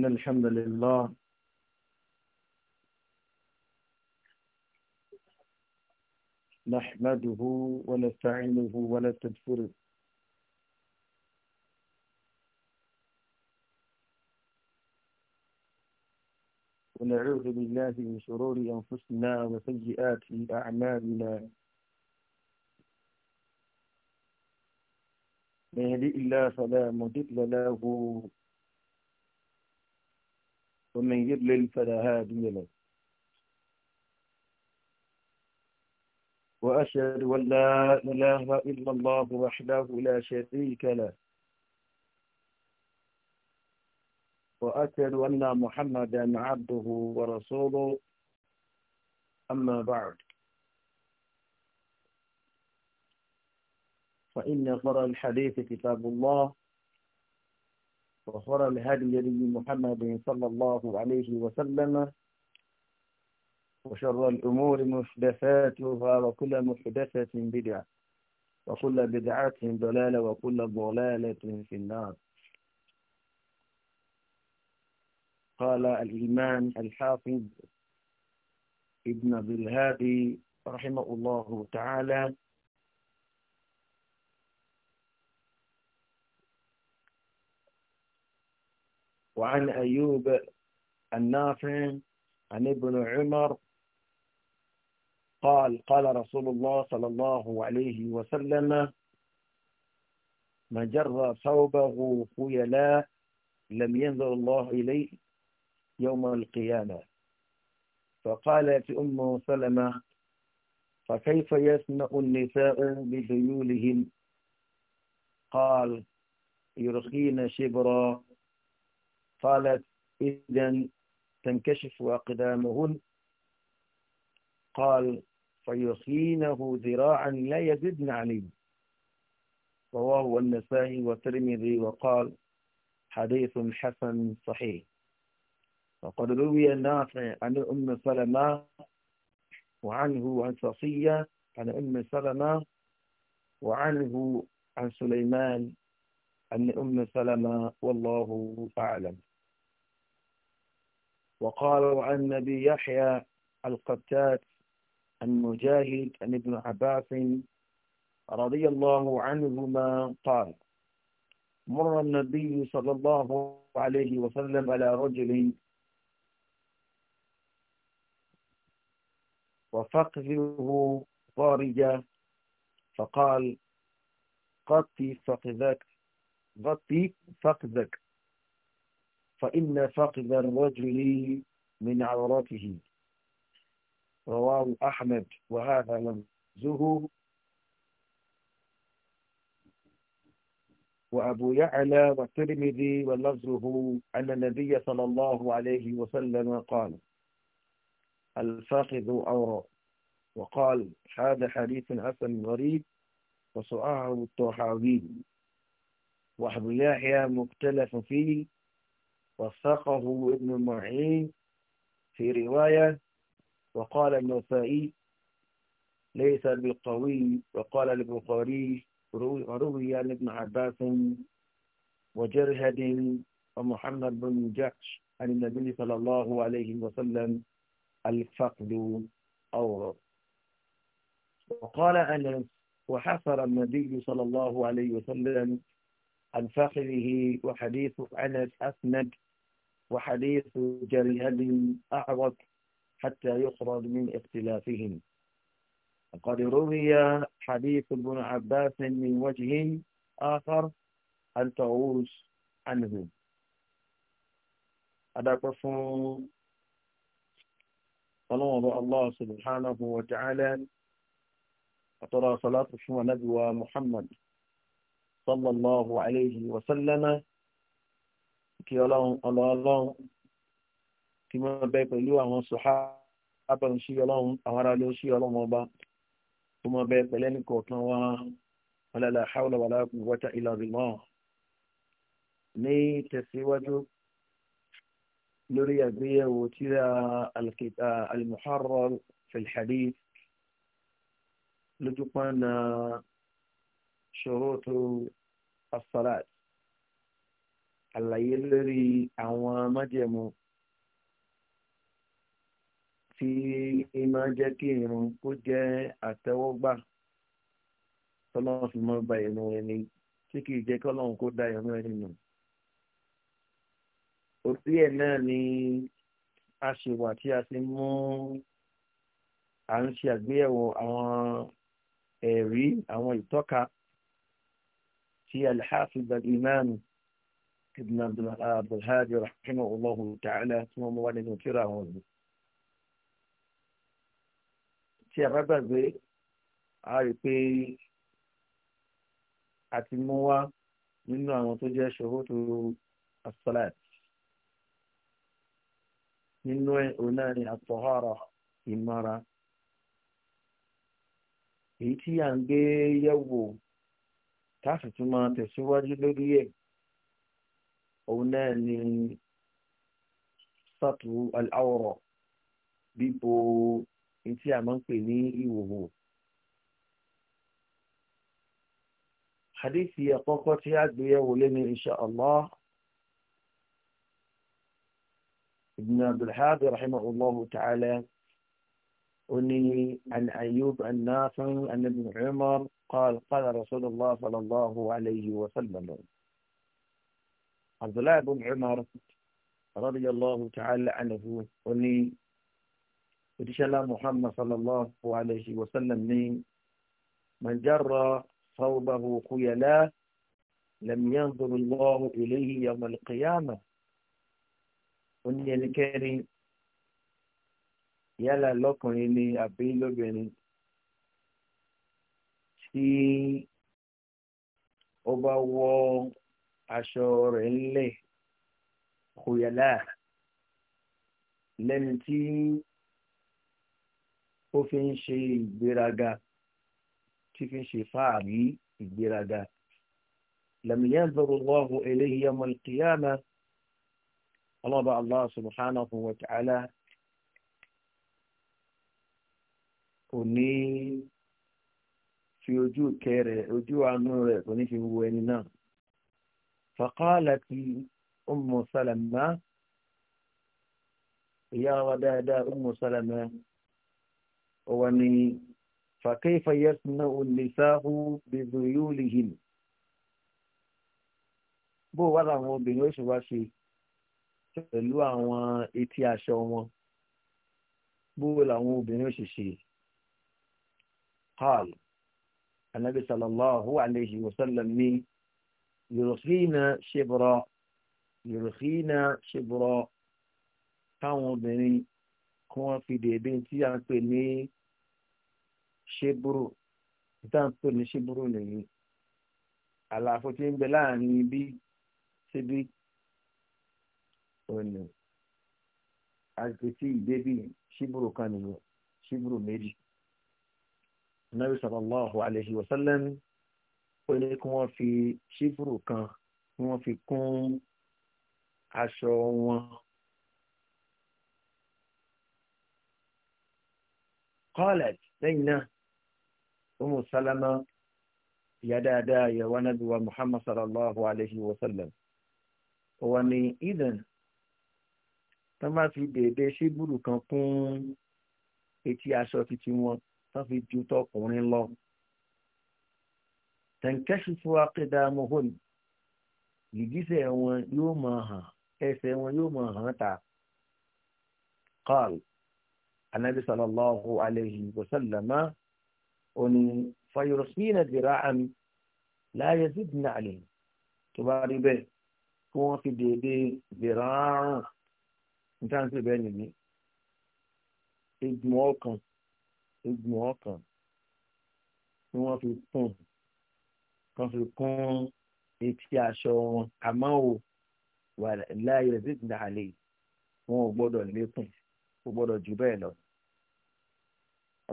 إن الحمد لله نحمده ونستعينه ونستغفره ونعوذ بالله من شرور أنفسنا وسيئات أعمالنا من يهدئ الله فلا مضل له ومن يضلل فلا هادي له وأشهد أن لا إله إلا الله وحده لا شريك له وأشهد أن محمدا عبده ورسوله أما بعد فإن خير الحديث كتاب الله وخير الهادي النبي محمد صلى الله عليه وسلم وشر الأمور محدثاتها وكل محدثة بدعة وكل بدعة ضلالة وكل ضلالة في النار قال الإمام الحافظ ابن بالهادي رحمه الله تعالى وعن أيوب النافع عن ابن عمر قال قال رسول الله صلى الله عليه وسلم ما جر ثوبه خيلاء لم ينظر الله إليه يوم القيامة فقالت أم سلمة فكيف يسمع النساء بذيولهم قال يرخين شبرا قالت إذا تنكشف أقدامهن قال فيخينه ذراعا لا يزدن عليه رواه النسائي والترمذي وقال حديث حسن صحيح وقد روي النافع عن أم سلمة وعنه عن صفية عن أم سلمة وعنه عن سليمان عن أم سلمة والله أعلم وقالوا عن نبي يحيى القتات المجاهد عن ابن عباس رضي الله عنهما قال مر النبي صلى الله عليه وسلم على رجل وفقذه ضارجة فقال قطي فقذك قطي فقذك فإن فقد الرجل من عورته رواه أحمد وهذا لمزه وأبو يعلى والترمذي ولفظه أن النبي صلى الله عليه وسلم قال الفاقد أورا وقال هذا حديث حسن غريب وسؤاله الطحاوي وأبو يحيى مختلف فيه وثقه ابن معين في رواية وقال النسائي ليس بالقوي وقال البخاري روي عن ابن عباس وجرهد ومحمد بن جحش عن النبي صلى الله عليه وسلم الفقد أو وقال أنس وحفر النبي صلى الله عليه وسلم عن فقده وحديث أنس أسند وحديث جريال أعوك حتى يخرج من اختلافهم وقد روي حديث ابن عباس من وجه آخر أن تغوص عنه فلما رأى الله سبحانه وتعالى أترى صلاة شوى نبي محمد صلى الله عليه وسلم kí ọlọ́run ọlọ́run kí wọ́n bẹ pẹ̀lú àwọn sọ̀hábà ń ṣí ọlọ́run àwọn ará ló ṣí ọlọ́run ọba kí wọ́n bẹ pẹ̀lú ẹnì kọ̀ọ̀kan wọn ọlọ́lá hawla wala quwwata illa billah ní tẹ̀síwájú lórí àgbéyẹ̀wò tírà al-muharrar fil hadith lójúpọ̀ na ṣòro tó as àlàyé lórí àwọn májẹ̀mú tí máa jẹ́ kí irun kó jẹ́ àtẹ́wọ́gbà tọ́lọ́run fi mọ́ gba irun ẹni tí kì í jẹ́ kọ́lọ́run kó da irun ẹni nù. orí ẹ̀ náà ni a ṣe wà tí a ti mú à ń ṣe àgbéyẹ̀wò àwọn ẹ̀rí àwọn ìtọ́ka tí alhafi gbàgbé náà nù. ibn abdulhadi rahimahullahu ta'ala tí wọ́n mú wá nínú tírà wọn yìí. tí a bá gbàgbé a rí pé a ti mú wá nínú àwọn tó jẹ́ ṣòwòtò as nínú ẹ̀ òun náà ìmọ̀ra èyí tí onani sọtù aláwọ̀rọ̀ bíbo etí àmọ́ ń pè ní ìwòwò. Hadithi àkọ́kọ́ tí a gbé yẹ̀wò lẹ́nu iṣẹ́ Allah. ابن عبد الحاب رحمه الله تعالى أني عن أيوب النافع عن ابن عمر قال قال رسول الله صلى الله عليه وسلم عبد الله بن عمر رضي الله تعالى عنه وني وتشلا محمد صلى الله عليه وسلم من من جرى صوبه خيلا لم ينظر الله إليه يوم القيامة وني الكريم يعني يلا لكم إني àbí lóbìnrin tí أبا bá aṣọ rẹ̀ ńlẹ̀ kòyàlá lẹ́ni tí ó fi ń ṣe ìgbéraga tí fi ń ṣe fáàrí ìgbéraga lẹ́mìyàn zọrọ lọ́wọ́ eléyìí ọmọ ìkìyàmá ọlọ́ba allah subhanahu wa ta'ala kò ní fi ojú kẹrẹ ojú àánú rẹ̀ kò ní fi wo ẹni náà. فقالت أم سلمة يا ودادا أم سلمة وني فكيف يصنع النساء بذيولهن bó wà láwọn obìnrin ó sì wá ṣe pẹ̀lú àwọn etí aṣọ wọn bó làwọn obìnrin ó ṣe qal anabi sallallahu alayhi wa sallam ní yòròfínà ṣèbọrọ yòròfínà ṣèbọrọ káwọn obìnrin kí wọ́n fi dèédé tí a ń pè ní ṣébúrò tí a ń pè ní ṣébúrò nìyí àlàfo tí ń bẹ láàrin ibi síbi ọ̀nà àgbètí ìdébì ṣíbùrù kan nìyẹn ṣíbùrù méjì. Nabi sallallahu alaihi wa sallam ó ní kí wọ́n fi ṣífùrù kan kí wọ́n fi kún aṣọ wọn. kọ́lẹ̀t lẹ́yìn náà umu salama ìyá dáadáa ìyàwó anábì muhammad sallallahu alayhi wa sallam wọ́n ní idan tó máa fi dèédé ṣíbùrù kan kún etí aṣọ titi wọn tó fi ju tọkùnrin lọ tẹ̀ǹkẹ́ṣìfù akédàmọ́hún gìgísẹ̀ wọn yóò máa hàn ẹsẹ̀ wọn yóò máa hàn ta qal anabi sallallahu alayhi wa sallama oni fayurusina dira'an la yazidna alayhi tó bá rí bẹ́ẹ̀ kí wọ́n fi dèédé dira'an níta ń sè bẹ́ẹ̀ nìyí egbùn ọkàn egbùn ọkàn ni fi kún kan fi kún etí aṣọ wọn àmọ́ ò wà láàyè rẹ̀ sí ìdá àlè wọn ò gbọ́dọ̀ lékún kò gbọ́dọ̀ jù bẹ́ẹ̀ lọ.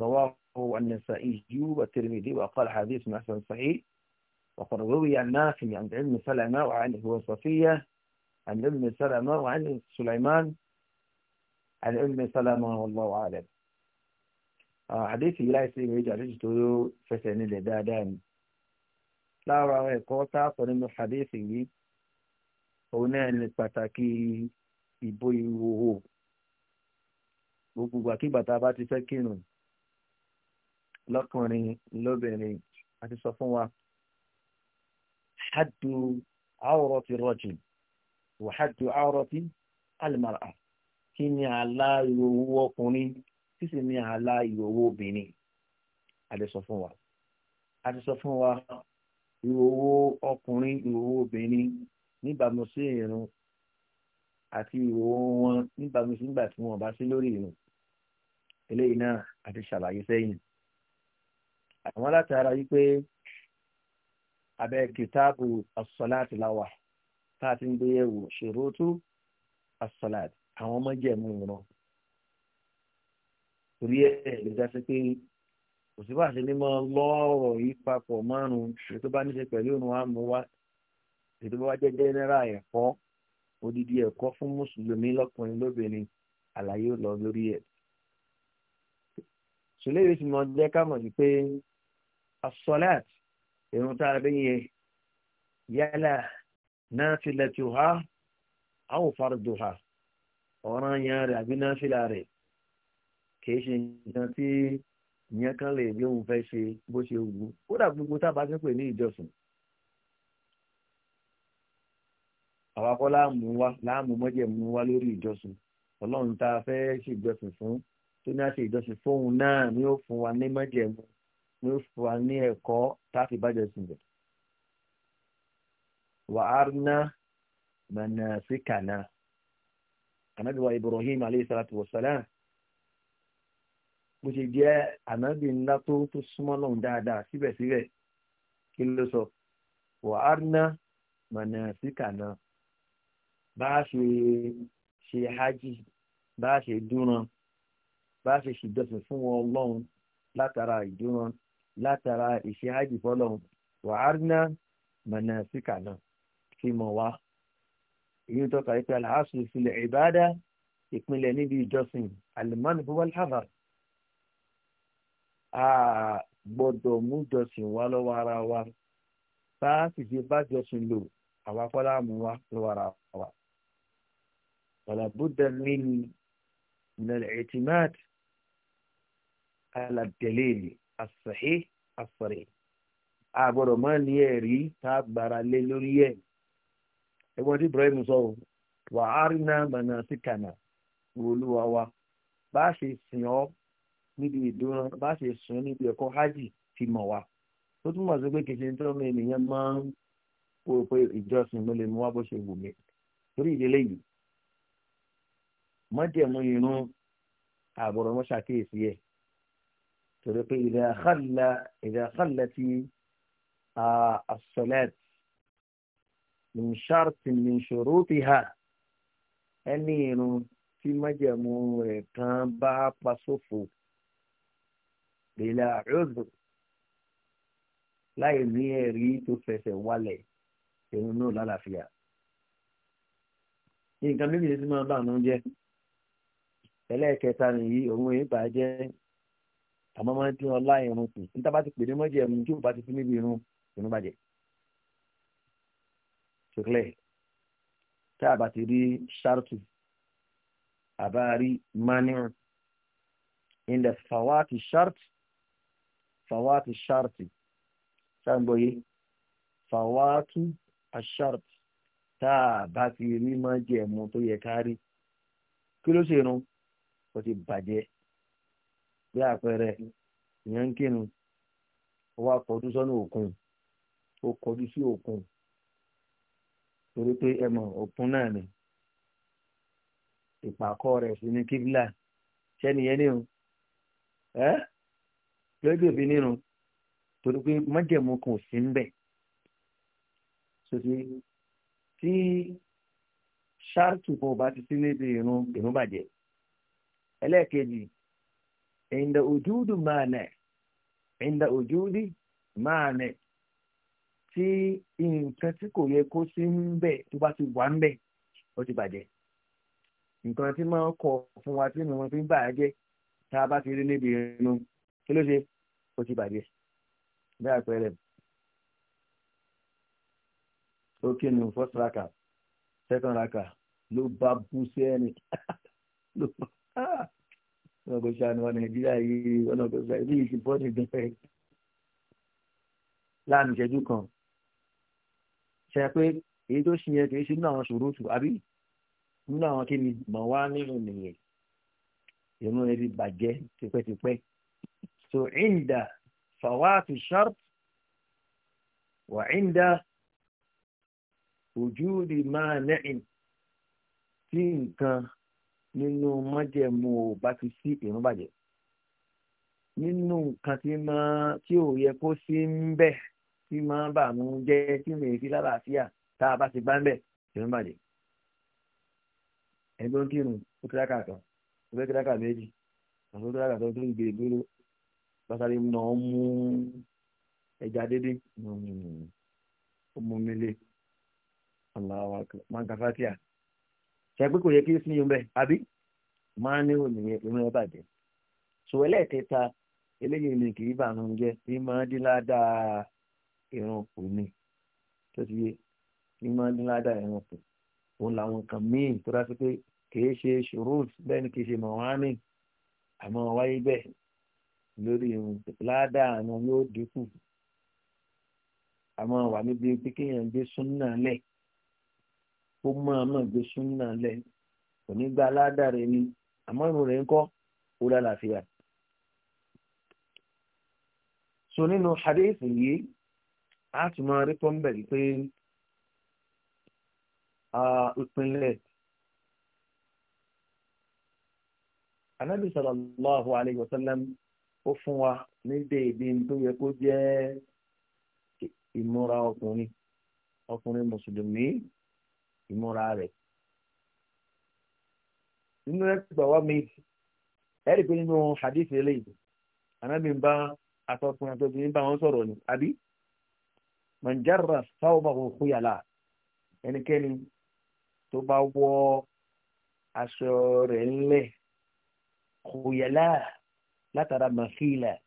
رواه النسائي والترمذي وقال حديث حسن صحيح وقد روي عن نافع عن ابن سلمة وعن هو صفية عن ابن سلمة وعن سليمان عن ابن سلمة والله أعلم حديث لا يصير يجعل رجله فسن لدادان lára àwọn ẹ̀kọ́ tá a sọ nínú hadithi yìí òun náà ní pàtàkì ìbò ìhòòhò gbogbo àkígbà tá a bá ti fẹ́ kírun lọ́kùnrin lóbìnrin a ti sọ fún wa haddu awrati rajul wa haddu awrati almar'a kí ni àlá ìhòòhò ọkùnrin kí sì ni àlá ìhòòhò obìnrin a ti sọ fún wa a ti sọ fún wa ìhòòhò ọkùnrin ìhòòhò obìnrin níbàámu sí irun àti ìhòòhò wọn níbàámu sí nígbà tí wọn bá sí lórí irun eléyìí náà àti ṣàlàyé sẹ́yìn àwọn látara wípé abẹ́ kìtàbù asọ́láàtì láwà tá a ti ń gbé yẹ̀wò ṣèrótú asọ́láàtì àwọn ọmọ jẹ̀mú wọn torí ẹ̀ lè dá sí pé kò sí báṣe ní mọ lọ́ọ̀rọ̀ yìí papọ̀ márùn-ún èyí tó bá ní ṣe pẹ̀lú òun wa mú wa èyí tó bá wá jẹ́ jẹ́nẹ́rà ẹ̀kọ́ odidi ẹ̀kọ́ fún mùsùlùmí lọ́kùnrin lóbìnrin àlàyé lọ lórí ẹ̀. sùlẹ́yìn sì mọ jẹ́ ká mọ̀ sí pé asọ́láàt irun tá a bẹ́ yẹn yálà náà filẹ̀ tó ha àwọn fardo ha ọ̀ràn yẹn rẹ̀ àbí náà filẹ̀ rẹ̀ kì í ṣe nǹkan tí ìyẹn kan lè bí òun fẹ́ ṣe bó ṣe wù ú kódà gbogbo tábà ti ń pè ní ìjọsìn àwa kọ́ láàmú wa láàmú mọ́jẹ̀mú wa lórí ìjọsìn ọlọ́run tá a fẹ́ ṣe ìjọsìn fún tó ní àṣẹ ìjọsìn fóun náà ni ó fún wa ní mọ́jẹ̀mú ni ó fún wa ní ẹ̀kọ́ tá bá jọsìn bẹ̀. wàhálà mọ̀nà síkànnà anábìwá Ibrahim aleyhi salatu wa salam bó ṣe jẹ́ ànábì ńlá tó tó súnmọ́ lọ́hùn dáadáa síbẹ̀síbẹ̀ kí ló sọ wàhánà mọ̀nà síkànà bá a ṣe ṣe hajj bá a ṣe dúnran bá a ṣe ṣèjọsìn fún wọn lọ́hùn látara ìdúnran látara ìṣe hajj fọlọ́hùn wàhánà mọ̀nà síkànà kí mọ̀ wá èyí tó kà í pé alhassan ìfilẹ̀ ìbáadá ìpínlẹ̀ níbi ìjọsìn alimani fúwọ́lhábàrà a gbọ́dọ̀ mú jọsìn wá lọ́wọ́ ara wa bá a sì ṣe bá jọsìn lò àwa kọ́lá mú wá lọ́wọ́ ara wa. wala budda min min al-i'timad ala ad a gbọ́dọ̀ máa ní ẹ̀rí tá a gbára lé lórí ẹ̀ ẹgbọ́n tí Ibrahim sọ wàhálà mọ̀nà síkànà wòlúwa wa bá a ṣe sìn ọ́ níbi ìdúró bá ṣe sùn níbi ẹ̀kọ́ hajj fi mọ̀ wá ó túmọ̀ sí pé kìí ṣe tó mi nìyẹn máa ń wò pé ìjọsìn mi lè mú wá bó ṣe wù mí torí ìdílé yìí mọ́jẹ̀mú irun àbúrò wọn ṣàkíyèsí ẹ̀ torí pé idha khallati as-salat min shartin min shurutiha ẹni irun tí mọ́jẹ̀mú rẹ̀ kan bá pa sófò bìlà rọ́ọ̀dù láì ní ẹ̀rí tó fẹsẹ̀ wálẹ̀ ìrun náà lálàáfíà. nǹkan méjì tí máa bá àná jẹ́ ẹlẹ́ẹ̀kẹta nìyí òun èyí bàá jẹ́ àmọ́ máa ń dín ọlá irun kù níta bá ti pè ní mọ́jẹ̀ ẹ̀mú tí ò bá ti fi níbi irun irun bàjẹ́. ṣùkúlẹ̀ tá a bá ti rí ṣáàtù àbá rí mánìrún ìndẹ̀fàwá ti ṣáàtù fàwátì ṣáàtì sáàgbọ́yé fàwátì ṣáàtì tá a bá ti rí mọ́ jẹ̀mú tó yẹ kárí kí ló ṣe run ó ti bàjẹ́ bí àpẹẹrẹ ìyẹn ń kírun ó wá kọjú sọ́nà òkun ó kọjú sí òkun torí pé ẹ mọ̀ òkun náà ni ìpàkọ́ rẹ̀ sí ní kíbílà ṣẹ́niyẹn ní o Eh? lọ́dún òbí nínú torí pé májẹ̀mú kan ò sí ń bẹ̀ sọsí tí ṣáàtù kan ò bá ti sí níbi ìrun ìrun bàjẹ́ ẹlẹ́ẹ̀kejì ìndà òjúdù máa nẹ̀ ìndà òjúdì máa nẹ̀ tí nǹkan tí kò yẹ kó sí ń bẹ̀ tó bá ti wà ń bẹ̀ ó ti bàjẹ́ nǹkan tí máa ń kọ fún wa tí mo fi ń bà á jẹ́ tá a bá ti rí níbi ìrun kí ló ṣe ó ti bàjẹ́ bí àpẹẹrẹ ó kí ni first raka second raka ló bá bú sí ẹni ló bá wọn ah! kò ṣàánú wa nàìjíríà yìí wọn kò ṣàánú bí ìsìn bọ́ọ̀dì gbẹ̀fẹ́ láàrin ìṣẹ́jú kan ṣe pé èyí tó ṣe yẹn kì í ṣe nínú àwọn ṣòrótù àbí nínú àwọn kí ni mọ̀ wá nínú nìyẹn ìrún ẹbí bàjẹ́ tipẹ́tipẹ́ so inda fawati shart wa inda wujudi mani'in tí nǹkan nínú májẹ̀mú ò bá ti sí ìrun bàjẹ́ nínú nǹkan tí máa tí ò yẹ kó sí ń bẹ tí máa bà mú jẹ tí mi fi lálàáfíà tá a ti bá ń bẹ ìrun bàjẹ́ ẹgbẹ́ ń kírun kan ó fẹ́ kíláka méjì àti ó kíláka tó tó ń gbèrè bàtàrí nà ọ mú ẹja dédé mm, ó mú mi lé aláwa máa ń ka fatia ṣàgbé kò yẹ kí sí yín bẹ àbí máa ní òní ìrún ẹ bàjẹ́ sọ ẹlẹ́ẹ̀kẹta eléyìí ni kì í bànú jẹ́ bí máa dín ládàá ìrún kù ni tó ti yé bí máa dín ládàá ìrún kù òun làwọn kan míì tó dá sí pé kì í ṣe ṣòro bẹ́ẹ̀ ni kì í ṣe mọ̀wáánì àmọ́ wáyé bẹ́ẹ̀ lórí irun ládàá àwọn yóò dínkù àmọ́ wà níbi pé kéèyàn gbé súnà lẹ̀ kó mọ́ àmọ́ gbé súnà lẹ̀ kò ní gba ládàá rẹ ni àmọ́ irun rẹ̀ ń kọ́ ó lálàáfíà. so nínú hadith yìí a tún máa rí pọ́ńbẹ̀lì pé ìpínlẹ̀ anabi sallallahu alayhi wa sallam ó fún wa ní déédéé tó yẹ kó jẹ́ ìmúra ọkùnrin ọkùnrin mùsùlùmí ìmúra rẹ̀ nínú ẹgbà wa mi ẹ̀rí pé nínú hadith eléyìí anábì ń bá atọ́kùnrin àtọ́kùnrin bá wọn sọ̀rọ̀ ni àbí mọ̀njára sáwọ́bà kò kú yàrá ẹnikẹ́ni tó bá wọ aṣọ rẹ̀ ńlẹ̀ kò yàrá látara màkìlà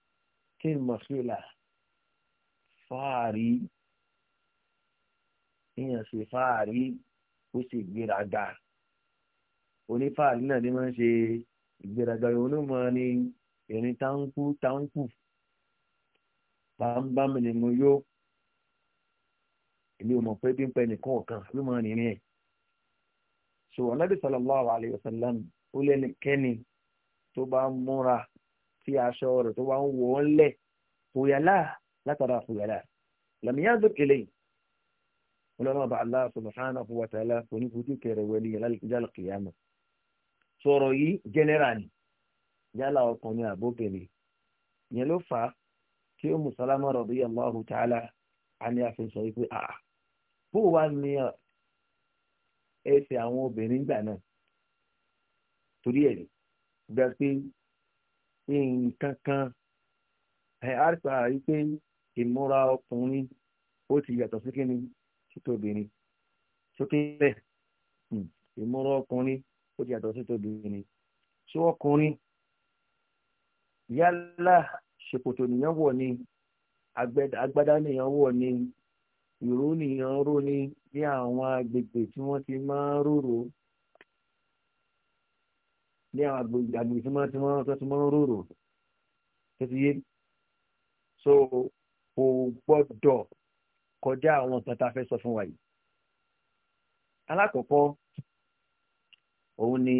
kí ni màkìlà fáàrí èèyàn ṣe fáàrí ó ṣe ìgbéraga onífáàrí náà ni máa ń ṣe ìgbéraga onímọ̀ ni ìrìn táǹkù táǹkù bámbámi ni mo yó èmi ò mọ̀ pé bí ń pẹ́ nìkan ọ̀kan ló máa nìyẹn ẹ̀ so anabi sallallahu alayhi wa sallam ó lẹ́nikẹ́ni tó bá múra fi aṣọ rẹ̀ tó wá ń wọ̀ ọ́n lẹ̀ fòyàlá látara fòyàlá làmìyàn dùn eléyìí ọlọ́run ọba Allah subhanahu wa ta'ala kò ní fojú kẹrẹ wẹlé yàrá kìyàmù sọ̀rọ̀ yìí jẹ́nẹ́ràlì yálà ọkùnrin àbókèrè yẹn ló fà á kí ó mùsàlámà radiyallahu ta'ala àní àfihàn wípé àà bó wàá ní ẹsẹ̀ àwọn obìnrin gbà náà torí ẹ̀rí gbà pé nǹkan kan á rí pa rí pé ìmúra ọkùnrin ó ti yàtọ̀ sí kí ni títóbìnrin sókè bẹ́ẹ̀ hmm, ìmúra ọkùnrin ó ti yàtọ̀ sí títóbìnrin tí ọkùnrin yálà ṣèkòtò nìyẹn wọ̀ ni agbádá nìyẹn wọ̀ ni ìró nìyẹn ró ni ní àwọn agbègbè tí wọ́n ti máa ń róró ní àwọn agbègbè tí wọ́n ti wọ́n tó ti wọ́n rúrò tó ti yé so kò gbọ́dọ̀ kọjá àwọn nǹkan tá a fẹ́ sọ fún wa yìí. alákọ̀ọ́kọ́ òun ni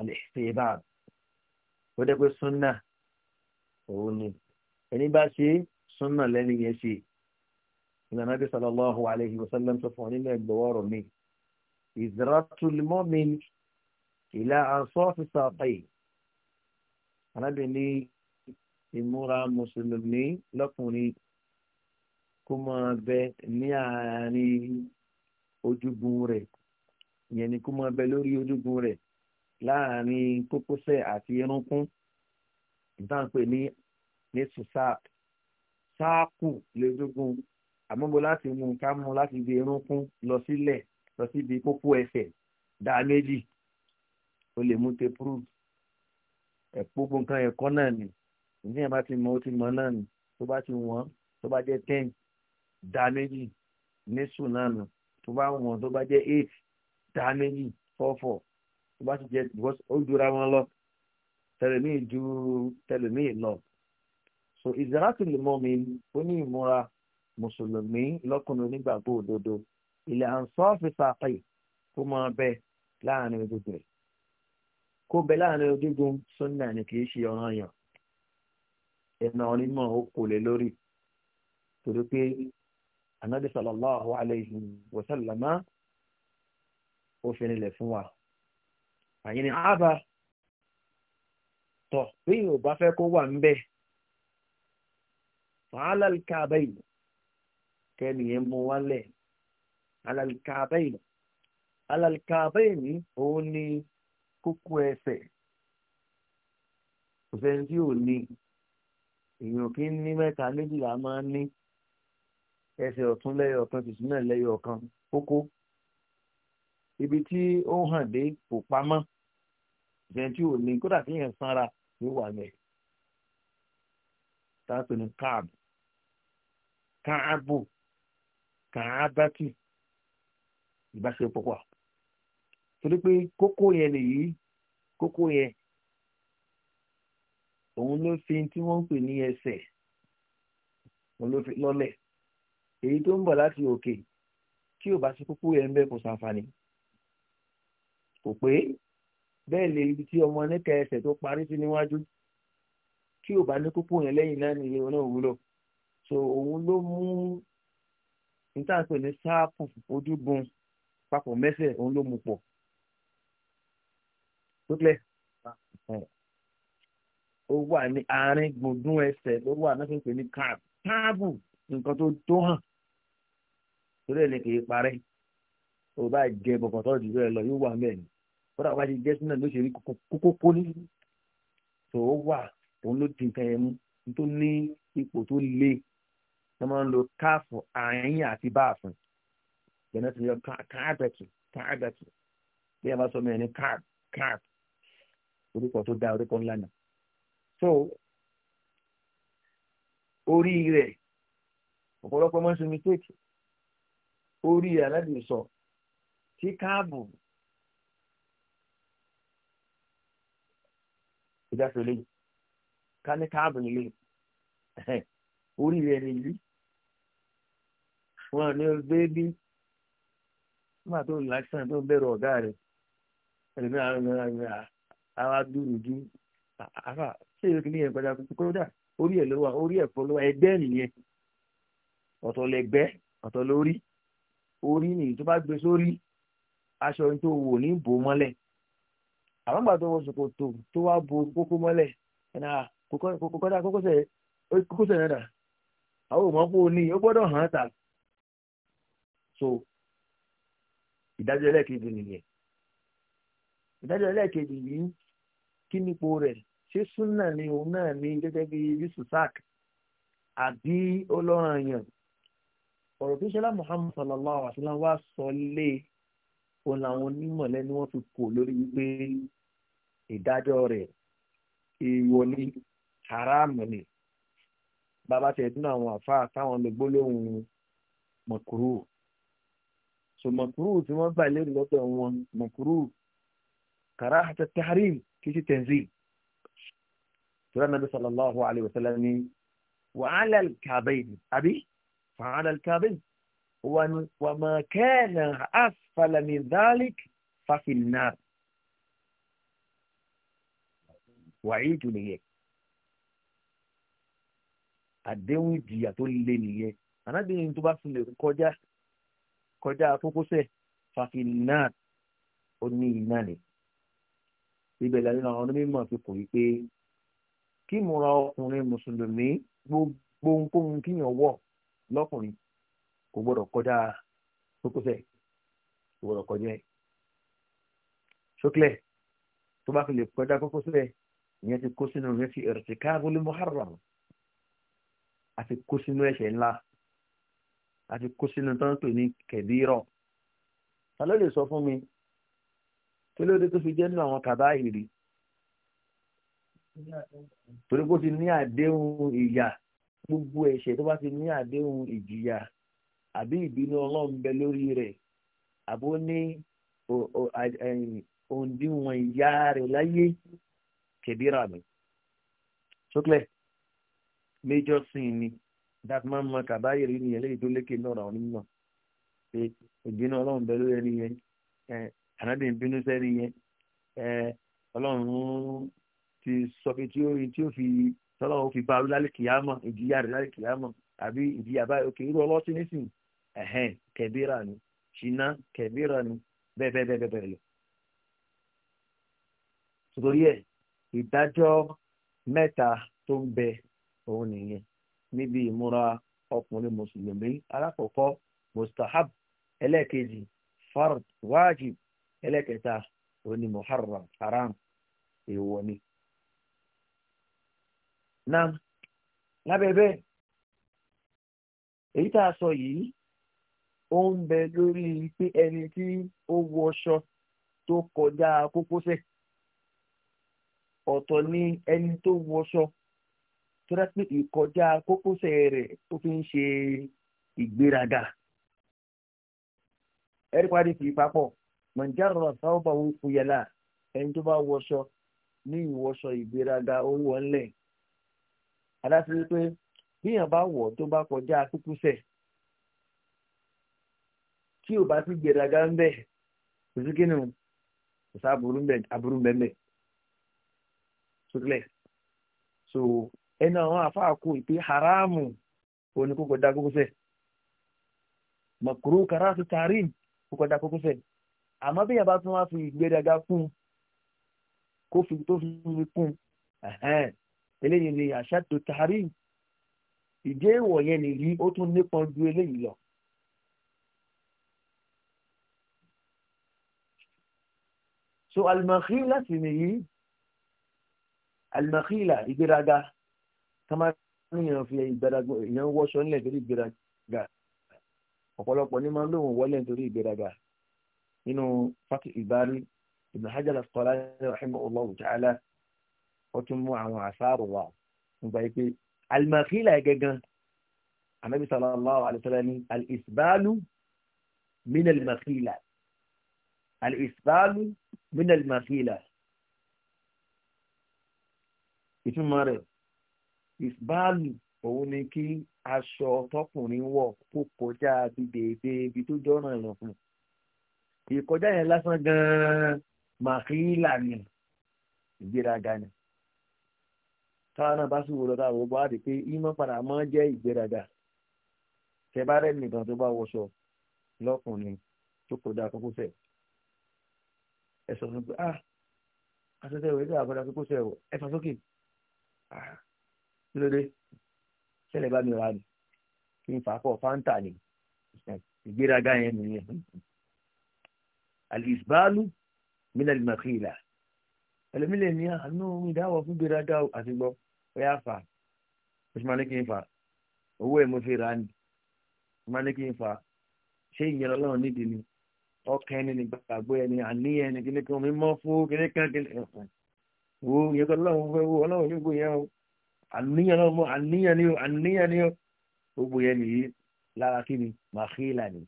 àlẹ́sẹ̀ẹ́bà ó dẹ́ pé súnà òun ni ẹni bá ṣe súnà lẹ́nu yẹn ṣe ìlànà bí sallallahu alayhi wa sallam sọ fún ọ nínú ẹgbẹ̀wọ́ ọ̀rọ̀ mi ìzrátùlmọ́mi ìlà àṣọ́ọ̀fì sàpàì arábìnrin ìmúra mùsùlùmí lọ́kùnrin kó máa bẹ ní àárín ojúgun rẹ̀ ìyẹn ni kó máa bẹ lórí ojúgun rẹ̀ láàárín kókósẹ̀ àti irunkún ìtànpè ní ní sùsáàp sáàpù lójúgun àmọ́bọ̀ láti mú ká mú láti ibi irunkún lọ sílẹ̀ lọ síbi kókó ẹsẹ̀ dáa méjì o lè mú te proof ẹ̀pọ́gbọ́n nǹkan ẹ̀kọ́ náà ni ìdí yẹn bá ti mọ ó ti mọ náà ni tó bá ti wọ́n tó bá jẹ́ ten dá méjì ní sùn náà nù tó bá wọ́n tó bá jẹ́ eight dá méjì four tó bá ti jẹ́ ó jura wọn lọ tẹlẹmíì ju tẹlẹmíì lọ so ìzẹ́rátì lè mọ́ mi ó ní ìmúra mùsùlùmí lọ́kùnrin onígbàgbọ́ òdodo ilẹ̀ ansọ́ọ̀fì sàpè kó máa bẹ láàrin gbogbo ẹ̀ kó bẹ láàrin ojúgun sunna ni kì í ṣe ọ̀ràn yàn ẹ̀nà onímọ̀ ó kò lè lórí torí pé anabi sallallahu alayhi wa sallama ó fi nílẹ̀ fún wa àyìn ni àbá tọ̀ bí yóò bá fẹ́ kó wà ń bẹ̀ fàálàlkàbẹ́yìn kẹ́ni yẹn mú wálẹ̀ alàlkàbẹ́yìn alàlkàbẹ́yìn òun ni kókó ẹsẹ̀ kò sẹ́ni tí ò ní èèyàn kì í ní mẹ́ta méjìlá máa ń ní ẹsẹ̀ ọ̀tún lẹ́yọ̀ kan tìṣú náà lẹ́yọ̀ kan kókó ibi tí ó hàn dé kò pamọ́ ìṣẹ̀ni tí ò ní kódà kí èèyàn sanra ló wà mẹ́ táàpì ní káàbù káàbù káàbátì ìbáṣepọ̀ pọ̀ torí pé kókó yẹn nìyí kókó yẹn òun ló fi tí wọ́n ń pè ní ẹsẹ̀ òun ló fi lọ́lẹ̀ èyí tó ń bọ̀ láti òkè tí ò bá sí kókó yẹn bẹ́ẹ̀ kò sàǹfààní kò pé bẹ́ẹ̀ lè ibi tí ọmọ níka ẹsẹ̀ tó parí sí níwájú tí ò bá ní kókó yẹn lẹ́yìn náà nìyẹn òun náà wúlò so òun ló mú níta pè ní sáàpù ojúgun papọ̀ mẹ́sẹ̀ òun ló mú pọ̀ tó lẹ̀ ó wà ní àárín gbùngbùn ẹsẹ̀ ló wà náà pé ní káàbù káàbù nǹkan tó tó hàn torí ẹ̀ ní kì í parẹ́ ò bá jẹ bọ̀kọ̀tọ̀ jù bẹ́ẹ̀ lọ yóò wà mẹ́rin kódà wá ti jẹ́ sínú ló ṣe rí kókó kó ní tó wà òun ló di nǹkan yẹn mú tó ní ipò tó le wọ́n máa ń lo káàfù àárín àti báàfin ìyẹn náà ti yọ káàbẹ̀tì káàbẹ̀tì bí a bá sọ mẹ́rin ní káàb káàb orúkọ tó dá orúkọ ńlá nà so orí rẹ̀ ọ̀pọ̀lọpọ̀ máa ń ṣe mistake orí aláàbò sọ tí káàbù ìdáfẹ́ lẹ́yìn ká ní káàbù nílé orí rẹ̀ nìyí wọn ní bébí nígbà tó ń láṣán tó ń bẹ̀rù ọ̀gá rẹ̀ ẹ̀rọ náà àwa ju àfà ṣé èrè kìíní yẹn a kódà orí ẹ̀ lọ́wọ́ orí ẹ̀ fọ́ lọ́wọ́ ẹgbẹ́ nìyẹn ọ̀tọ̀ lẹ́gbẹ́ ọ̀tọ̀ lórí orí nìyí tó bá gbé sórí aṣọ tó wò ní bò mọ́lẹ̀ àwọn àgbà tó wọ ṣòkòtò tó wá bo kókó mọ́lẹ̀ ẹ̀nà kókódà kókósẹ̀ kókósẹ̀ náà dà àwọn òmọ́pọ̀ ní ó gbọ́dọ̀ hàn ta so ìdájọ́ ẹlẹ́ẹ̀kejì nìyẹn ìdájọ́ ẹlẹ́ẹ̀kejì yìí kí nípo rẹ̀ ṣé súnà ni òun náà ní gẹ́gẹ́ bí yususak àbí ọlọ́run yàn ọ̀rọ̀ tó ṣẹlá muhammed sallallahu alaihi wa sallam wá sọ lé òun làwọn onímọ̀ lẹ́nu wọn fi kò lórí wípé ìdájọ́ rẹ̀ èèwọ̀ ni haramu ni bàbá tẹ̀ dúnà àwọn àfa táwọn lè gbólóhùn mọ̀kúrú so mọ̀kúrú tí wọ́n gbà lérò lọ́dọ̀ wọn mọ̀kúrú كراهة التحريم كيش التنزيل ترى النبي صلى الله عليه وسلم وعلى الكعبين أبي فعلى الكعبين وما كان أسفل من ذلك ففي النار وعيد نية àdéhùn ìjìyà tó le nìyẹn anábìrin tó bá fi lè kọjá kọjá àkókò sẹ ibẹ̀ lẹ́nu àwọn onímọ̀ fi kò yí pé kí múra ọkùnrin mùsùlùmí gbogbo ohunkóhun kíyàn wọ̀ lọ́kùnrin kò gbọ́dọ̀ kọjá kókósẹ̀ kò gbọ́dọ̀ kọjá ẹ̀ ṣókìlẹ̀ tó bá fi lè kọjá kókósẹ̀ ìyẹn ti kó sínú ìyẹn ti irtikabu li muharram àti kó sínú ẹ̀ṣẹ̀ ńlá àti kó sínú tó ní kẹ̀bírọ̀ ta ló lè sọ fún mi kí ló dé tó fi jẹ́ nínú àwọn kàbá ìrì torí kó ti ní àdéhùn ìyà gbogbo ẹ̀ṣẹ̀ tó bá ti ní àdéhùn ìjìyà àbí ìbínú ọlọ́run bẹ lórí rẹ̀ àbó ní òǹdíwọ̀n ìyá rẹ̀ láyé kẹ̀díra mi sókè major sin ni that man ma kàbáyé rí nìyẹn lẹ́yìn tó lékè náà ràn ọ́ nínú náà pé ìbínú ọlọ́run bẹ lórí ẹni yẹn ànábì ń bínú sẹ́ni yẹn ẹ ọlọ́run ti sọ pé tí ó rí tí ó fi tọ́lọ́run fi bá lálẹ́ kìyàmọ̀ ìjìyà rẹ̀ lálẹ́ kìyàmọ̀ àbí ìjìyà báyìí òkè irú ọlọ́sí nísìnyí ẹ̀hẹ́n kẹ̀bíra ni ṣìnà kẹ̀bíra ni bẹ́ẹ̀ bẹ́ẹ̀ bẹ́ẹ̀ bẹ́ẹ̀ lọ. torí ẹ̀ ìdájọ́ mẹ́ta tó ń bẹ òun nìyẹn níbi ìmúra ọkùnrin mùsùlùmí alákọ̀ọ́kọ́ mustahab ẹlẹ́ẹ̀kejì fard wájib ẹlẹ́kẹta òun ni muharram haram èèwọ̀ ni. náà lábẹ́ bẹ́ẹ̀ èyí tá a sọ yìí ó ń bẹ lórí pé ẹni tí ó wọṣọ tó kọjá kókósẹ̀ ọ̀tọ̀ ni ẹni tó wọṣọ tó dá pé ìkọjá kókósẹ̀ rẹ̀ ó fi ń ṣe ìgbéraga ẹ̀rí parí fi papọ̀ mọ̀njára sáwọ́bà wípé yẹlá ẹni tó bá wọṣọ ní ìwọṣọ ìgbéraga owó ńlẹ̀ adáṣe wípé bíyàn bá wọ̀ tó bá kọjá kúkúsẹ̀ tí ò bá sí gbéraga ń bẹ̀ kò sí kí ni o kò sá aburú ń bẹ̀ ń bẹ̀ sókèlè so ẹni àwọn àfáàkù ìpè haramu àmọ́ bí yàrá tún wá fi ìgbéraga kún kó fi tó fi mi kún eléyìí ni àṣà tó taari ìdí èèwọ̀ yẹn nìyí ó tún nípọn ju eléyìí lọ. so alimakhila sì nìyí alimakhila ìgbéraga kámánìyàn fi ìgbéraga ìyẹn wọṣọ nílẹ̀ torí ìgbéraga ọ̀pọ̀lọpọ̀ ní máa ń lóun wọlé nítorí ìgbéraga nínú fati ìbárí ibn hajar al-asqalani rahimahullahu ta'ala ó tún mú àwọn àṣàrò wa nígbà yìí pé alimakila gẹ́gẹ́ anabi sallallahu alayhi wa sallam ni al-isbalu min al-makila al-isbalu min al-makila ìtumọ̀ rẹ̀ ìsbáàlù òun ni kí aṣọ tọkùnrin wọ̀ kó kọjá bí tó jọ́ràn èèyàn fún un ìkọjá yẹn lásán gan-an màkìlà ni ìgbéraga ni táwọn náà bá sì wò lọ́dọ̀ àwọn bọ́ọ̀dì pé ìmọ̀ padà mọ́ jẹ́ ìgbéraga tẹ́bárẹ́ nìkan tó bá wọṣọ lọ́kùnrin tó kọjá kókó fẹ́ ẹ sọ fún pé ah asọ́tẹ̀ ìwé tó àkọ́dá kókó fẹ́ wọ ẹ fà sókè ah lóde ṣẹlẹ̀ bá mi rà ní kí n fà á kọ́ fáńtà ni ìgbéraga yẹn nìyẹn àlìsbálù mílẹ̀ lìmọ̀kìlà ẹlòmílẹ̀ ní àánú ah, ìdáwọ̀ fún gbéraga àti gbọ́ ẹ á fà ó sì máa ní kí n fà owó ẹ̀ mo fi rà ní máa ní kí n fà ṣé ìyẹn ọlọ́run nídìí ni ọkàn ẹni ní gbàgbọ́ ẹni àníyàn ẹni kíní kan mi mọ́ fún kíní kan kíní kan wo ìyẹn kan ọlọ́run fẹ́ wo ọlọ́run yóò gbóyè o àníyàn náà mọ àníyàn ni o àníyàn ni o gbogbo yẹn nìyí lára kí ni màkìlà ni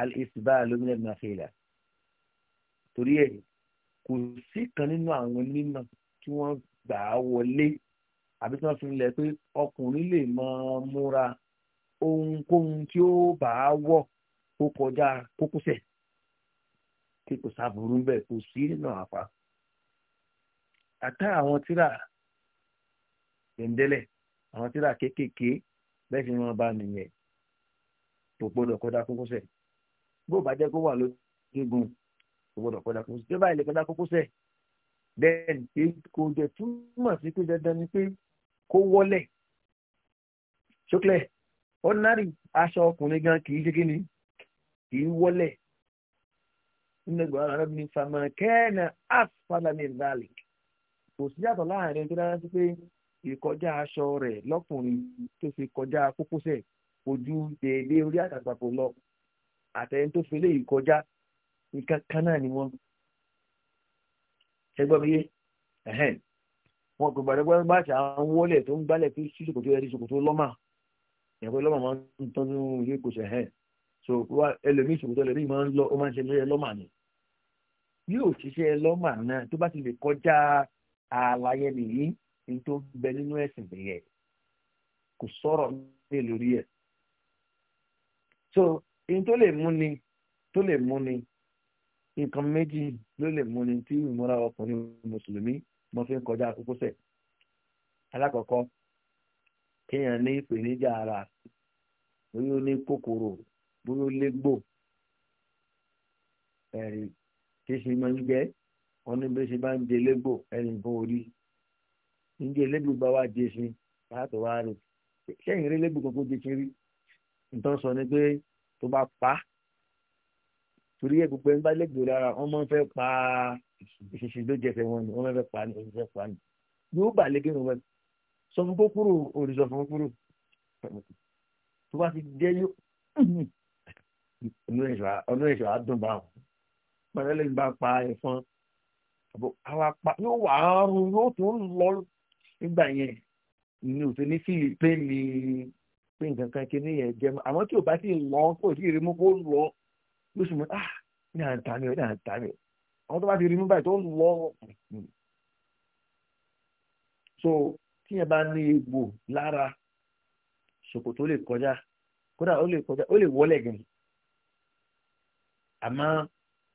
alìsbálù mílẹ̀ lìmọ̀kìlà torí ẹ̀ kò sí kan nínú àwọn onímọ̀ tí wọ́n gbà á wọlé àbí tí wọ́n fi lẹ̀ pé ọkùnrin lè máa múra ohunkóhun tí ó bá á wọ̀ kó kọjá kókósẹ̀ kí kò sáburú ń bẹ̀ kò sí nínú àfa àtà àwọn tíra gbẹ̀ndẹ́lẹ̀ àwọn tíra kéékèèké bẹ́ẹ̀ fi wọn bá nìyẹn tó gbọ́dọ̀ kọjá kókósẹ̀ bó bá jẹ́ kó wà lójúgun kò gbọdọ̀ kọjá kókó tí ó bá ilé kọjá kókó sẹ̀ then kò jẹ́ túmọ̀ sí pé dandan ni pé kó wọlé ṣókèlè ordinary aṣọ ọkùnrin gan kì í ṣe kí ni kì í wọlé nínú ẹgbẹ́ ọ̀rọ̀ mi fàmà kẹ́ẹ̀nà asfala min zalik kò sí yàtọ̀ láàrin tó dára sí pé ìkọjá aṣọ rẹ̀ lọ́kùnrin tó fi kọjá kókósẹ̀ ojú déédéé orí àtàgbàpọ̀ lọ àtẹ̀yìn tó fi lé ìkọjá nǹkan kan náà ni wọ́n ẹgbọ́n mi yé ẹ̀hẹ́n wọn kò gbàdúgbà bá ṣe àwọn wọlé tó ń gbálẹ̀ tó sí ṣòkòtò ẹ̀rí ṣòkòtò lọ́mà ìyàgbọ́ lọ́mà máa ń tọ́jú ilé ìkóṣẹ̀ ẹ̀hẹ́n so wa ẹlòmíì ṣòkòtò ẹlòmíì máa ń lọ ó máa ń ṣe lóyè lọ́mà ni yóò ṣiṣẹ́ lọ́mà náà tó bá ti lè kọjá àlàyé nìyí ní tó bẹ nínú ẹ̀sìn bẹ̀yẹ kò sọ̀rọ̀ ní lórí ẹ̀ so ní tó lè mú ni tó lè mú ni nǹkan méjì ló lè múni tí ìmúra ọkùnrin mùsùlùmí mo fi ń kọjá kókósẹ̀ alákọ̀ọ́kọ́ kéèyàn ní ìpèníjà ara bóyá ó ní kòkòrò bóyá ó légbò ẹ̀rí tí ṣe máa ń jẹ́ wọn ní bí ṣe bá ń jẹ légbò ẹni nǹkan orí ń légbò bá wá jẹ ṣe láti wá rè sẹ́yìn rí légbò kankan jẹ ṣe rí nǹkan sọ ni pé tó bá pa á torí ẹ gbogbo ẹni bá lẹ́gbẹ̀ẹ́ lára wọn máa ń fẹ́ pa ìṣinṣin ló jẹsẹ̀ wọn ni wọn máa ń fẹ́ pa ni òṣìṣẹ́ pa ni yóò bà lẹ́gẹ̀ wọn sọ fún kókóró òrìṣọ fún kókóró tó bá ti jẹ́ yóò ọdún ẹ̀ṣọ́ àádùn bá wọn pẹ̀lẹ́lẹ́ ń bá pa ẹ̀fọn àwọn apá yóò wà áárùn yóò tún lọ nígbà yẹn ni ò ti ní fíìlì pé ní pé nǹkan kan kí ni yẹn jẹ mọ́ àwọn tí ò bá sì lọ kò sí ìrìmú kó lọ yóò sì ah ní à ń tà mí ọ ní à ń tà mí ọ àwọn so tíyẹn bá ní egbò lára ṣòkòtò lè kọjá kódà ó lè kọjá ó lè wọlé gan àmọ́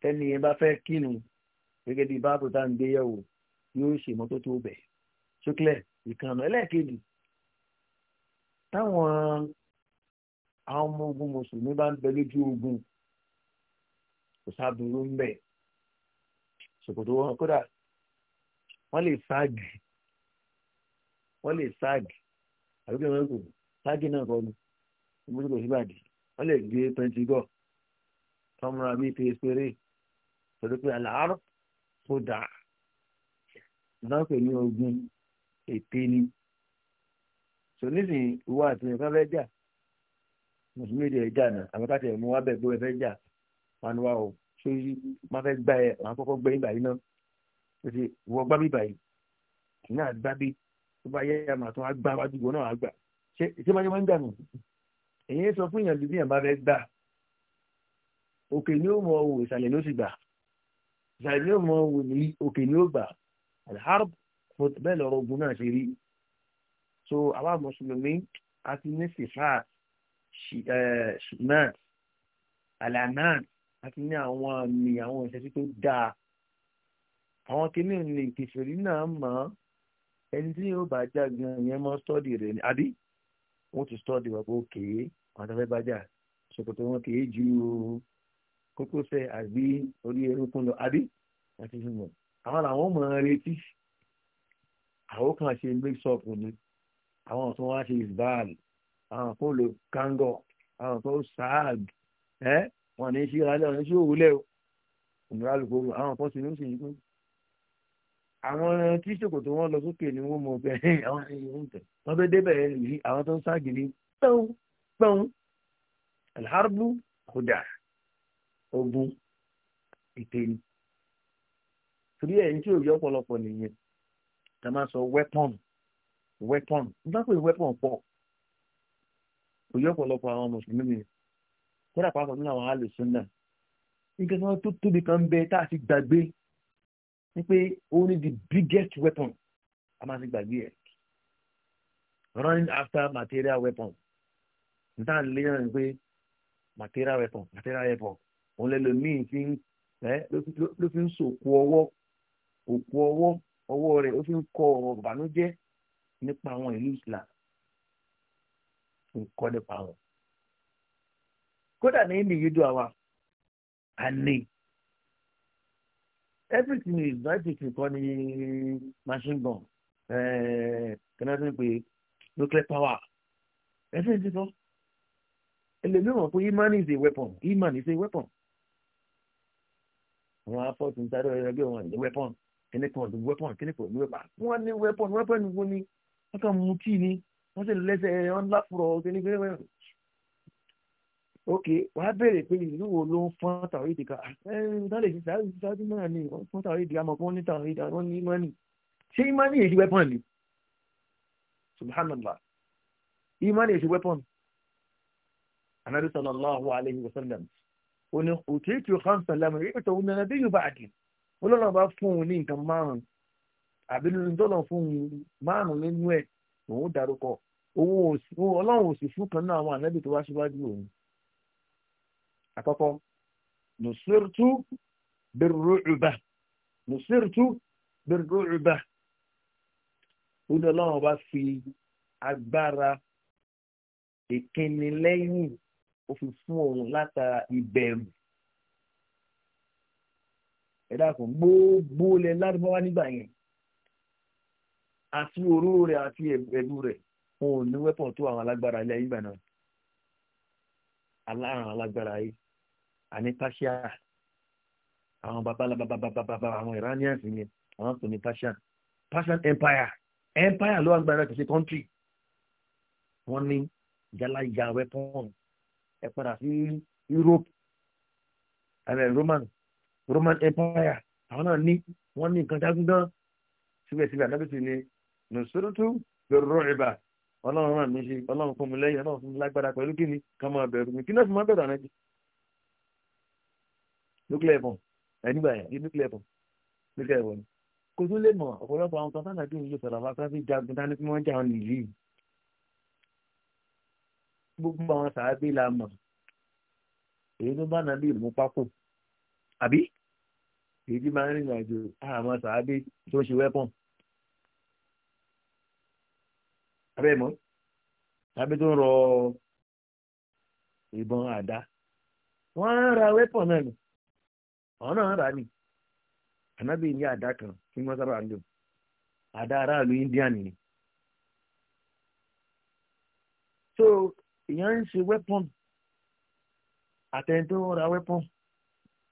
tẹni yẹn bá fẹ́ kínu gẹ́gẹ́ bí báàbò tá à ń gbé yẹ̀wò yóò ṣe ìmọ́tótó bẹ̀ ṣókílẹ ìkànnà ẹlẹ́ẹ̀kejì táwọn àwọn ọmọ ogun mùsùlùmí bá ń bẹ lójú ogun kò sábúrú ń bẹ̀ ṣòkòtò wọn kódà wọ́n lè ságì wọ́n lè ságì àbíkẹ́ wọn kò ságì náà kọ́ ni ìmúṣe kò síbàdí wọ́n lè gbé pẹ́ntigọ́ tọ́múra bíi pèsèrè pẹ̀lú pé àlàárọ̀ tó dà ìdáǹpẹ̀ ní ogun ète ni sọ̀nísìn ìwà àti ìyẹn ká fẹ́ jà mùsùlùmí èdè ẹ̀ jà náà àbíkáṣẹ̀ mú wá bẹ̀ gbé ẹ fẹ́ jà wọn wá o ṣé máa fẹ́ gbá ẹ àwọn akọ́kọ́ gbẹ́ ìgbà yìí náà ó ti wọ gbá bí báyìí ìyá àgbá bí tó bá yẹ àmà tó wá gbá wájú ìwọ náà wá gbà ṣé ṣé máa ń máa ń dànù èyí sọ fún ìyànjú bí ìyàmbá fẹ́ gbà òkè ni ó mọ òwò ìsàlẹ̀ ló sì gbà ìsàlẹ̀ ni ó mọ òwò ní òkè ni ó gbà alharb bẹ́ẹ̀ lọ́rọ̀ ogun náà ṣe rí so àwa mùsùlùmí a ní sifat shimat eh, alanat àti ní àwọn àmì àwọn ìṣesí tó dáa àwọn kìíní ní ìkìsìrí náà mọ ẹni tí yóò bá jà gan yẹn mọ stọdì rẹ ni àbí wọn ti stọdì wà pé òkèé àwọn tẹfẹ bá jà ṣòkòtò wọn kìí ju kókósẹ̀ àbí orí erékùn lọ àbí àti ìmọ̀ àwọn làwọn mọ̀ ọ́n retí àwọn kan ṣe mix-up ni àwọn tó wá ṣe ìbáàlì àwọn kan lo kango àwọn kan ṣáàgì ẹ́ wọn ní ṣe ìrànlẹ́ ọ̀rẹ́ ṣé òwúlẹ̀ o òmìnira alùpùpù àwọn kan sì ní oṣù yìí pé àwọn tí ṣòkòtò wọn lọ sókè ni wọn mọ ọbẹ àwọn èèyàn ń tẹ wọn bẹ débẹ̀ yìí àwọn tó ń ságìrì pẹ́ùn pẹ́ùn alharbu kódà ogun ìtẹ̀yìn torí ẹ̀yìn tí òye ọ̀pọ̀lọpọ̀ nìyẹn ta máa sọ weapon weapon nígbà pé weapon pọ̀ òye ọ̀pọ̀lọpọ̀ àwọn mùsùlùmí nìyẹn kódà pàápàá nínú àwọn alùsùnà nígbà tí wọ́n tó tóbi kan bẹ tá a ti gbàgbé ni pé ó ní the biggest weapon a máa ti gbàgbé ẹ̀ running after material weapon níta ń lé ni pé material weapon material weapon òun lè lòmíì fi ń ló fi ń sòkò ọwọ́ òkú ọwọ́ ọwọ́ rẹ̀ ó fi ń kọ ọ̀rọ̀ ìbànújẹ́ nípa àwọn ìlú Islam ń nípa wọn kódà ní individual wa a ní everything is everything kọ́ ni machine gun eh, kẹ́nẹ́tì pé nuclear power everything ti kọ́ ẹlẹ́mìíràn pé iman is a weapon iman is a weapon wọn á fọ́ tún sáré ẹgbẹ́ wọn ní weapon kíní kan ní weapon kíní kan ní weapon wọn ní weapon weapon wo ni wọn kàn mú kí ni wọn sì lẹ́sẹ̀ ẹ̀ ọ́n láfùrọ̀ kíní kíní weapon ok wàá béèrè pé ìlú wo ló ń fọ́n tàwọn èdè ká ẹ̀ẹ́dá lè ṣe sáájú náà ni wọ́n fọ́n tàwọn èdè àmọ́ fún ní tàwọn èdè àwọn ní mọ́nì ṣé ìmánì èsì wẹ́pọ̀n ni subhanallah ìmánì èsì wẹ́pọ̀n anabi sallallahu alayhi wa sallam ó ní òtí tí o kàn sàn lámì ìpètò òun nana bí yorùbá àdì ó lọ́nà bá fún un ní nǹkan márùn-ún àbí lórí dọ́là fún un márùn-ún nínú ẹ̀ òun dárúkọ òun ọlọ́run ò sì fún kan náà àwọn ànábì tó wá síwájú òun àkọ́kọ́ nùsírtù bẹ̀rùrùbà nùsírtù bẹ̀rùrùbà ó ní ọlọ́run bá fi agbára ìkínnilẹ́yìn ó fi fún òun látara ìbẹ̀rù ẹ dákun gbogbo ilẹ̀ lárúbáwá nígbà yẹn àti òró rẹ̀ àti ẹ̀dù rẹ̀ wọn ò ní wẹ́pọ̀ tó àwọn alágbára ilẹ̀ yìí gbà náà aláàrùn alágbára yìí àní pàṣẹ àwọn babalababababa àwọn iranians yẹn àwọn tó ní persian persian empire empire ló wà gbára kìí ṣe country wọn ní jalaja weapon ẹ padà sí europe ààrẹ roman roman empire àwọn náà ní wọn ní nǹkan jágún dán síbẹ̀síbẹ̀ àdábìsì ni nùsọ́dọ̀tún bẹ̀rù ìbà ọlọ́run náà mi ṣe ọlọ́run fún mi lẹ́yìn ọlọ́run fún mi lágbára pẹ̀lú kí ni ká máa bẹ̀rù mi kí náà fi máa bẹ̀rù àná nuclear bomb ẹnìgbà yẹn nuclear bomb nuclear bomb kò tún lè mọ ọ̀pọ̀lọpọ̀ àwọn kan sáà nàdí ìlú sàlàfà sáfì jagun dání tí wọ́n jà wọn nìyí gbogbo àwọn sàábì la mọ̀ èyí tó bá nàbí ìlú pákó àbí èyí tí máa ń rìnrìn àjò àwọn sàábì tó ṣe wẹ́pọ̀n abẹ́ mọ́ tàbí tó ń rọ ìbọn àdá wọ́n á ra wẹ́pọ̀n náà nù ọ̀hún náà rà ní ànábì ní àdá kan kí wọ́n sábà ń lò àdá aráàlú India nìyí. so èèyàn ń ṣe weapon àtẹni tó ń ra weapon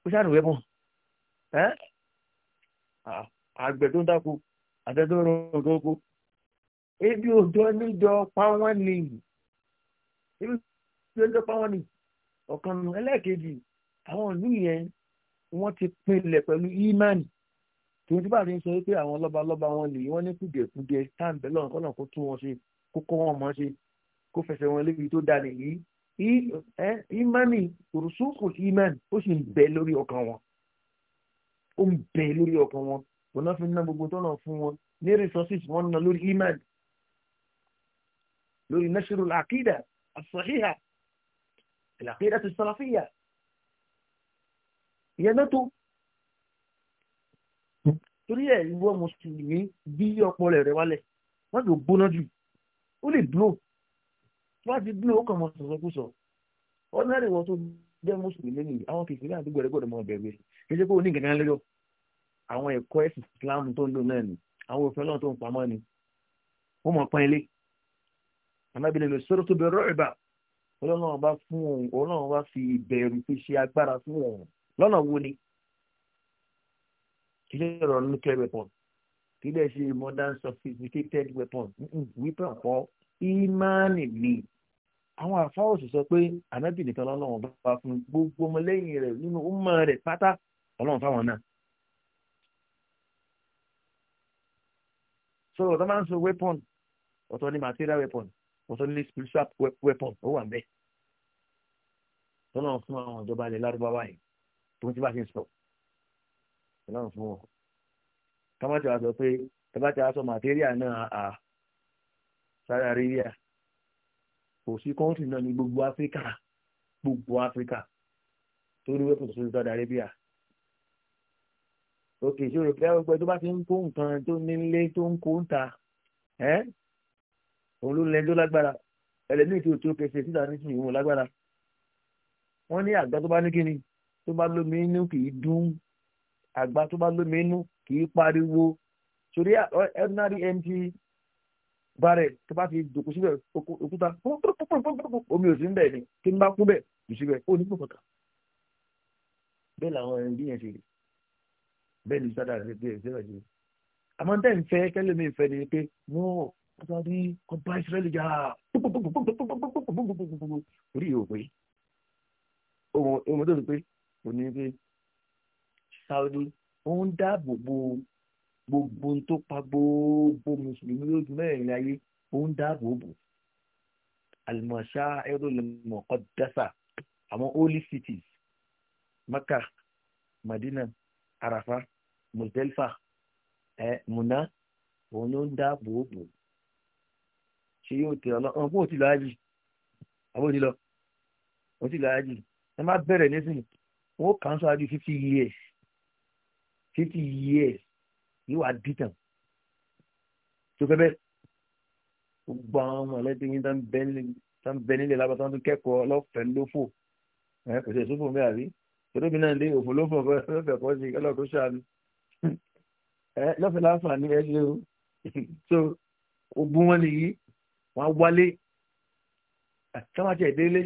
ó ṣàánú weapon ẹ́ ah, àgbẹ̀ tó ń dáko àtẹni tó ń rọ nǹkan oko ebi òjò níjọ pàwọn ni ebi òjò níjọ pàwọn ni ọ̀kan ẹlẹ́ẹ̀kejì àwọn ìlú yẹn wọ́n ti pinlẹ̀ pẹ̀lú ímánì tòun tí báyìí ń sọ pé àwọn lọ́balọ́ba wọn lè wọ́n ní kùdìẹ̀kùdìẹ̀ táǹbẹ̀ lọ́run kọ́nà kó tún wọn ṣe kó kọ́ wọn mọ́ ṣe kó fẹsẹ̀ wọn lébi tó dáa nìyí ímánì rùsùkù ímánì ó sì ń bẹ lórí ọkàn wọn ó ń bẹ lórí ọkàn wọn òun náà fi ná gbogbo tọ́nà fún wọn ní resources wọn ná lórí ímánì lórí nashrul aqida as-sahiha al-aqida as ìyẹn náà tó hmm. torí ẹ̀ ìwọ mùsùlùmí bí ọpọlọ rẹ wálẹ̀ wọ́n jò gbóná jù ó lè dúró wọ́n ti dúró ó kàn mọ́ sọ̀sọ́kùsọ̀ ọ̀nàrẹ̀ wọ́n tó jẹ́ mùsùlùmí nìyí àwọn kìkìrì àdúgbò rẹ̀ gbọ́dọ̀ mọ ọ̀bẹ̀rẹ̀ kì í ṣe pé oní gàngán lẹ́yọ̀ àwọn ẹ̀kọ́ ẹ̀sìn Islam tó ń lò náà ni àwọn òfin ọlọ́run tó ń pamọ́ ni wọ́n mọ̀ pọ́n ilé àmọ́bìnrin lè sọ̀rọ̀ tó bẹ̀rẹ̀ rọ́ọ̀bà ọlọ́run bá fún òun bá fi ìbẹ̀rù fi ṣe agbára fún òun lọ́nà wo ni kì í ṣe ọ̀rọ̀ nuclear weapon kì í dẹ̀ ṣe modern sophisticated weapon weapon kọ́ ìmánì ni àwọn àfáwọ̀sì sọ pé ànábì nìkan lọ́lọ́run bá fún gbogbo ọmọlẹ́yìn rẹ̀ nínú ọmọ rẹ̀ pátá ọlọ́run fáwọn náà. so ọ̀tọ̀ máa ń sọ weapon ọ̀tọ̀ ni material weapon ọ̀tọ̀ ni spiritual weapon ó wà ń bẹ́ẹ̀ tọ́lọ́run fún àwọn ìjọba ilẹ̀ lárúbáwá yìí tó ń ti bá ṣe sọ ọlọ́run fún wọn tọ́mọ́tì wa sọ pé tọ́mọ́tì wa sọ màtíríà náà à Saudi Arabia kò sí kọ́ńtì náà ní gbogbo áfíríkà gbogbo áfíríkà tó ní wẹ́pù tó Saudi Arabia òkè ṣe òròpẹ́ ọgbẹ́ tó bá ti ń kó nǹkan tó nílé tó ń kó ń ta òun ló lẹ́jọ́ lágbára ẹlẹ́mìí tó tó kẹsẹ̀ síta nísìnyí òun lágbára wọ́n ní àgbà tó bá ní kíni tó bá lómi inú kì í dún àgbà tó bá lómi inú kì í pariwo sórí ordinary empty barrel tó bá ti dòkú síbẹ̀ òkúta omi ò sí ń bẹ̀ ni kí n bá kú bẹ̀ kù síbẹ̀ ó ní pọ̀kọ̀tà bẹ́ẹ̀ làwọn ẹni bí yẹn ṣe rí bẹ́ẹ̀ ni sádà rẹ̀ bẹ́ẹ̀ ṣe rẹ̀ jù àmọ́ tẹ́ ń fẹ́ kẹ́lẹ́ mi fẹ́ ni pé wọ́n ọ̀tọ̀ ní ọba ìsírẹ́lì jà orí yóò pé ohun tó ti pé òní pé Saudi ó ń dáàbò bo gbogbo ohun tó pa gbogbo mùsùlùmí lójú mẹ́rin ayé ó ń dáàbò bò alimọ̀ṣá ẹ̀rọlẹ̀mọ̀kọ́ dẹ́sà àwọn holy cities Mecca Madina Arafa Muzdalifa ẹ Muna òun ló ń dáàbò bò ṣe yóò tẹ ọlọ́run fún òtí lọ́ájì àbójì lọ òtí lọ́ájì ẹ má bẹ̀rẹ̀ nísìnyí wọ́n cancel adi fifty years fifty years yìí wà dìtàn tó fẹ́ bẹ́ẹ̀ gbogbo àwọn ọmọ ẹlẹ́dẹ̀ yín tó ń bẹ nílẹ̀ lábàtà tó kẹ́kọ̀ọ́ lọ́fẹ̀ẹ́ lófò ẹ̀ kò sí ìsúfò mi àbí tòlóbi náà lé òfò lófò lọ́fẹ̀ẹ́ kọ́ sí ọlọ́kùnrin sàánú ẹ lọ́fẹ̀ẹ́ láǹfààní ẹ ṣe o so ogun wọn nìyí wọn wálé àti káwọn àti ẹ̀dẹ́lé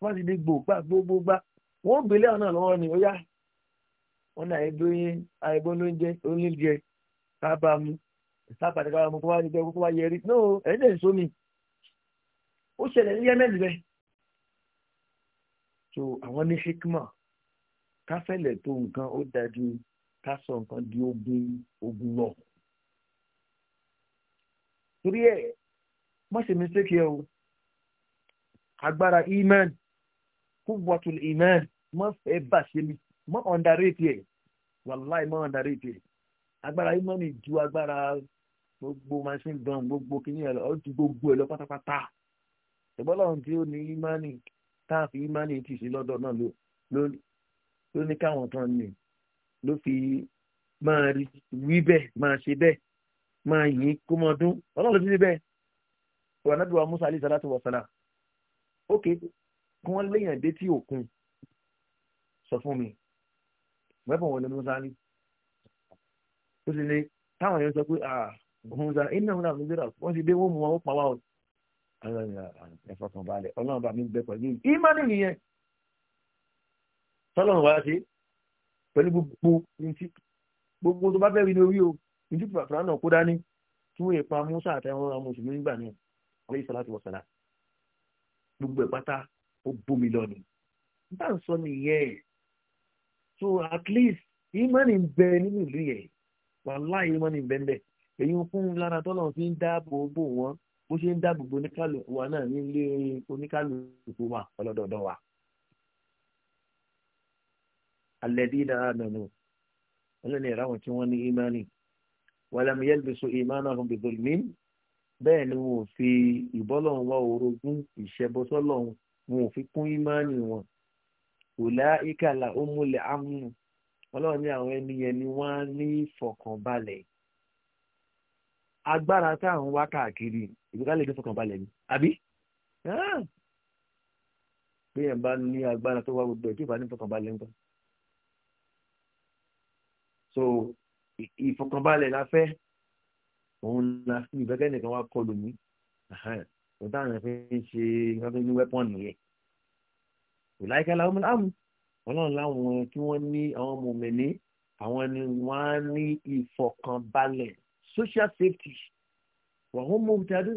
wọn ti dé gbòògbà gbòògbà wọ́n gbélé àwọn náà lọ́wọ́ ni ó yá wọ́n ní àìbóyín àìbó ló ń jẹ́ oníjẹ kábà mu sábàdé kábà mu kó wá níbẹ̀ kó wá yẹrí no ẹ̀yìn dẹ̀ sómi ó ṣẹlẹ̀ ní yẹ́mẹ́ níbẹ̀ so àwọn ní hikma káfẹ́lẹ̀ tó nǹkan ó dájú ká sọ nǹkan di ogun ogun lọ torí ẹ má ṣe mistake yẹ o agbára iman kúbọ̀tù iman mọ́ fẹ́ bà ṣe mi mọ́ ọ̀ndàrẹ́tì ẹ̀ wàláì mọ́ ọ̀ndàrẹ́tì ẹ̀ agbára yìí mọ́ ni ju agbára gbogbo machine gun gbogbo kìíní ẹ̀ lọ ó ju gbogbo ẹ̀ lọ pátápátá ṣùgbọ́n lọ́run tí ó ní ìmánì tá a fi ìmánì ti ṣe lọ́dọ̀ náà ló ní káwọn kan ní ló fi máa wí bẹ́ẹ̀ máa ṣe bẹ́ẹ̀ máa yìn kó mọ ọdún ọlọ́run ti ṣe bẹ́ẹ̀ ọ̀nàdùwà musa alayhi salatu wa salam ókè kí wọ́n léèyàn dé tí òkun sọ fún mi wẹ́pọ̀n wọn ni musa ní ó sì lè táwọn èèyàn sọ pé ah, musa iná musa mi gbéra wọ́n ti dé wọ́n mú wọn ó pa wá o ah, ẹ̀fọ́kàn balẹ̀ ọlọ́run bá mi bẹ pẹ̀lú ìmánì nìyẹn tọ́lọ́run wá sí pẹ̀lú gbogbo ní ti gbogbo tó bá fẹ́ rí ní orí o ní ti pàtàkì náà kó dání tí wọ́n yẹ pa musa àtẹ̀wọ́n àwọn mùsùlùmí nígbà náà ọ̀rẹ́ ìsọ̀lá ti wọ̀ sọ̀lá gbogbo ẹ̀ pátá ó bómi lọ ni ń sọ nìyẹn so at least ìmọ̀nì ń bẹ nínú ìlú yẹn wàláì ìmọ̀nì ń bẹ níbẹ̀ èyí ń fún lára tọ́lọ̀ fi ń dáàbò bò wọ́n bó ṣe ń dáàbò bo oníkàlùkù wa náà nílé oníkàlùkù wa ọlọ́dọọdọ wa. alẹ́dí náà nànú ọlọ́ni ẹ̀rọ àwọn tí wọ́n ní ìmọ̀nì wàlámù yẹ́lbẹ̀sọ ìmọ̀nà ọ̀hún bìbọ̀lùmín bẹ́ẹ̀ ni wọn ò fi ìbọ́lọ̀ wọn orogún ìṣẹ́bọsọ́lọ̀ wọn ò fi kún ìmọ̀nì wọn ulaika lahumul amnu ọlọ́run ní àwọn ẹni yẹn ni wọ́n ní ìfọ̀kànbalẹ̀ agbára táwọn wá káàkiri ìgbékalẹ̀ ní ìfọ̀kànbalẹ̀ ni àbí ah! bí yẹn bá ní agbára tó wá gbogbo ẹ̀ ní ìfọ̀kànbalẹ̀ nǹkan so ìfọ̀kànbalẹ̀ la fẹ́ òun la fi ìfẹ́kẹ́ nìkan wá kọlù mí òun táwọn yẹn ń ṣe nǹkan tó ní wẹ́pọ̀n nìyẹn ìláìka làwọn àmì ọlọ́run láwọn tí wọ́n ní àwọn mòmìnì àwọn ni wọ́n á ní ìfọ̀kànbalẹ̀ social safety wàhún mọ̀tàdù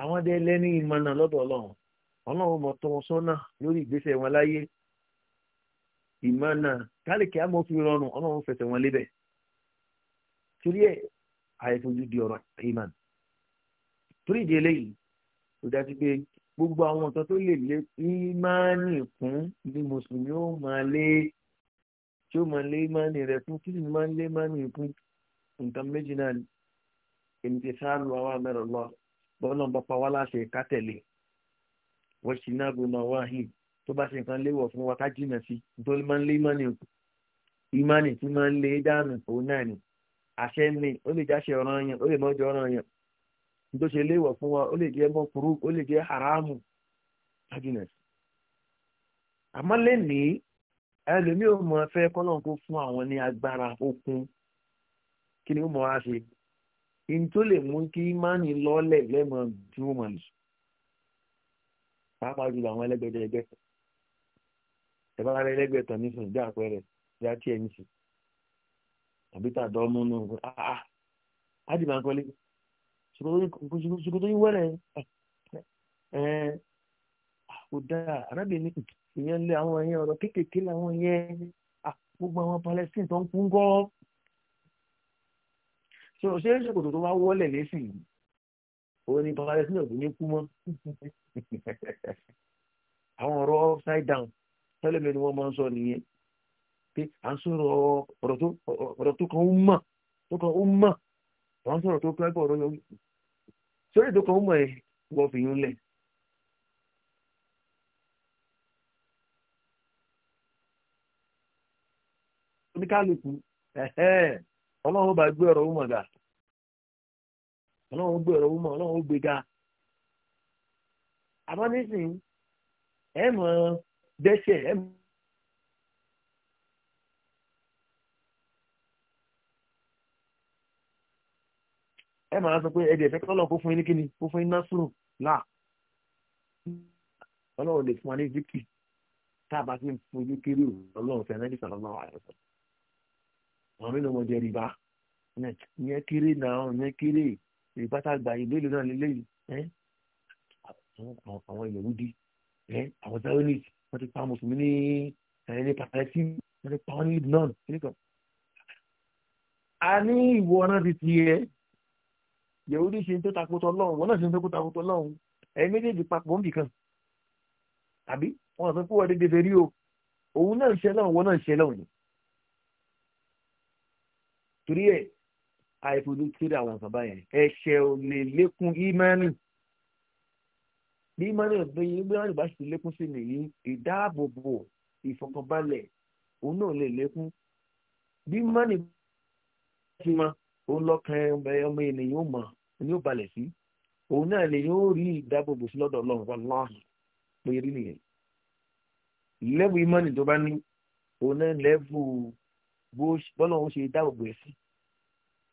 àwọn adé lẹ́ni ìmọ̀nà lọ́dọ̀ ọlọ́run ọlọ́run mọ̀ tọ́ wọn sọ́nà lórí ìgbésẹ̀ wọn láyé ìmọ̀nà kálíkì àmọ́ fi rọrùn ọlọ́run fẹsẹ̀ wọn lébẹ̀ torí ẹ̀ àìfojú di ọ̀rọ̀ ìmọ̀nà torí ìdí eléyìí ló dájú pé gbogbo àwọn nǹkan tó lè lé ìmánì fún ni mùsùlùmí ó máa lé tí ó máa lé ìmánì rẹ fún kí ni máa ń lé ìmánì fún nǹkan méjì náà ni èmi ti sáàlù àwọn àmẹ́rọ lọ bọ́ọ̀lù ń bọ́ pa wá láṣẹ ká tẹ̀lé wọ́n ṣì náà gbọ́dọ̀ wá hìn tó bá ṣe nǹkan léwọ̀ fún wa ká jìnà sí tó máa ń lé ìmánì ìmánì tí máa ń lé dànù òun náà ni àṣẹ mi ó lè jáṣe ọ̀ràn yẹn ó lè mọ́jọ ọ̀ràn yẹn tó ṣe léèwọ̀ fún wa ó lè jẹ́ mọ́kúrú ó lè jẹ́ haramu happiness. àmọ́ lẹ́nìí ẹlòmíì ò mọ̀ fẹ́ kọ́lọ́n fún àwọn ní agbára okun kí ni ó mọ̀ wá ṣe in tó lè mú kí mánì lọ́lẹ̀ lẹ́mọ̀ tí ó mọ̀ lù pàápàá jùlọ àwọn nísìn bí àpẹẹrẹ bí a tí ẹ̀ nísìn àbí tàdọ́ múnú áá ah, ah. á dì máa ṣòkòtò yín wẹ́rẹ̀ ẹ̀ kò dáa arábìnrin ìyẹn lé àwọn yẹn ọ̀rọ̀ kéékèèké làwọn yẹn gbogbo àwọn Palestine tó ń kú ń gọ́ ṣe ṣe ṣòkòtò tó wá wọlé lẹ́sìn yìí òun ni Palestine ò ní kú mọ́ àwọn ọ̀rọ̀ upside down tẹ́lẹ̀ mi ni wọ́n máa ń sọ nìyẹn pé à ń sọ̀rọ̀ ọ̀rọ̀ tó kan ó mọ̀ tó kan ó mọ̀ à ń sọ̀rọ̀ tó kẹ́kọ̀ọ́ ọ̀rọ̀ sórí ìdókòwò mọ̀ ẹ́ wọ́n fi yún lẹ̀. oníkálukú ọlọ́run bá gbé ọ̀rọ̀ wúmọ̀ ga ọlọ́run gbé ọ̀rọ̀ wúmọ̀ ọlọ́run gbé ga àmọ́ nísìnyí ẹ̀ mọ̀ dẹ́sẹ̀ ẹ̀ mọ̀. ẹ máa sọ pé ẹdì ẹ̀fẹ́ tọ́lọ̀ kó fún yín ní kíni kó fún yín násùrù náà ọlọ́run lè fún wa ní zikri tá a bá ti ń fojú kiri ọlọ́run fẹ́ nẹ́ẹ̀dì sọ̀rọ̀ náà àyẹ̀sọ̀ àwọn mìíràn wọn jẹ rìbá ìyẹn kiri náà ìyẹn kiri rìbá tá a gbà yìí lélẹ̀ náà lélẹ̀ yìí àwọn Yẹhudi àwọn zionist wọ́n ti pa mùsùlùmí ní ẹni pàtàkì wọ́n ti pa wọn ní Lebanon a ní ìwọ náà ti tiẹ̀ yẹ̀wúdí ṣe ń tó takotọ́ lọ́hùn wọn náà ṣe ń tó takotọ́ lọ́hùn ẹ̀yin méjèèjì papọ̀ ń bìkan àbí wọn àti kó wọ́n dédé fẹ́ rí o òun náà ń ṣe lọ́hùn wọn náà ń ṣe lọ́hùn ni. torí ẹ àìfojú kiri àwọn bàbá yẹn ẹ̀ṣẹ̀ ò lè lékún ímánì bí ímánì ọ̀gbìn yìí bí wọ́n bá ṣe lékún sí nìyí ìdáàbòbò ìfọkànbalẹ̀ òun náà lè lékún bí ímánì ṣe máa òun lọ́kàn ọmọ ènìyàn mọ̀ ni ó balẹ̀ sí òun náà lè yóò rí ìdábòbò sí lọ́dọ̀ ọlọ́run wàláhì pé rí nìyẹn lẹ́bù ìmọ̀nì tó bá ní òun náà lẹ́bù bọ́lá òun ṣe dábòbò ẹ̀ sí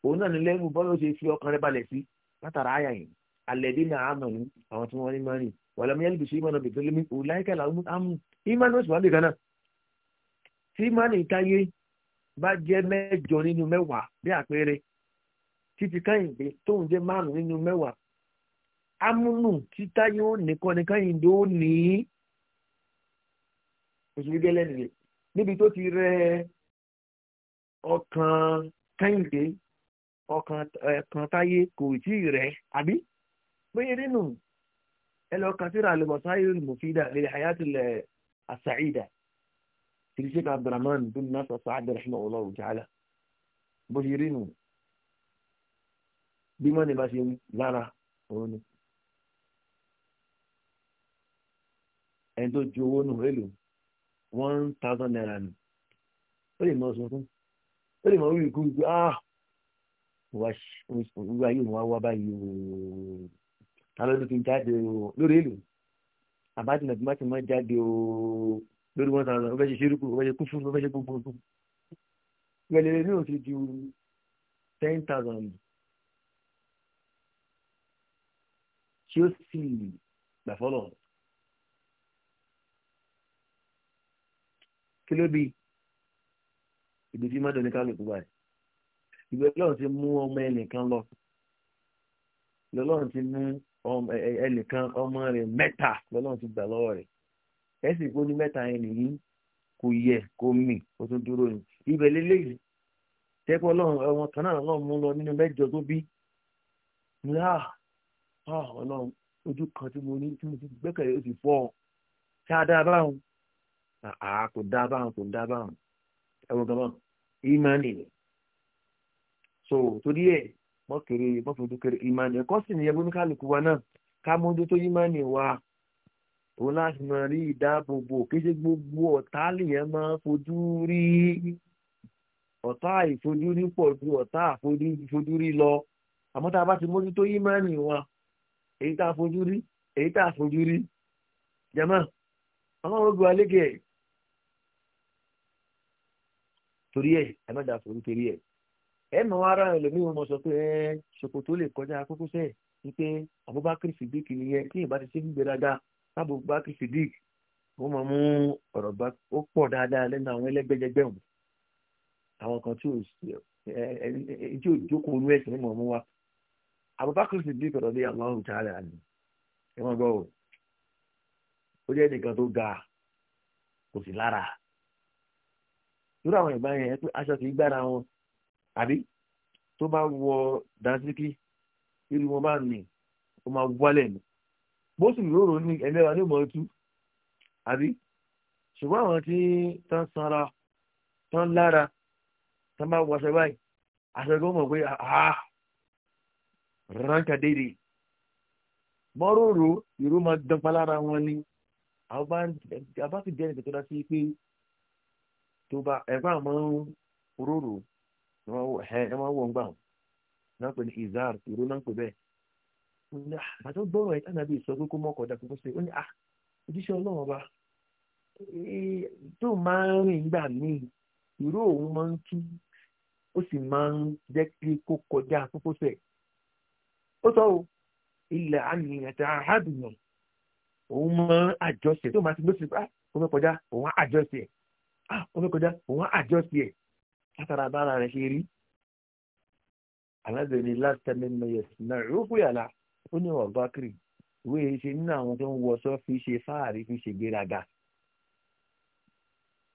òun náà ní lẹ́bù bọ́lá òun ṣe fi ọkàn rẹ̀ balẹ̀ sí látara àyà yìí alẹ́dí náà á ní àwọn tí wọ́n ní mọ́nì wàlá mi yẹ́lì bìṣú ìmọ̀nà bìtú lémi òun láìka làwọn amú ìmọ̀nì oṣù wà nìkan náà títí káyìndé tóun jẹ́ márùn nínú mẹ́wàá amúnù títa yóò nìkan ni káyìndé ó ní òṣèlú gẹ́lẹ́ nìyẹn níbi tó ti rẹ ọkàn káyìndé ọkàn táyé kò tí ì rẹ àbí bóyá nínú ẹ lọ kàn síra àlùmọ̀sáyé mufida lil hayatil asa'ida tìrìṣẹ́ka abdulrahman bin nasir sa'ad rahimahullah ta'ala bóyá nínú bí mọ́ni bá ṣe wí lára òun ni. ẹni tó ju owó nù èlò one thousand naira nù ó lè mọ sọ fún ó lè mọ wí ikú wípé ah wíwá yóò wá wá báyìí ooo ta ló ti jáde ooo lórí èlò àbájá nàbí má ti má jáde lórí one thousand ó fẹ́ ṣe ṣerúkú ó fẹ́ ṣe kú fún ó fẹ́ ṣe gbogbo gbogbo ìgbàlè ní òsì ju ten thousand tí ó sì gbà fọlọ kí ló bí ibi tí mọ́tò ní kálukú báyìí ìwé ọlọ́run ti mú ọmọ ẹnìkan lọ lọ́lọ́run ti mú ẹnìkan ọmọ rẹ̀ mẹ́ta lọ́lọ́run ti gbà lọ́wọ́ rẹ̀ ẹ sì kó ní mẹ́ta yẹn nìyí kò yẹ kò mì ó tún dúró ni ibẹ̀ lélẹ́yìí tẹ́pọ̀ ọlọ́run ọmọ kan náà lọ́run mú lọ nínú mẹ́jọ tó bí ní à ah, Ah, ọlọ́run ojú kan tí mo ní tí mo ti gbẹ́kẹ̀lé ó ti fọ́ ọ ṣé a dáa báwọn àá kò dáa báwọn kò dáa báwọn ẹ̀wọ̀n gan-an ìmánì ni so torí ẹ̀ mọ́ kéré mọ́ fojú kéré ìmánì ẹ̀kọ́ sì nìyẹn bóní kálukú wa náà ká mójútó ìmánì wa òun láti máa rí ìdáàbòbò kéṣe gbogbo ọ̀tá lèyẹn máa fojú rí ọ̀tá ìfojúrí pọ̀ ju ọ̀tá àfojúrí lọ àmọ́ tá a bá ti mójútó ìmánì wa èyí tá a fojú rí èyí tá a fojú rí jẹ́mọ́ ọlọ́run gbọ́ alékè ẹ̀ torí ẹ̀ ẹ má dàá fojú torí ẹ̀ ẹ mọ̀ ara ẹlòmíràn mọ̀ sọ pé ẹ ṣòkòtò lè kọjá kókósẹ̀ wípé Abubakar Sidik nìyẹn tí ìbá ti ṣe ń gbéraga Abubakar Sidik wọ́n máa mú ọ̀rọ̀ bá ó pọ̀ dáadáa lẹ́nu àwọn ẹlẹ́gbẹ́jẹgbẹ́ wọn àwọn kan tí ò jókòó inú ẹ̀sìn mọ̀ mú wa Abubakar Siddiq radi Allahu ta'ala anhu ẹ wọ́n gbọ́ o ó jẹ́ nìkan tó ga kò sí lára irú àwọn ìgbà yẹn pé aṣọ kì í gbára wọn àbí tó bá wọ dansiki irú wọn bá nì ó máa wálẹ̀ ni bó sì lóòrò ní ẹlẹ́wà ní ìmọ̀ ojú àbí ṣùgbọ́n àwọn tí tán sanra tán lára tán bá wọṣẹ báyìí aṣọ gbọ́n mọ̀ pé àá. Ah, ranka daidai mọ́rọ̀rọ̀ ìró máa dánpá lára wọn ni àbá sì jẹ́ nìkan tó dá sí pé tó bá ẹ̀fọ́ àmọ́ róró ẹ máa wọ̀ ń gbà náà pè izar ìró náà pè bẹ́ẹ̀ ó ní ah, àtàtà gbọ́rọ̀ ẹ̀ tànàbí sọ pé kó mọ́kọ̀ọ́dà kókó ṣe ó ní à ah, ojúṣe ọlọ́run ọba tó máa ń rìn gbà míì ìró òun máa ń tú ó sì máa ń jẹ́ kí kó kọjá kókó ṣe ẹ̀. ó o ilẹ̀ àníyàn tí a há dùnà òun mọ àjọṣe tó máa ti gbèsè pé ah, ó kọjá òun àjọṣe ah, kọjá òun àjọṣe látara bára rẹ̀ ṣe rí alábẹ̀rẹ̀ látẹ̀lẹ̀ mẹ́yẹ̀sì náà ó ó ní ọ̀gá kiri ìwé ṣe nínú àwọn fi ṣe fáàrí fi ṣe gbéraga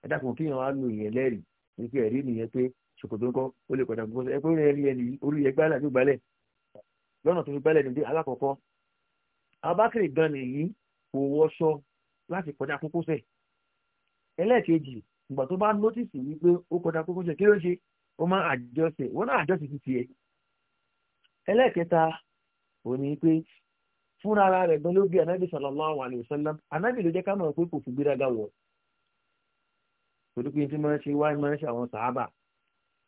ẹ dákun kí á lo ìyẹn lẹ́rìí wípé ẹ̀rí nìyẹn pé ṣòkòtò ńkọ́ ó lè kọjá gbogbo ẹ pé ó rí lọ́nà tó fi gbálẹ̀ nìdí alákọ̀ọ́kọ́ abákìrì gan nìyí kò wọṣọ láti kọjá kókósẹ̀ ẹlẹ́ẹ̀kejì ìgbà tó bá nọ́tìsì wípé ó kọjá kókósẹ̀ kí ló ṣe ó máa àjọṣe wọn náà àjọṣe ti tiẹ̀ ẹlẹ́ẹ̀kẹta òní pé fúnra ara rẹ̀ gan ló bí anábì sallallahu alaihi wasallam anábì ló jẹ́ ká mọ̀ pé kò fi gbéraga wọ̀ torí pé tí máa ń ṣe wáyé máa ń ṣe àwọn sàábà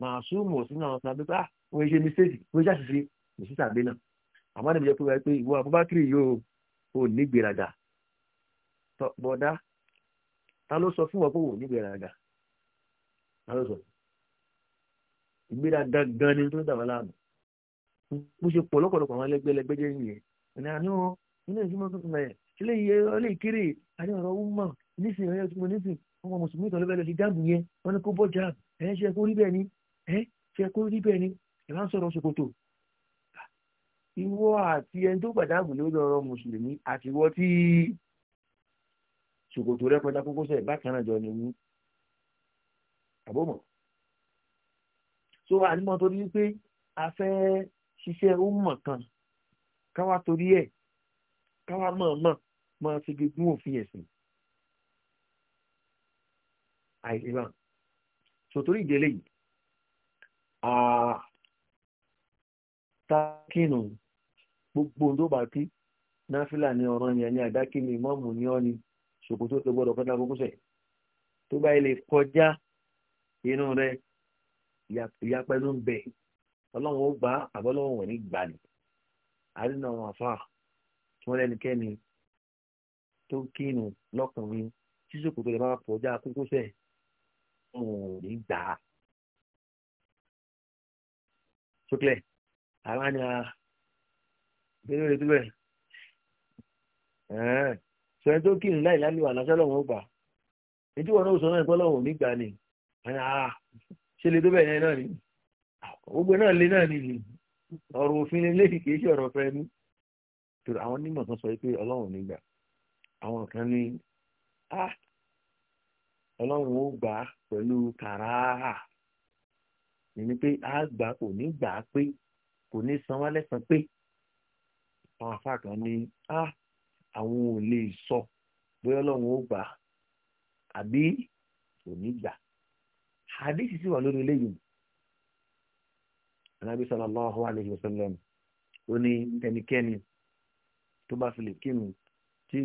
màá súnmù sínú àwọn sàábà pé ah òun ṣe mistake òun ṣàṣìṣe ní sísà gbé náà àmọ́ níbi jẹ́ pé wáyé pé ìwọ Abubakar yóò ò ní gbéraga bọ̀dá ta ló sọ fún wọn pé ò ní gbéraga ta ló sọ ìgbéraga gan ni tó ń dàwọn láàmú bó ṣe pọ̀ lọ́pọ̀lọpọ̀ àwọn ẹlẹgbẹ́lẹgbẹ́ jẹ́ yìnyẹn ẹ̀nà àní wọn nínú ìsúnmọ́ tó fún ẹ̀ ilé iye ọlẹ́ ìkéré àti ọ̀rọ̀ ọ̀húnmọ̀ nísìn ọ̀yọ́ tó mọ nísìn ọmọ mùsùlùmí ìtọ́lẹ́ bẹ́ẹ̀ lọ sí jáàmù yẹn wọn ni kó bọ́ jáàmù ẹ̀ ṣe kó rí bẹ́ẹ̀ ni ẹ̀ ṣe kó rí bẹ́ẹ̀ ni ẹ̀ bá ń sọ̀rọ̀ ṣòkòtò ìwọ àti ẹni tó gbàdáàbò lórí ọ̀rọ̀ mùsùlùmí àti ìwọ tí ṣòkòtò rẹ kọjá kókósẹ̀ bákan náà jọ ni wú àbọmọ so ànímọ torí wípé a fẹ́ ṣiṣẹ́ ọmọ kan káwa torí ẹ̀ káwa mọ̀ọ́mọ̀ máa fi gbẹgbẹ òfin ẹ̀sìn àìsíwá so torí ìdílé yìí tá a kínú gbogbo ohun tó bá kí náfìlà ní ọ̀rọ̀ yẹn ní àdákì ní ìmọ̀ọ̀mù ní ọ́ ni ṣòkòtò tó gbọ́dọ̀ kọ́ta kókósẹ̀ tó bá ilé kọjá inú rẹ ìyapẹ́ ló ń bẹ̀ ọlọ́run ó gbà àbọ́lọ́run wẹ̀ ní gbà ní àdínà àwọn àfa tí wọ́n lẹ́nikẹ́ni tó kínu lọ́kùnrin tí ṣòkòtò rẹ̀ bá kọjá kókósẹ̀ ọ̀hún ò ní gbà á. sókè àwọn àni bẹ́ẹ̀ lórí bíbẹ̀ sọ̀rọ̀ tó kírun láì lálẹ́ wà lásán lọ́wọ́ gbà ètí wọn náà sọ náà pé lọ́wọ́ nígbà ni ṣe lè tó bẹ̀ yẹn náà ni gbogbo náà lé náà ni ọ̀rọ̀ òfin lélẹ́yìn kì í ṣe ọ̀rọ̀ fẹ́ ní. torí àwọn onímọ̀ kan sọ pé ọlọ́run nígbà àwọn kan ní ọlọ́run ó gbà pẹ̀lú kàráà ní pé á gbà kò ní gbà pé kò ní san wálẹ̀ san pé àwọn afáà kan ní á ah, àwọn ò lè sọ bóyá ọlọ́run ó gbà àbí kò ní gbà hadisi sì wà lórí eléyìí anábì sallallahu alayhi wa sallam ó ní ẹnikẹ́ni tó bá fi lè kírun tí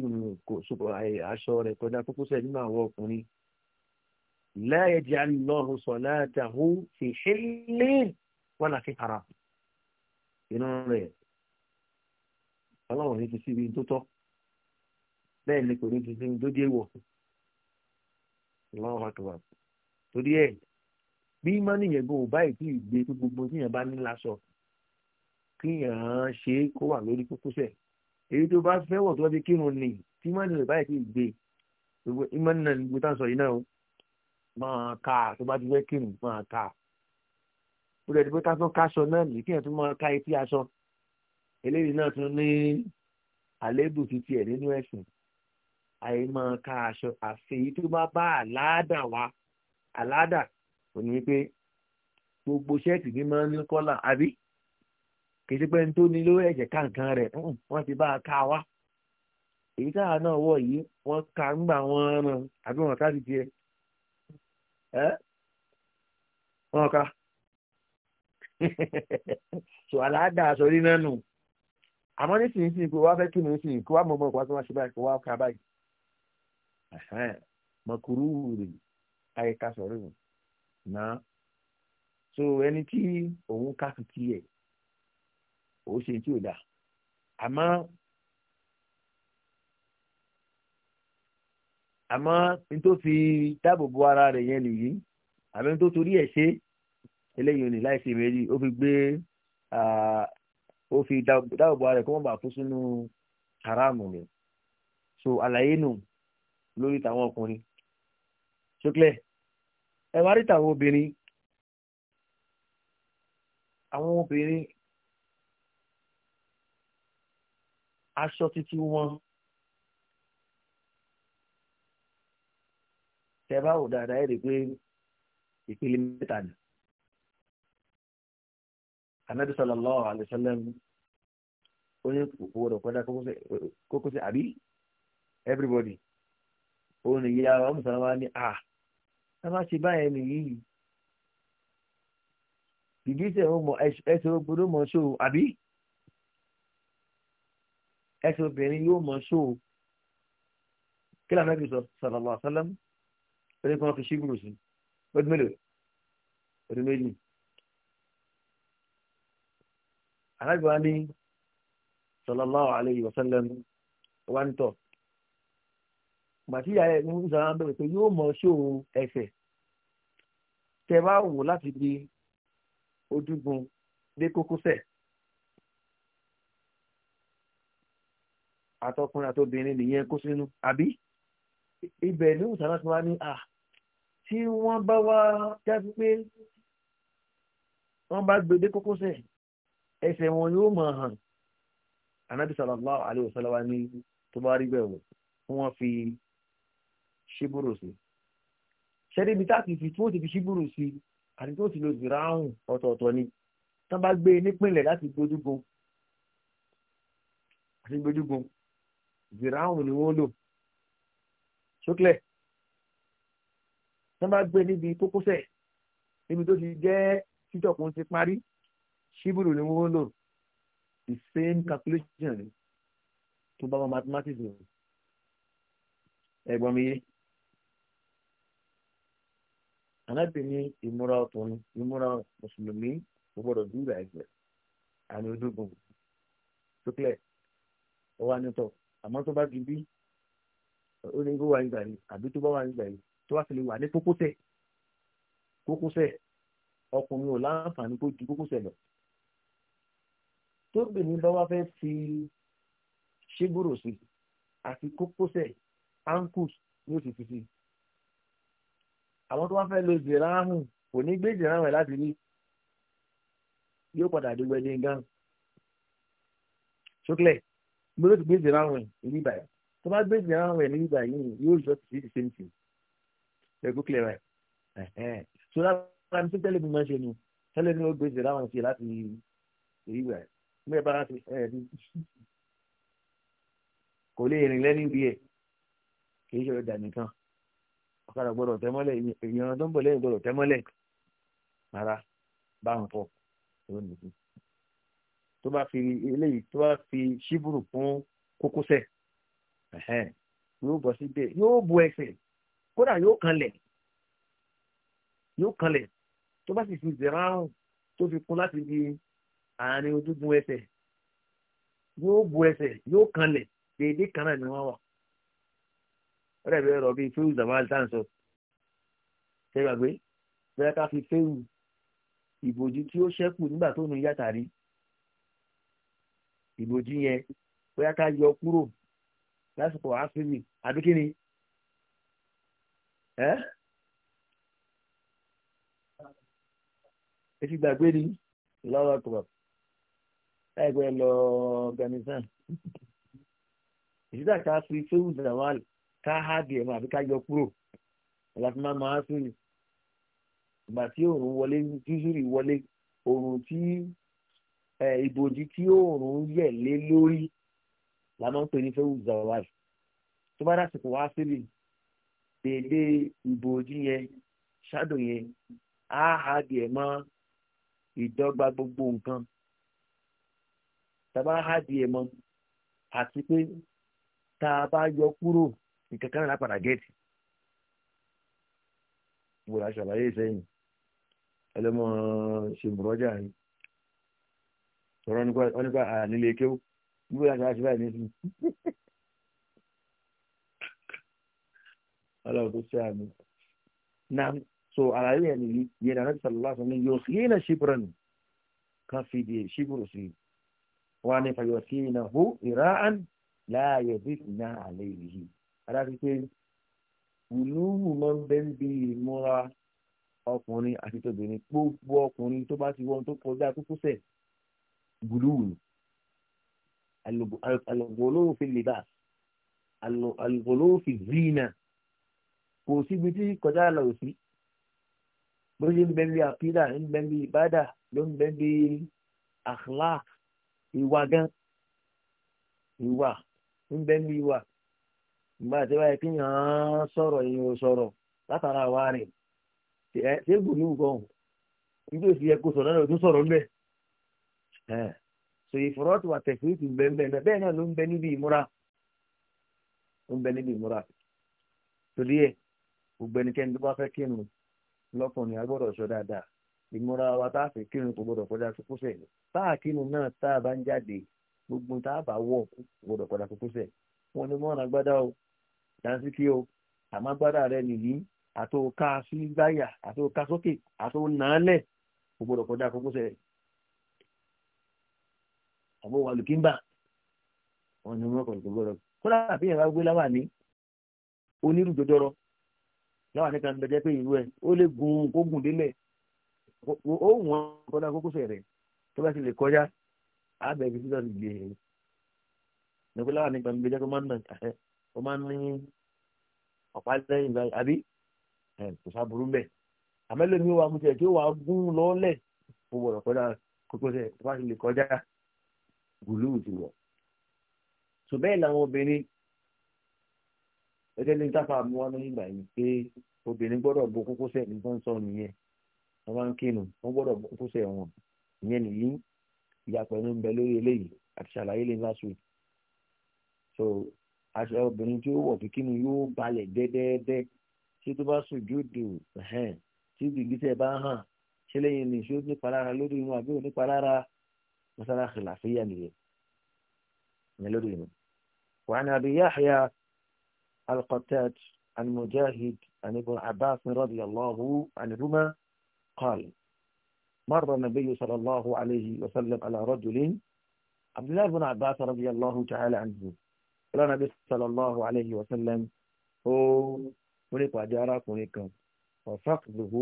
kò sopọ̀ aṣọ rẹ̀ kọjá kókósẹ̀ nínú àwọn ọkùnrin la yaj'al Allahu salatahu fi hillin wala fi haram inú rẹ̀ ọlọ́run ní ti sí ibi tó tọ́ bẹ́ẹ̀ ni kò ní ti sí ibi tó dé wọ̀ ọlọ́run wà tó wà torí ẹ̀ bí mọ́nì yẹn gbọ́ báyìí tí ìgbé tó gbogbo tí yẹn bá ní láṣọ kí yẹn ṣe kó wà lórí kókósẹ̀ èyí tó bá fẹ́ wọ̀ tó bá fi kírun nì tí mọ́nì yẹn báyìí tí ìgbé gbogbo ìmọ̀nì náà gbogbo tá yìí náà máa ka tó bá ti fẹ́ kírun máa ka ó lẹ́ni pé ká tó káṣọ náà nìkíyàn tó máa ka etí aṣọ. eléyìí náà tún ní àléébù títí ẹ̀ nínú ẹ̀sìn àyè máa ka aṣọ àfẹ́yí tó bá bá alada wa Alada? kò ní pé gbogbo ṣẹ́ẹ̀tì ní máa ń ní kọ́là àbí kì í ní tó ní ẹ̀jẹ̀ kankan rẹ̀ wọ́n ti bá a ká wa èyí táwa náà wọ̀ yìí wọ́n ka ń gbà wọ́n ràn àbí wọ́n ká ti tiẹ̀ ẹ́ wọ́n ká so aṣọ àmọ́ nísìnyí sí ipò wá fẹ́ kí ni sí ipò wá mọ̀mọ́ ìpàtó wá ṣe báyìí kó wá ká báyìí mọ̀kúrú rè ayé ká sọ̀rọ̀ rè náà so ẹni tí òun ká fi kí ẹ̀ ó ṣe tí ò dà àmọ́ àmọ́ nítorí fi dáàbò bo ara rẹ̀ yẹn nìyí àmọ́ torí ẹ̀ ṣe eléyìí ò ní láì ṣe méjì ó fi gbé ó fi dáàbò ara rẹ̀ kó wọ́n bá kú sínú haramu ni so àlàyé nù lórí tàwọn ọkùnrin ṣókílẹ̀ ẹ wá rí tàwọn obìnrin àwọn obìnrin aṣọ títí wọn tẹ bá wò dáadáa ẹ rí i pé ìpele mẹ́ta ni anabi sallallahu alayhi wa sallam ó ní kòkó rẹ̀ kọjá kókósẹ̀ àbí everybody ó ní ìyá wa ọmọ sàlámà ní à ah, ẹ má ṣe báyẹn nìyí ìgbésẹ̀ ó mọ ẹsẹ̀ obìnrin mọ̀ ṣó àbí ẹsẹ̀ obìnrin yóò mọ̀ ṣó kí lóò anabi sallallahu alayhi wa sallam ó ní kí wọ́n fi sí ọdún mélòó ọdún méjì. anábì wa ní sallallahu alayhi wa sallam wa ń tọ̀ gbàtí ìyá ẹ̀ ń sọ̀rọ̀ bẹ̀rẹ̀ pé yóò mọ̀ ṣó ẹsẹ̀ tẹ bá wò láti di ojúgun dé kókósẹ̀ àtọkùnrin àtobìnrin nìyẹn kó sínú àbí ibẹ̀ ní ìsàlá tí wọ́n ní à tí wọ́n bá wá jáde pé wọ́n bá gbé dé kókósẹ̀ ẹsẹ̀ wọn yóò máa hàn anabi sallallahu alayhi wa sallam ní tó bá rí bẹ́ẹ̀ wò fún wọn fi ṣíbùrù sí ṣẹ́ni ibi táàkì fi tí wọ́n ti fi ṣíbùrù sí àti tí wọ́n ti lo zìráhùn ọ̀tọ̀ọ̀tọ̀ ni tán bá gbé e nípìnlẹ̀ láti gbójúgun àti gbójúgun zìráhùn ni wọ́n lò ṣókèlè tán bá gbé e níbi kókósẹ̀ níbi tó ti jẹ́ títọ̀kùn ti parí ṣíbùrù ni wọ́n lò the same calculation tó bá wọn mathematics lò ẹ̀gbọ́n mi yé anábì ní ìmúra ọkùnrin ìmúra mùsùlùmí kò gbọdọ̀ dúró àìsàn àmì ojúgun tó clear ó wà ní tọ àmọ́ tó bá ju bí ó ní kó wà nígbà yìí àbí tó bá wà nígbà yìí tó bá sì lè wà ní kókósẹ̀ kókósẹ̀ ọkùnrin ò láǹfààní kó ju kókósẹ̀ lọ tóbìnrin bá wá fẹ́ fi ṣégbòrò sí àti kókósẹ̀ ankles ní oṣù tuntun àwọn tó wá fẹ́ lo ìdìráhùn kò ní gbé ìdìráhùn ẹ̀ láti rí yóò padà dé wedding gown ṣókèlè bí ó ti gbé ìdìráhùn ẹ̀ ní ìbàyà tó bá gbé ìdìráhùn ẹ̀ ní ìbàyà yìí yóò yọ sí the same thing ẹ̀kú clear right ẹ̀hẹ́n so lára ní tẹ́lẹ̀ mi máa ń ṣe nu tẹ́lẹ̀ mi ó gbé ìdìráhùn sí láti rí ìbàyà bẹ́ẹ̀ bá ṣe ẹ̀ rí kò lè rìn lẹ́ni bí ẹ̀ kì í ṣe ọ̀dà nìkan ọ̀kadà gbọ́dọ̀ tẹ́mọ́lẹ̀ èèyàn tó ń bọ̀ lẹ́yìn gbọ́dọ̀ tẹ́mọ́lẹ̀ rárá bá ń pọ̀ ló nìkú tó bá fi eléyìí tó bá fi ṣíbùrù fún kókósẹ̀ yóò bọ̀ síbẹ̀ yóò bu ẹsẹ̀ kódà yóò kanlẹ̀ yóò kanlẹ̀ tó bá sì fi zẹ̀rán tó fi kún láti di àárín ojúgun ẹsẹ̀ yóò bu ẹsẹ̀ yóò kanlẹ̀ déédé kan náà ni wọ́n wà. wọ́n dẹ̀ bẹ́ẹ̀ rọ bíi fíwù zamal tá à ń sọ ṣe gbàgbé bẹ́ẹ̀ ká fi fíwù ìbòjú tí ó ṣẹ́kù nígbà tó nu yàtàrí ìbòjú yẹn bóyá ká yọ kúrò lásìkò áfíìmì àbí kíni ẹ́ ẹ ti gbàgbé ni lọ́wọ́ tó bàbá láìpẹ́ lọ Afghanistan ìṣúdà ká fi fẹ́wù zawal ká há díẹ̀ mọ́ àbí ká yọ kúrò láti máa máa sùn ìgbà tí òòrùn wọlé júzúrì wọlé òòrùn tí ìbòjì tí òòrùn yẹ̀ lé lórí la máa ń pè ní fẹ́wù zawal tó bá dásìkò wá síbi dèdè ìbòjì yẹn ṣáàdùn yẹn á há díẹ̀ mọ́ ìdọ́gba gbogbo nǹkan tàbá hádìí ẹ̀ mọ́ àti pé tá a bá yọ kúrò nǹkan kan náà lápadà gẹ̀ẹ́tì mo là ṣàlàyé sẹ́yìn ẹlẹ́mọ̀ ṣèmùrọ́jà yìí sọ̀rọ̀ nípa ànílé kéwù níbo la ṣàlàyé báyìí nísìnyí. ọlọ́run tó ṣe àmì náà so àlàyé ẹ̀ nìyí yẹn náà ṣàlàyé sọ̀rọ̀ yóò ṣe é náà ṣíbùrọ̀ nù ká fi di ṣíbùrọ̀ sí i wọn ní fàyọ̀sí iná hó ìráàn láàyè bí iná àlẹ́ yìí adájọ́ pé wùlúwù máa ń bẹ́ ń bi ìmúra ọkùnrin àti tòbìnrin gbogbo ọkùnrin tó bá ti wọ́n tó kọjá kókósẹ̀ wùlúwù alùgbòlówó fi lè bá alùgbòlówó fi zina kò síbi tí kọjá lọ sí bó ṣe ń bẹ́ ń bi àkídà ń bẹ́ ń bi ìbádà ló ń bẹ́ ń bi akhlaq ìwà gan ìwà ńbẹ́ ń bí ìwà ìgbà tí wáyé kí yàn án sọrọ yìí látara wa rẹ̀ ṣé gbòmí nǹkan níbi òsì yẹ kó sọ̀rọ̀ náà ọdún sọ̀rọ̀ ńbẹ́ so ìfọ̀rọ̀tì wà tẹ̀síwìtì ń bẹ ń bẹ bẹ́ẹ̀ náà ló ń bẹ níbi ìmúra ó ń bẹ níbi ìmúra torí ìmúra wa tá a fi kírun kò gbọdọ̀ kọjá kókósẹ̀ tá a kírun náà tá a bá ń jáde gbogbo tá a bá wọ̀ kò gbọdọ̀ kọjá kókósẹ̀ wọn ni mọ́ra gbádá o dáńsíkí o àmọ́ gbádá rẹ nìyí àtò ká sí gbáyà àtò ká sókè àtò nàálẹ̀ kò gbọdọ̀ kọjá kókósẹ̀ àbọ̀ wà lùkíńbà wọn ni wọn kò gbọdọ̀ kódà àbí ìyàrá gbé láwà ní onírúdòdòrò láwà ní ó wọ́n kọ́dá kókósẹ̀ rẹ̀ tó bá ti lè kọjá àbẹ̀ ibi tí wọ́n ti gbé e. nípínlẹ̀ wà nípa ìgbẹ́jọ́ tó máa ń nà ẹ́ ó máa ń ní ọ̀pá lẹ́yìn báyìí àbí kò sábúrú mbẹ́. àmẹ́lẹ́mi wa kùtẹ̀ tí ó wà gún lọ́ọ́lẹ̀ ó wọ̀rọ̀ kọ́dá kókósẹ̀ tó bá ti lè kọjá gùlù ti wọ̀. sọ bẹ́ẹ̀ làwọn obìnrin gẹ́gẹ́ ní táfà mú wọn nígbà yìí pé obìnrin gbọ́dọ̀ bo kókósẹ̀ nìkan wọ́n máa ń kínu wọ́n gbọ́dọ̀ kúṣẹ̀ wọn ìyẹn nìyí ìyàpọ̀ ẹnu ń bẹ lórí eléyìí àti ṣàlàyé lè last so aṣọ obìnrin tí ó wọ̀ kíkínu yóò balẹ̀ dẹ́dẹ́dẹ́ ṣé tó bá sùn júdù tí gìgísẹ̀ bá hàn ṣé lẹ́yìn ni ṣé ó nípa lára lórí irun àbí ò nípa lára masala khilafiyya nìyẹn ní lórí irun. وعن أبي يحيى القتات عن مجاهد عن ابن عباس رضي الله عنهما قال مر النبي صلى الله عليه وسلم على رجل عبد الله بن عباس رضي الله تعالى عنه قال النبي صلى الله عليه وسلم هو من وجارك مريقا وفقده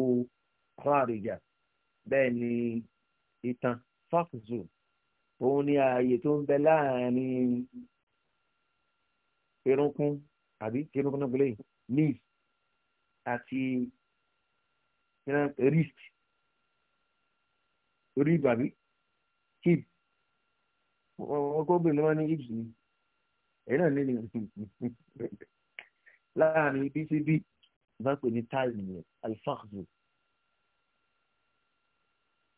خارجة بني إتن فقزو òun ni ààyè tó ń bẹ láàrin erunkun àbí wrist orí ìbàbí hip ọgọ́bìnrin wọn ní hips ni ẹ̀yìn náà nílẹ̀ láàrin ibi sí bí bá pè ní táì nìyẹn alifaxu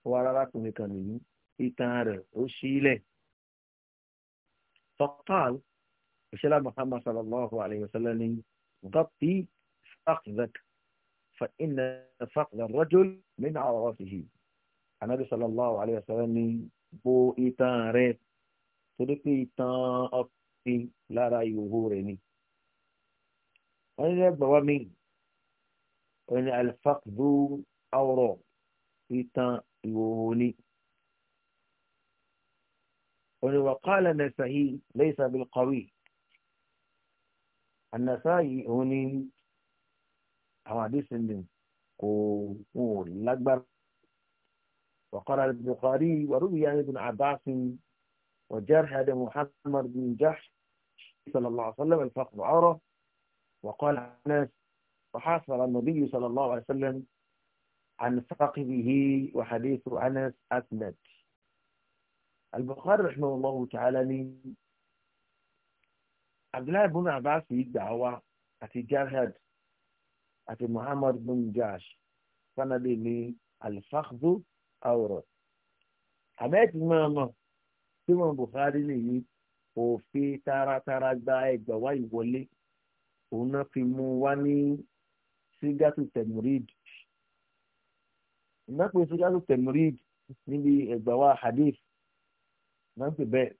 wọ́n arákùnrin kan nìyí ìtàn rẹ̀ ó sílẹ̀ fọ́tàl ìṣẹ́lá muhammad sallallahu alayhi wa sallam ní gọ́pì fàkìzẹ́kì. فإن فقد الرجل من عورته النبي صلى الله عليه وسلم bò itan rẹ̀ torí pé itan ọkùnrin lára ìhòhò rẹ̀ ni wọ́n ní ẹgbẹ́ wa mi wọ́n ní alifakdu awrọ̀ itan ìhòhò ni wọ́n ní wàkàlà nasahi laysa bilqawi an-nasahi òun ni. àwọn àdéhùn ní kò wọn وقال البخاري وروي عن ابن عباس وجرح محمد بن جحش صلى الله عليه وسلم الفقر عوره وقال الناس وحاصر النبي صلى الله عليه وسلم عن فقده وحديث أنس أسند البخاري رحمه الله تعالى من عبد الله بن عباس يدعوى اتجاه هذا àti muhammad bin jash fanabi ní alifakdu awrọ abẹ́ẹ̀tì máa mọ̀ tí wọn buhari nìyí òfin taratara gba ẹgbà wá ìwọlé òun náà fi mú wá ní sígátù tẹmurid ìnápè sígátù tẹmurid níbi ẹgbà wá hadith náà pè bẹ́ẹ̀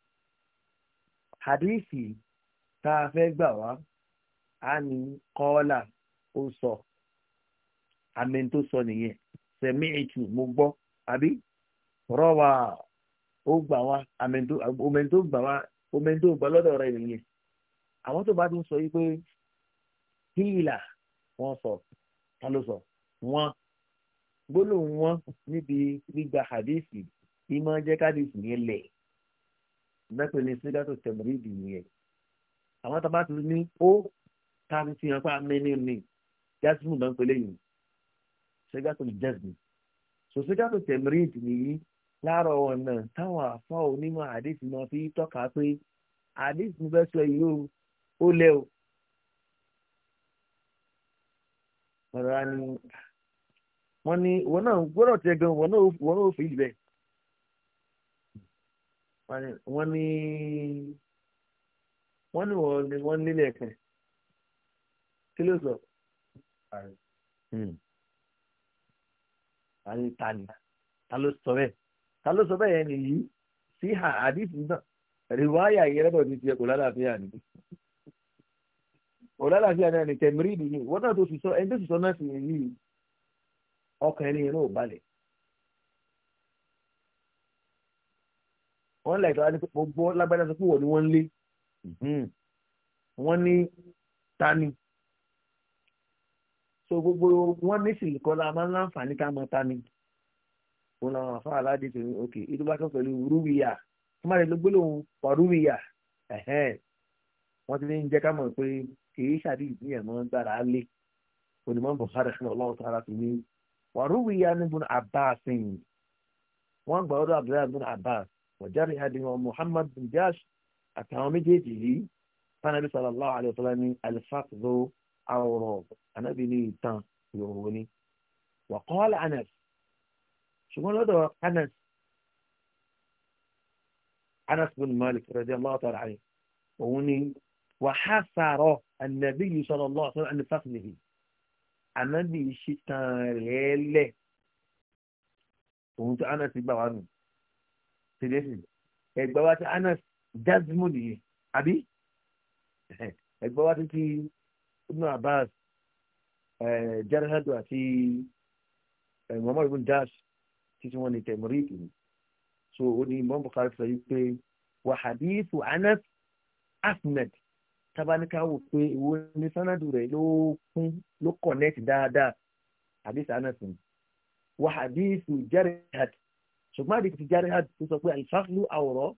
hadithi tá a fẹ́ gbà wá a ní kọ́ọ́là ó sọ àmì tó sọ nìyẹn sẹ̀mí ìtù mo gbọ́ àbí rọ́wà ó gbà wá àmì tó omi tó gbà wá omi tó gbà lọ́dọ̀ rẹ̀ nìyẹn àwọn tó bá tún sọ yìí pé hílà wọ́n sọ ta ló sọ wọ́n gbólóhùn wọn níbi gbígba hadisi ìmọ̀ jẹ́ kádìsì yẹn lẹ̀ mẹ́pẹ́ ní sígátò tẹ̀mọ̀rìdì yẹn àwọn tó bá tún ní ó ta ti fi hàn pé amẹ́ni ni jásímù náà ń pè léyìn ṣẹ́gàtò jẹ́sìn so ṣẹ́gàtò tẹ̀mírìt nìyí láàárọ̀ ọ̀nà táwọn àfọ́ onímọ̀ àdéhùn náà fi tọ́ka pé àdéhùn fẹ́ sọ yìí ó lẹ́ o. ọ̀rọ̀ ni wọ́n ní wọn náà gbọ́dọ̀ tẹ gan wọn náà ó fi ìlú wọ́n ní wọ́n ní wọ́n nílẹ̀ kan kí ló sọ àní hmm. tani ta ló sọ bẹ́ẹ̀ ta ló sọ bẹ́ẹ̀ yẹn nìyí sí ha àdìsí náà rìwáyà yìí rẹ́bọ̀ ní tiẹ̀ kò lálàáfíà ni kò lálàáfíà náà ni tẹ̀mírì nìyí wọ́n náà tó sì sọ ẹni tó sì sọ náà sì yìí ọkàn ẹni yẹn náà ò balẹ̀. wọ́n lẹ̀ tọ́lá ní gbogbo lágbádá sọ pé wọ́n ni wọ́n ń lé hmm. wọ́n ní tani so gbogbo wọn ní sìlìkọ́lá máa ń láǹfààní ká mọ ta ni òun làwọn àfa aládé tó ní ok ìlú bá tán pẹ̀lú rúwìyà wọ́n máa lè lo gbólóhùn pàrúwìyà wọ́n ti ń jẹ́ ká mọ̀ pé kìí ṣàdí ìdíyẹ̀ mọ́ gbára lé onímọ̀ Bukhari ṣe ọlọ́run tó ara fi ní wàrúwìyà ní bùn Abbas wọ́n gbà ọdọ̀ Abdullahi bùn Abbas wọ̀jáde àdìmọ̀ Muhammad bin Jash àtàwọn méjèèjì yìí fanabi sallallahu alayhi wa sallam ní alifat àwòrán ànábì ní ìtàn ìròwò ni wàkọ́ọ́lá anas ṣùgbọ́n lọ́dọ̀ anas anas bin malik radiyallahu ta'ala anhu òun ni wàhásàrọ̀ ànábì yìí sallallahu alaihi wasallam ànábì ànábì ṣìtàn rẹ̀ lẹ̀ òun tó anas gbà wà nù tìrẹsì ẹgbẹ́ wa ti anas jazmu nìyẹn àbí ẹgbẹ́ wa ti ti ibn abbas eh, jarahadu àti eh, muhammad ibn dash títí wọn ní tẹmọríkì ni so ó ní imam bukhari sọ yìí pé wà hadithu anas asnad tabanika wò pé ìwo ní sanadu rẹ ló kún ló kọnẹtì dáadáa hadith anas ni wà hadithu jarahad ṣùgbọ́n àdìsí jarahad tó sọ pé alifásílù àwòrán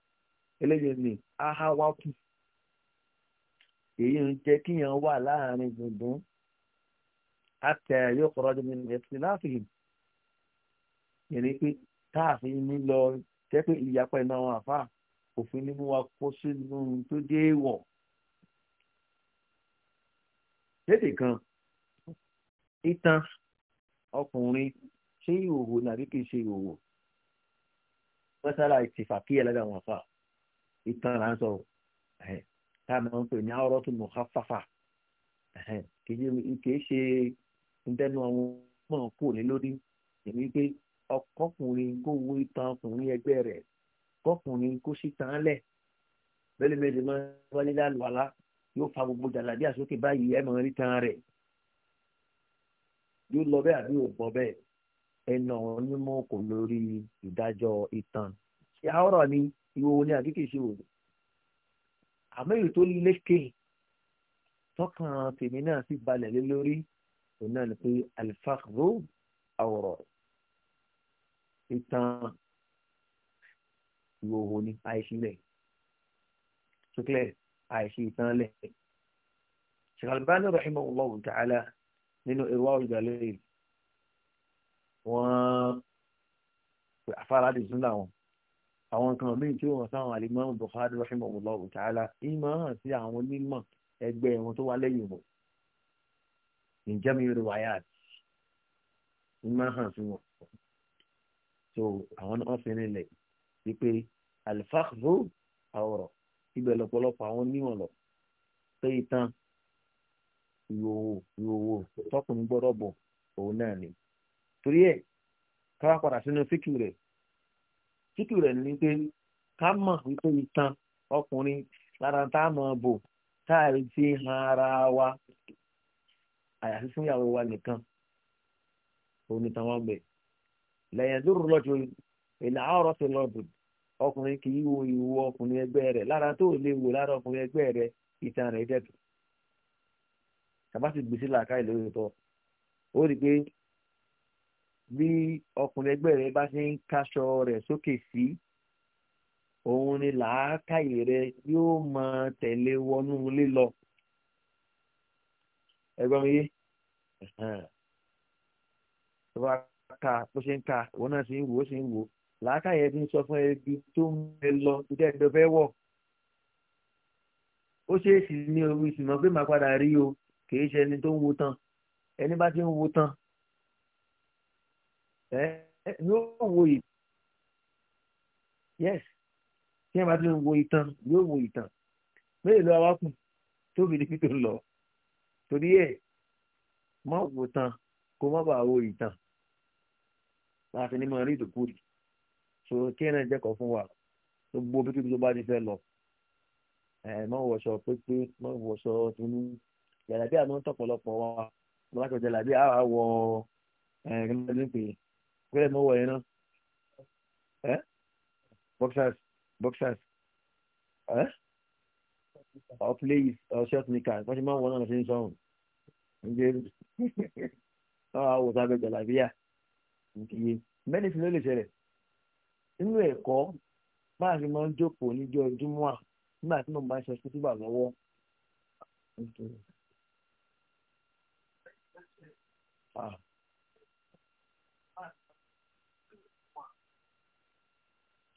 eléyìí ni aha wa kù èyí ń jẹ́ kíyàn wà láàrin gbùngbùn àtẹ yóò kọ́ra jù nínú ẹ̀sìn láàfin ìrìn pé káàfin ní lọ jẹ́ pé ìyapa iná wọn àfà òfin nínú wa kó sínú tó dé wọ̀. lédè kan ìtàn ọkùnrin ṣé ìhòòhò nàbí kì í ṣe ìhòòhò wọ́n sára ìtìfàkíyà lọ́dọ̀ àwọn àfà ìtàn là ń sọ ẹ̀ tá a máa ń pè ní àwòrán tó mọ̀ káfáfà kìí ṣe ntẹnu àwọn ọmọ kò ní lórí èmi pé ọkọkùnrin kó wo ìtàn ọkùnrin ẹgbẹ́ rẹ̀ kọkùnrin kó sì tàn án lẹ̀ bẹ́ẹ̀ méjì máa ń wálé lálùwàlá yóò fa gbogbo jàlàbí àsókè báyìí ẹ̀ máa rí tàn rẹ̀ yóò lọ bẹ́ẹ̀ àbí òbọ̀ bẹ́ẹ̀ ẹnà onímọ̀ kò lórí ìdájọ́ ìtàn ṣé àwòrán ni ìwòwò ni àbí kìí àmọ́ èyí tó lékè tọkàn tèmi náà sì balẹ̀ lé lórí òun náà ni pé alifakro àwòrán ìtàn ìhòòhò ni àìsílẹ̀ sókè àìsí ìtàn lẹ̀. ṣèkàlùbáni rahimahullahu ta'ala nínú irwa ìgbàlẹ̀ wọ́n afárá dìtún láwọn àwọn nǹkan míì tí wọ́n sáwọn alimami Bukhari rahimahullahu ta'ala ìmọ̀ràn sí àwọn onímọ̀ ẹgbẹ́ wọn tó wá lẹ́yìn wọn ǹjẹ́ mi rí wáyà ìmọ̀ràn sí wọn so àwọn náà fi nílẹ̀ wípé alifakhu àwọ̀rọ̀ ibẹ̀ lọ́pọ̀lọpọ̀ àwọn onímọ̀ lọ pé ìtàn ìhòòhò ìhòòhò tọkùnrin gbọ́dọ̀ bọ̀ òun náà ni torí ẹ̀ káwá padà sínú fíkì rẹ̀ títù rẹ̀ ní pé ká mọ̀ wípé ìtàn ọkùnrin lára tá a mọ̀ bò tá a rí fi hàn ara wa àyàfi fún ìyàwó wa nìkan òun nìkan wọn bẹ̀. lẹ́yìn dúró lọ́jọ́ ìlà ọ̀rọ̀ ti lọ bùn ọkùnrin kì í wo ìwo ọkùnrin ẹgbẹ́ rẹ̀ lára tó lè wò lára ọkùnrin ẹgbẹ́ rẹ̀ ìtàn rẹ̀ dẹ̀tù. tàbá ti gbèsè làákàyè lórí tọ́ ó rí i pé bí ọkùnrin ẹgbẹ́ rẹ bá ṣe ń kaṣọ rẹ̀ sókè sí òun ni làákàyè rẹ yóò máa tẹ̀lé wọnú ilé lọ ẹgbọ́n mi yé tó bá ka bó ṣe ń ka òun náà ṣe ń wò ó ṣe ń wò ó làákàyè ti ń sọ fún ẹbí tó ń bẹ lọ níta ẹgbẹ́ fẹ́ wọ̀ ó ṣeé sì ní orí ìsìnmọ́ pé màá padà rí o kì í ṣe ẹni tó ń wo tán ẹni bá ti ń wo tán ẹ eh, eh, yóò wo ìtàn yes tí ẹ bá ti wo ìtàn yóò wo ìtàn mélòó ló wá tóbi ní tó lọ torí ẹ má wò tán kó má bàa wo ìtàn láti ní máa rí ìdókòwò so kí ẹ náà jẹ́kọ̀ọ́ fún wa gbogbo bí tó bá ti fẹ́ lọ ẹ má wọṣọ pépé má wọṣọ tìǹbù jàlábí àná tọ̀pọ̀lọpọ̀ wa lọ́wọ́ àti jàlábí àwa wọ ẹ̀ ẹ̀ kí ló ń kílẹ̀ mọ́ wọ̀ yẹn náà ẹ́ boxers boxers ẹ́ or plays or short knickers wọ́n ti máa ń wọ́n náà ṣe ń sọ̀rùn ǹjẹ́ náà wà wò sábẹ́ jàlábíyà nìyí mẹ́nìtì ló lè ṣẹlẹ̀ nínú ẹ̀kọ́ máa fi máa ń jókòó níjọ́ ìdúmọ́ à nígbà tí mo bá ń ṣe kútúbà lọ́wọ́. Ah.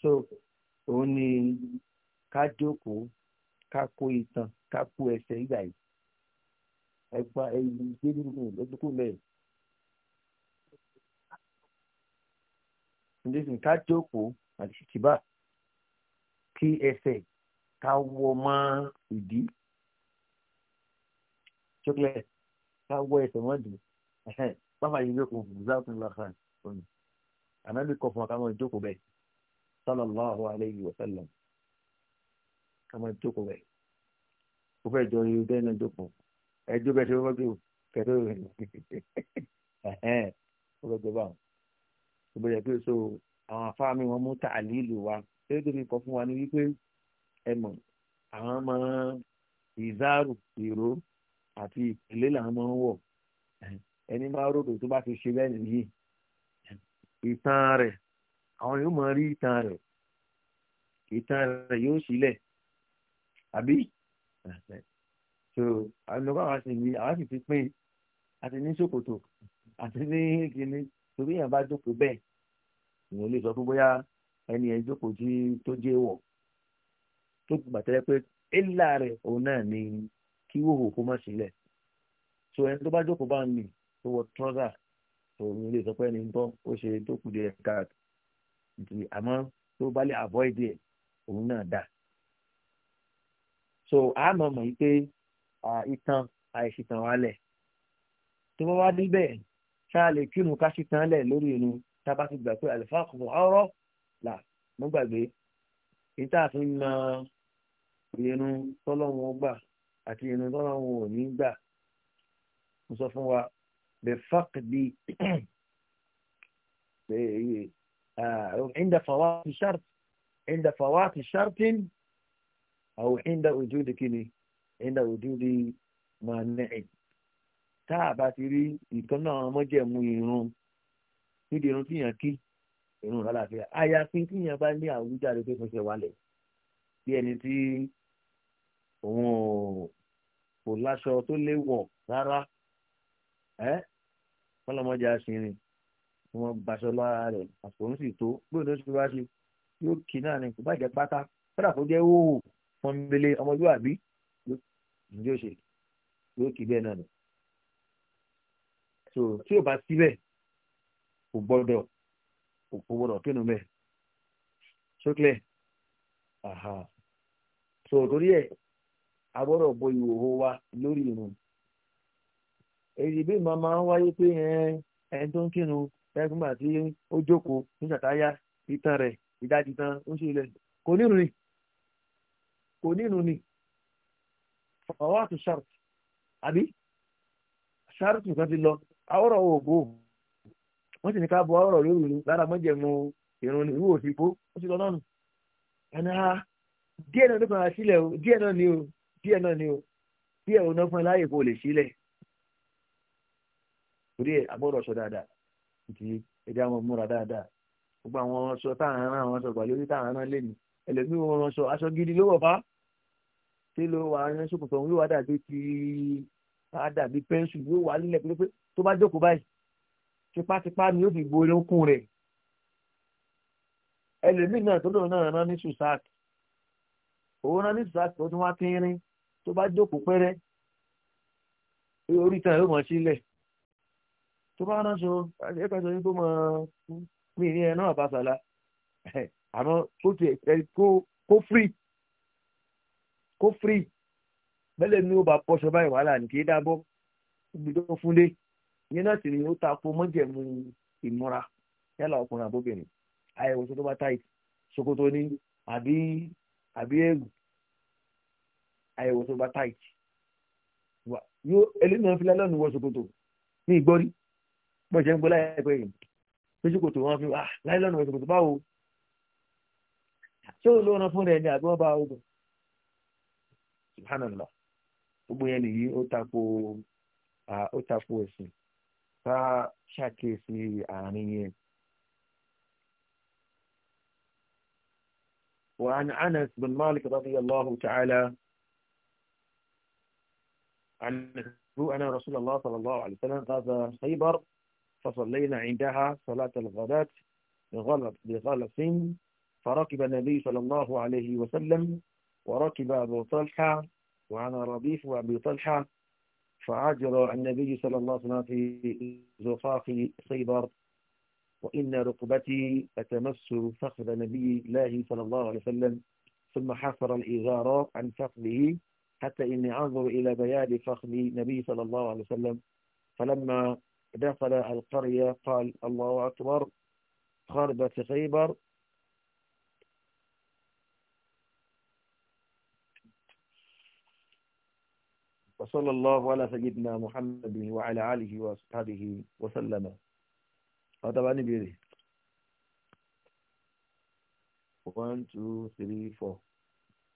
so òun ni ká jókòó ká kó itan ká kó ẹsẹ̀ ìgbà yìí ẹgbà ẹyìn gbẹdẹ nínú lójúkú lẹ́yìn. nísìnyí ká jókòó àti ṣìkìbá kí ẹsẹ̀ ká wọ mọ́ ìdí chocolate ká wọ ẹsẹ̀ mọ́ ìdí bàbá yìí jókòó fún ìzáàkùn lọ́sàn-án ànábì kọ̀ fún wa ká mọ̀ ìjókòó bẹ́ẹ̀ sallallahu alayhi wa sallam ká máa jókòó rẹ̀ ó fẹ́ jọ irú bẹ́ẹ̀ náà jókòó ẹjọ́ bẹ́ẹ̀ tí wọ́n fi kẹ́tọ́ rẹ̀ ó fẹ́ jọba àwọn ìbẹ̀rẹ̀ pé so àwọn afáàmì wọn mú tààlì ìlú wa ṣé tó fi kọ́ fún wa ní wípé ẹ mọ̀ àwọn máa ìzáàrù ìró àti ìpìlẹ̀ làwọn máa ń wọ̀ ẹni máa ròdò tó bá ti ṣe bẹ́ẹ̀ nìyí ìtàn rẹ̀ àwọn yóò máa rí ìtàn rẹ̀ ìtàn rẹ̀ yóò sílẹ̀ àbí so àlùkò àwọn sì ní àwọn sì ti pín àti ní ṣòkòtò àti ní kíni torí èèyàn bá jókòó bẹ́ẹ̀ èèyàn lè sọ fún bóyá ẹni ẹ̀ jókòó tí tó jẹ́ wọ̀ tó gbàtẹ́ pé ìlà rẹ̀ òun náà ni kí wòwò kó má sílẹ̀ so ẹni tó bá jókòó bá ń mì tó wọ trọ́sà òun lè sọ pé ẹni ń ṣe tó kù díẹ̀ káàkiri nítorí àmọ́ tó bá lè avoid ẹ̀ òun náà dà so a mọ̀ mọ̀ pé ìtàn àìsìtàn wa lẹ̀ tó bá wá níbẹ̀ ṣáà lè kírun ká ṣìtàn lẹ̀ lórí inú tá a bá ti gbà pé àlùfáà kò ọ̀rọ̀ là mo gbàgbé ìta àfi ń mọ irun tọ́lọ́wọ́n gbà àti irun tọ́lọ́wọ́n ò ní gbà mo sọ fún wa the fact be عند فوات شرط عند فوات شرط أو عند وجود كني عند وجود مانع tá a bá ti rí ìkan náà mọ́jẹ̀mú irun níbi irun tíyàn kí irun lálàáfíà àyàfi tíyàn bá ní àwùjáde pé fẹsẹ̀ wálẹ̀ bí ẹni tí òun kò láṣọ tó léwọ̀ rárá ẹ́ fọlọ́mọdé aṣèrin tí wọ́n gbaṣọ lára rẹ̀ àsìkò ń sì tó gbọ́dọ̀ ló ti wá ṣe yóò kí náà ni kò bá jẹ́ pátá kódà kó jẹ́ wòwò pọ́nbélé ọmọlúwàbí yóò ṣe yóò kí bẹ́ẹ̀ náà nù. so tí ò bá síbẹ̀ kò gbọ́dọ̀ kò gbọ́dọ̀ kínú bẹ́ẹ̀ ṣókìlẹ̀ so torí ẹ̀ a gbọ́dọ̀ bo ìhòòhò wa lórí irun èyí bí màmá wáyé pé ẹni tó ń kírun bẹ́ẹ̀ fún gbàtí ó jókòó ní ṣàtáyà ìtàn rẹ̀ ìdájì tán ó ṣe ilẹ̀ kò nínú ni kò nínú ni ọwọ́ àti ṣàrùt àbí ṣàrùt nǹkan ti lọ àwòrán òògùn wọ́n sì ní ká bọ àwòrán lórí ìlú lára mọ́jẹ̀mú ìrún ìwé òsìkó ó ti lọ lọ́nu ẹni ha díẹ̀ náà ló kàn á sílẹ̀ o díẹ̀ náà ni o díẹ̀ náà ni o díẹ̀ ò náà fún ẹ láàyè kó o lè sílẹ̀ torí ẹ̀ àgbọ̀dọ̀ sọ dáadáa ti ẹdí àwọn múra dáadáa gbogbo àwọn aṣọ táwọn ará àwọn aṣọ gbàlórí táwọn ará lé ní ẹlẹ́mí wọn ránṣọ aṣọ gidi ló wọ̀ fá ṣé ló wà ní ṣòkòtò òun yóò wá dàbí ti á dàbí pẹ́ńsù yóò wà nílẹ̀ pé tó bá jókòó báyìí tipátipá ni yóò fi gbo orúnkún rẹ̀ ẹlẹ́mí náà tó lóun náà rán ní sùsáàk òun rán ní sùsáàk tó tún wá kínrín tó bá jókòó pẹ́rẹ́ orí tán yóò mọ̀ sílẹ̀ tó bá ránṣọ ẹgbẹ́sọ yín tó mọ mí ní ẹnu àbáṣàlá àmọ́ kó tiẹ̀ kó free kó free bẹ́lẹ̀ ni ó bá pọ̀ṣọ báyìí wàhálà ní kí dábọ́ gbìdọ́ fúnlé ìyẹn náà sì ni ó ta ko mọ́jẹ̀mú ìmúra yálà ọkùnrin àbóbìnrin àyẹ̀wò tó bá táyì ṣòkòtò ni àbí àbí ẹ̀rù àyẹ̀wò tó bá táyì yóò ẹlẹ́nu ọ̀fìlẹ́ lọ́nu wọ ṣòkòtò ní ìgbọ́rí bó ṣe ń gbó láìpẹ́ yìí lójúkòtò wọn fi ah láìlọ́nà òṣùkòtò báwo ṣé ó lóran fún rẹ ni àbí wọn bá ogun subhanallah gbogbo yẹn nìyí ó tako ó tako ẹ̀sìn ká ṣàkíyèsí àárín yẹn. وعن أنس بن مالك رضي الله تعالى عن أن رسول الله صلى الله عليه وسلم غزا خيبر فصلينا عندها صلاة الغداة بغلط بغلط فركب النبي صلى الله عليه وسلم وركب أبو طلحة وعن ربيف وأبي طلحة فعجر النبي صلى الله عليه وسلم في زفاق خيبر وإن ركبتي أتمس فخذ نبي الله صلى الله عليه وسلم ثم حفر الإزار عن فخذه حتى إني أنظر إلى بياد فخذ نبي صلى الله عليه وسلم فلما دخل القرية قال الله أكبر خربت خيبر وصلى الله على سيدنا محمد وعلى آله وصحبه وسلم هذا بقى نبيري 1 2 3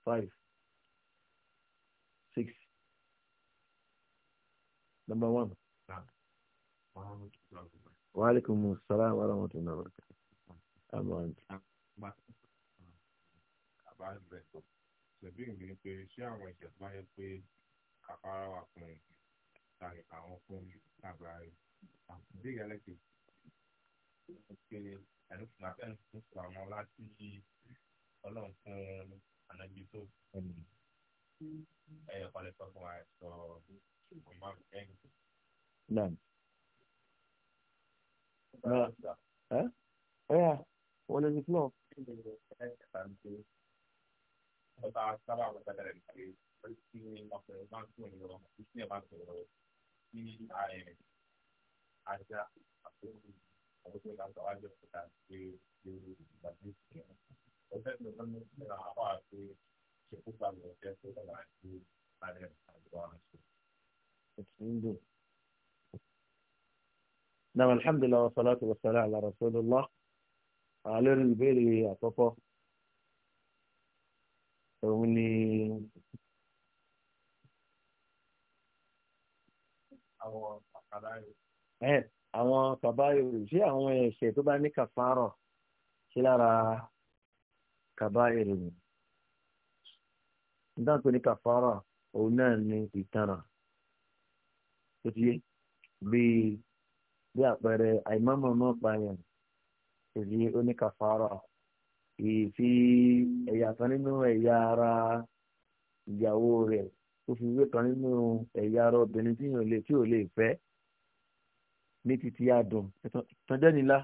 4 5 6 number 1 Wa alaikumus salam wa rahmatullahi wa barakatuh. Àmọ́ àǹtí. Àbá rẹ̀ tó. Ṣèbí mi ni pé ṣé àwọn ìṣẹ̀ tó máa yẹ pé kàfàrà wà fún un tàbí àwọn fún un tàbí ààrẹ. Àbí ìyálẹ̀ kejì. Ṣé ẹnu fún abẹ́ ẹnu fún fún àwọn láti ọlọ́run fún ànágbé tó ẹ̀yọ̀ kan lè sọ fún wa ẹ̀ sọ ọmọ ẹ̀yìn ẹ̀yà wọ́n lè ní floor. It's Hindu náà alhamdulilah wa salatu wa salam ala rasulillah àlórí ìbéèrè àkọ́kọ́ òun ni àwọn kàbáyòrò ṣé àwọn ẹ̀ṣẹ̀ tó bá ní kàfárọ̀ ṣe lára kàbáyòrò ni nígbà tó ní kàfárọ̀ òun náà ní ìtanràn tó ti yé bíi bí àpẹẹrẹ àìmọ́mọ́ náà pààyàn èyí oníkàfàrà ìfi ẹ̀yà kan nínú ẹ̀yà ara ìyàwó rẹ̀ tó fi wé kan nínú ẹ̀yà ara obìnrin tí yóò lè tí ò lè fẹ́ ní títí adùn tọ́jọ́ nílá.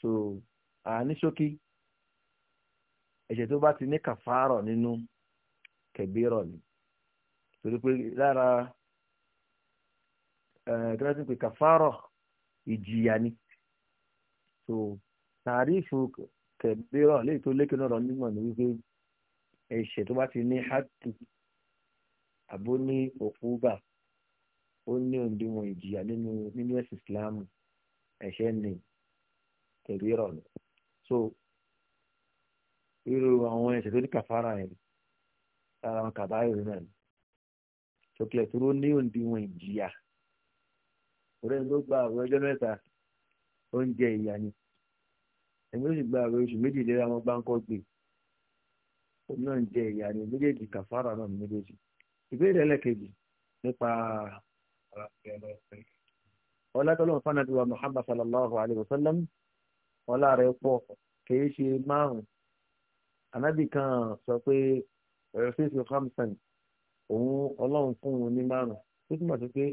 so àní ṣókí ẹ̀ṣẹ̀ tó bá ti ní kàfàrà nínú kẹ̀gbẹ́rọ̀ ni torí pé lára kíláàsì pé kàfárọ̀ ìjìyà ni so tàrífù kẹ̀bírọ̀ léyìí tó lékè náà rọ nímọ̀ ní wípé ẹ̀ṣẹ̀ tó bá ti ní hàtì àbó ní òkúba ó ní òǹdíwọ̀n ìjìyà nínú nínú ẹ̀sìn ìsìláàmù ẹ̀ṣẹ̀ ní kẹ̀bírọ̀ ni so irú àwọn ẹ̀ṣẹ̀ tó ní kàfárà yẹn lára àwọn kàbáyé náà ni chocolate tó ní òǹdíwọ̀n ìjìyà ọ̀rẹ́ ló gba àwọn ọjọ́ mẹ́ta oúnjẹ ìyà ni ẹ̀mí ó sì gba àwọn oṣù méjìlélá wọn bá ń kọ́ gbé òun náà ń jẹ ìyà ni méjèèjì kàfàrà náà ní méjèèjì ìbéèrè ẹlẹ́kejì nípa ọlátọ́lọ́wọ́n fanabi wa muhammad sallallahu alayhi wa sallam ọlá rẹ̀ pọ̀ kìí ṣe márùn anábì kan sọ pé ẹ̀rọ fífi hamsan òun ọlọ́run fún òun ní márùn tó túmọ̀ sí pé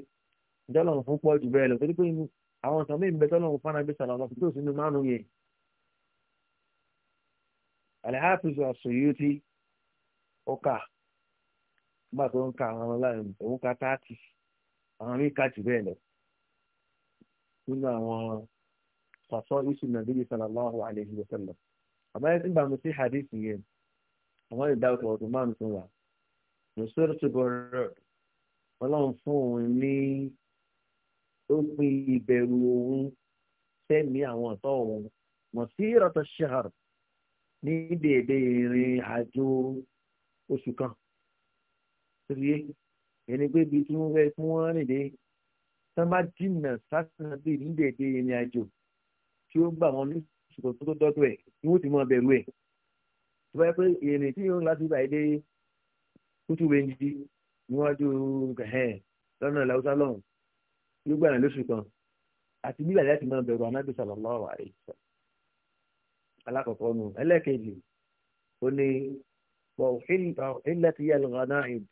ìjọ ọlọ́run fún pọ̀ jù bẹ́ẹ̀ lọ torí pé àwọn ọ̀sán mi ń bẹ tọ́lọ́run fún anábì sàlọ́lá tó sínú márùn yẹn. ka àwọn ọlọ́run òun ka táàtì àwọn jù bẹ́ẹ̀ lọ nínú àwọn alayhi wa sallam àbáyé mo hadith yẹn àwọn tó nùsọ̀rọ̀ tó bọ̀ rẹ̀ ọlọ́run fún òun ní ó pin ìbẹ̀rù òun sẹ́mi àwọn ọ̀tọ̀ òun mọ̀ sí ìrọ̀tọ̀ ṣahar ní dèédé ìrìn àjò oṣù kan torí ẹni pé ibi tí wọ́n fẹ́ fún wọn nìde tán bá dìnnà sásìnà bíi ní dèédé ìrìn àjò tí ó gbà wọn ní ṣùgbọ́n tó dọ́dọ̀ ẹ̀ ni wọ́n ti mọ bẹ̀rù ẹ̀ tó bá yẹ pé ìrìn tí yóò ń láti báyìí dé tútù bẹ́ńdì níwájú gẹ̀hẹ́n lọ́nà làwùsá lọ́hùn yóò gbà lóṣù kan àti bí làlẹ́ àti máa bẹ̀rù anábì sallallahu alaihi wasallam alákọ̀ọ́kọ́ nù ẹlẹ́ẹ̀kejì ó ní bọ̀ ilẹ̀ ti yẹ al-ghanaim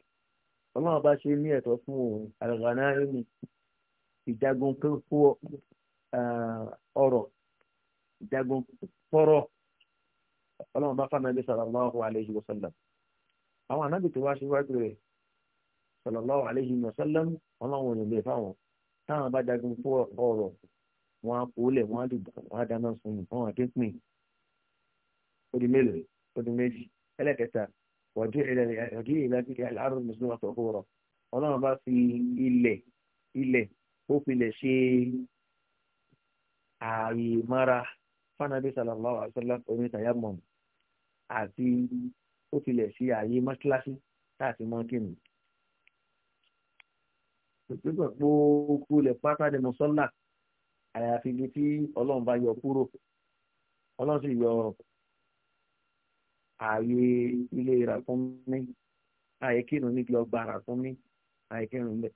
ọlọ́run bá ṣe ní ẹ̀tọ́ fún òun al-ghanaim ìjagun tó kó ọrọ̀ ìjagun tọrọ ọlọ́run bá fún anábì sallallahu alaihi wasallam àwọn ànábì tó wá síwájú rẹ̀ sallallahu alaihi wasallam ọlọ́run ò lè fáwọn táwọn bá dagun fún ọ̀rọ̀ wọn á kó lẹ̀ wọn á dìbò wọn á dáná sun wọn á dẹ́pin ó di mélòó ó di méjì ẹlẹ́kẹta wọ́n dín ìlànà àrùn mùsùlùmí àtọ̀kọ́ rọ̀ ọlọ́run bá fi ilẹ̀ ilẹ̀ ó filẹ̀ ṣe ààyè mara fanabi sallallahu alaihi wasallam omi tayamum àti ó tilẹ̀ sí ààyè mọ́ṣáláṣí láti mọ́kìnì. ìpínlẹ̀ gbogbo ilẹ̀ pátá ni mọ́sọ́là àyàfi ibi tí ọlọ́run bá yọ kúrò ọlọ́run sì yọ ààyè ilé ìràkúnmí ààyè kírun níbi ọgbà ìràkúnmí ààyè kírun bẹ́ẹ̀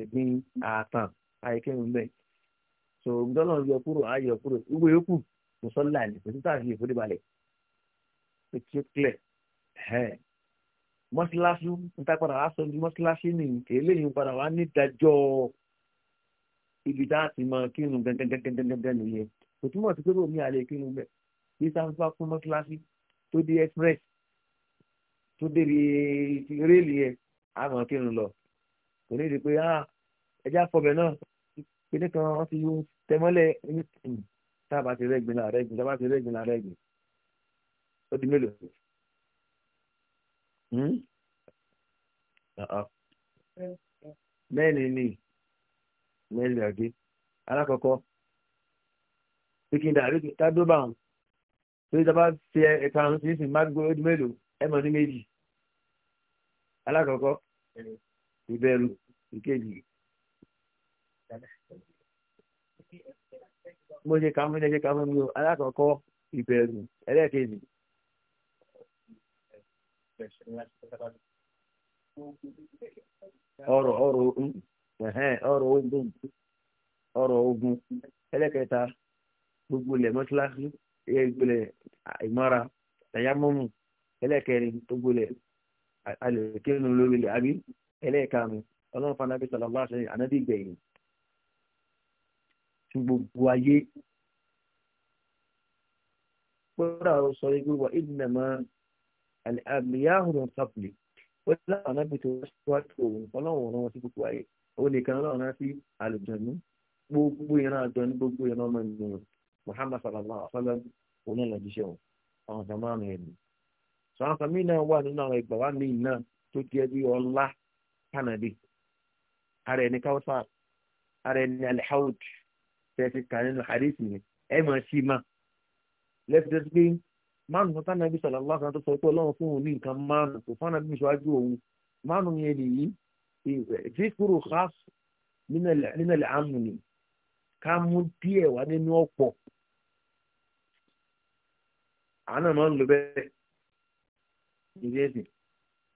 ẹ̀gbin àtàn ààyè kírun bẹ́ẹ̀ so ìdọ́lọ́run yọ kúrò ààyè yọ kúrò ìwé yòókù mọ́sọ́là ni kò sí tààfin ìfúdíbalẹ̀ tí ó clear mọ́ṣíláṣí níta padà wá sọ ní mọ́ṣíláṣí ní eléyìí padà wá nídàájọ́ ibi tá a ti mọ kírun gẹ́gẹ́gẹ́gẹ́gẹ́ nìyẹn kò túmọ̀ sí pé bò ní àlè kírun bẹ́ẹ̀ bí sáfífá fún mọ́ṣíláṣí tó dé express tó débi réèlì yẹn á mọ kírun lọ kò ní di pé ah, ẹja fọbẹ̀ náà kíní kan wọ́n ti tẹmọ́lẹ̀ hmm, tá a bá ti rẹ́gbin láàrẹ́gbin tá a ti rẹ́gbin láàrẹ́gbin ó di mélòó hmm? uh-uh. mẹ́rin ni mẹ́rin àgé alákọ̀ọ́kọ́ pikin dàrí tádóbà hàn tó yẹ tábà fi ẹ̀ka hàn sí ìsìn mágbó ó di mélòó ẹ̀mọ́ ní méjì alákọ̀ọ́kọ́ ìbẹ̀rù ìkejì mo ṣe kàmú ní ẹ̀ṣẹ̀ kàmú mi o alákọ̀ọ́kọ́ ìbẹ̀rù ọ̀rọ̀ ọ̀rọ̀ ogun ọ̀rọ̀ ogun ọ̀rọ̀ ogun ẹlẹ́kẹta gbogbo ilẹ̀ mọ́tíláṣí ìgbìlẹ̀ ìmọ́ra ẹ̀yámọ́mù ẹlẹ́kẹrin gbogbo ilẹ̀ alẹ́kẹ́rin lórí ilẹ̀ àbí ẹlẹ́karùn ọlọ́run fanabi sàlọ́lá àṣẹ ànábì gbẹ̀yìn tí gbogbo ayé kódà ó sọ yìí gbogbo ìdìnnà máa àmìyáhùn ọ̀hún sàpùlì ó ti láwọn anábì tó wáṣíwájú òun ọlọ́run ọ̀rọ̀ wọn sí gbogbo ayé ó lè kan ọlọ́run náà sí àlùjọ̀nú gbogbo ìran àjọ ní gbogbo ìran ọmọ ènìyàn Muhammad sallallahu alaihi wa sallam òun náà lọ́jíṣẹ́ wọn àwọn kan máa ń rìn ní. sọ àwọn kan náà wà nínú àwọn ìgbà wà míì náà tó jẹ́ bí ọlá kánàdé ara ẹni káwọ́sà márùn-ún tánà ibi sọ̀rọ̀ aláwọ̀ tó sọ pé ọlọ́run fún òun ní nǹkan márùn-ún kò fún ànábì ṣáájú òun márùn-ún yẹn nìyí ìdíkùrù khas nínàlẹ̀ àmùnì ká mú díẹ̀ wá nínú ọ̀pọ̀ àánà máa ń lò bẹ́ẹ̀ ìdí ẹ̀sìn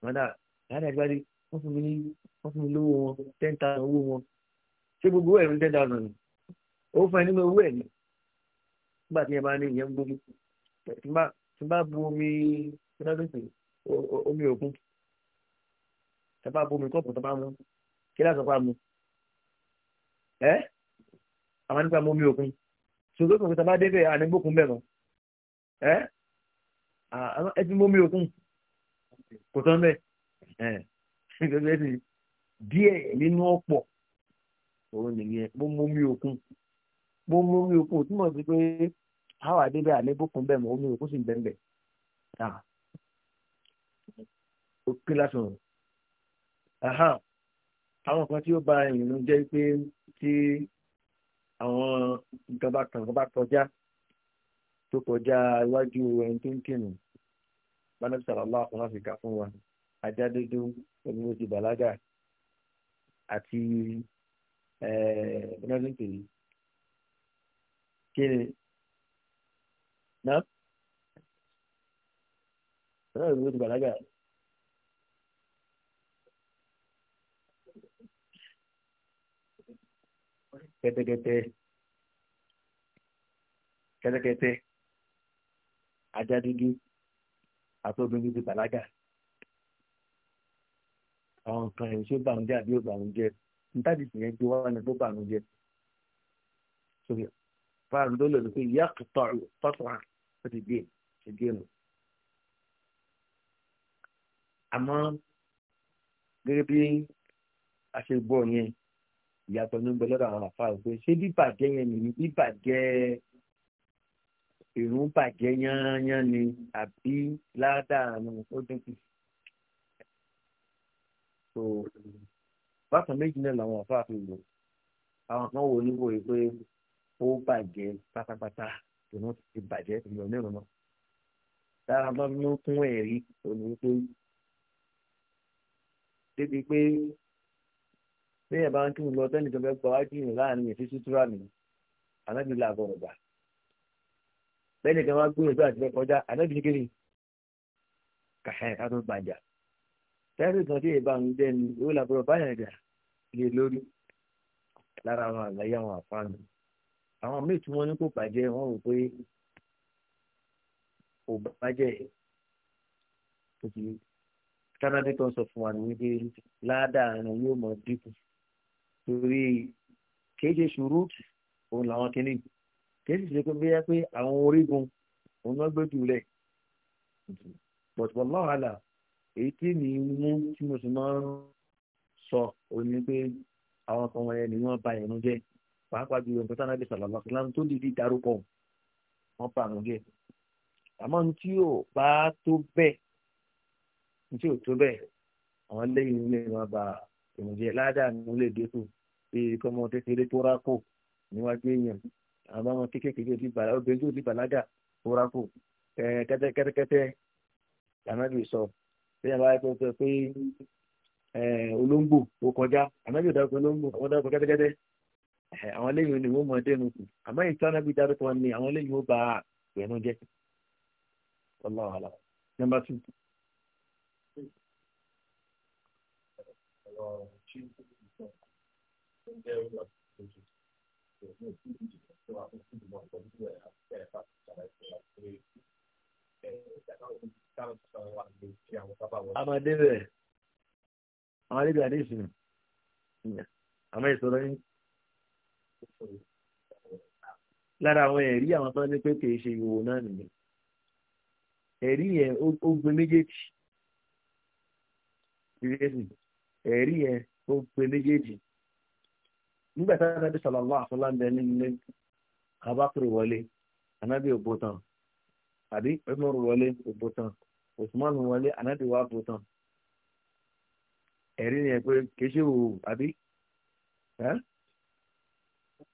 mọ́dà láti àgbáde wọ́n fún mi ní wọ́n fún mi lówó wọn ten thousand owó wọn ṣé gbogbo ẹ̀ ten thousand ni ó fún ẹ nínú owó ẹ̀ ní nígbà tí ẹ bá ní ìyẹn gbogbo tí bá tí bá bu omi kíláàsì omi òkun tí bá bu omi kọ́ọ̀pù tó bá mu kíláàsì ọ̀pá mu ẹ́ àwọn nípa mu omi òkun ṣùgbọ́n kò tó bá débẹ̀ ànígbókun bẹ̀ mọ́ ẹ́ ẹ ti mu omi òkun kò tán bẹ́ẹ̀ ẹ́ gbẹgbẹ́ ti díẹ̀ nínú ọ̀pọ̀ òun nìyẹn mo mu omi òkun mo mu omi òkun ò túmọ̀ sí pé àwọn àdébẹ̀ àlébùkún bẹ́ẹ̀ mọ̀ omi òkú sì ń bẹ́ẹ̀ bẹ́ẹ̀ náà ó kí lásán o àwọn kan tí ó ba ìrìnnà jẹ́ pé tí àwọn ìjọba kan bá kọjá tó kọjá iwájú ẹni tó ń kírun bánàbí sàlọ́lá àwọn àfìkà fún wa ajá dúdú omi ó ti bàlágà àti ẹ̀ẹ́dẹ́gbẹ̀rún eh, kí ni náà náà ló ti bàlágà kẹ́tẹ́kẹ́tẹ́ kẹ́tẹ́kẹ́tẹ́ ajá dúdú àti obìnrin ti bàlágà àwọn nǹkan ẹ̀ ṣé bànújẹ́ àbí òbànújẹ́ nítàdí ìyẹn ti wá ní tó bànújẹ́ sórí fáàrùn tó lè rí pé yàtọ̀ tọ̀tọ̀ ó ti dé ti dé nù. àmọ́ gẹ́gẹ́ bí a ṣe gbọ́ yẹn ìyàtọ̀ ní gbẹlọ́dọ̀ àwọn àfáà pé ṣé bíbàjẹ́ yẹn nìyí bíbàjẹ́ ìrùn bàjẹ́ yányán ni àbí ládàánú ó dínkù. bákan méjì náà làwọn àfáà fi lò àwọn kan wò níbo yìí pé ó bàjẹ́ pátápátá ìrún ti bàjẹ́ ìrún onírun náà lára bá mú kún ẹ̀rí òní pé débi pé bẹ́ẹ̀ bá ń kí n lọ tẹ́lẹ̀ tó fẹ́ gba wájú yìí láàrin èsì sútúrà mi ànábi là bọ̀ ọ̀gbà bẹ́ẹ̀ kan wá gbìyànjú àti bẹ́ẹ̀ kọjá ànábi ní kíni kàṣẹ́ ká tó gbàjà tẹ́lẹ̀ kan tí ìbá ń jẹ́ ni ó làbọ̀rọ̀ báyà jà lè lórí lára àwọn àlàyé àwọn àfáàní àwọn míì tí wọ́n ní kò bàjẹ́ wọ́n rò pé kò bàjẹ́ kò sí kánádé kan sọ fún wa ní wípé ládàárín yóò mọ dínkù torí kéde ṣòro òun làwọn kìíní kéde ṣe pé bóyá pé àwọn orígun òun náà gbé jù lẹ̀ pọ̀tùpọ̀ èyí tí mi mú tí mo sì máa ń sọ òun ni pé àwọn ọkọ wọn yẹn ni wọ́n ba ìrún jẹ́ pàápàá jùlọ nǹkan tánàbí sàlọ́lá sàlá tó dìde darúpọ̀ wọn bá àwọn jẹ́ àmọ́ ní tí yóò bá tó bẹ́ẹ̀ ní tí yóò tó bẹ́ẹ̀ àwọn lẹ́yìn ilé wọn bá ìmọ̀jẹ́ ládàá ní ilé ìdẹ́kù bí kọ́mọ kékeré tó rákò níwájú èèyàn àwọn ọmọ kékeré tí bàlá obìnrin tó ti bàlágà tó rákò kẹ́tẹ́kẹ́tẹ́ ànábì sọ bí wọn bá yẹ kó sọ pé olóńgbò tó kọjá ànábì ò dárúkọ olóńgbò àwọn dárúkọ kẹ́tẹ́kẹ́tẹ́ àwọn eléyìí ni wọ́n mọ dẹnu kù àmọ́ ìtọ́nà bíi dárúkọ ni àwọn eléyìí ó ba ìrẹ́nu jẹ́ wallahu alam number two. Amadebe, Amadebe Adesin, àmọ́ ìṣòro yín lára àwọn ẹ̀rí àwọn tó ń ní pé kì í ṣe ìwò náà nìyẹn ẹ̀rí yẹn ó gbé méjèèjì ẹ̀rí yẹn ó gbé méjèèjì nígbà tí anábì sallallahu alaihi wasallam ní ilé abákùrù wọlé anábì òbó tán àbí ẹmọrù wọlé òbó tán Usman wọlé anábì wà bó tán ẹ̀rí yẹn pé kì í ṣe òwò àbí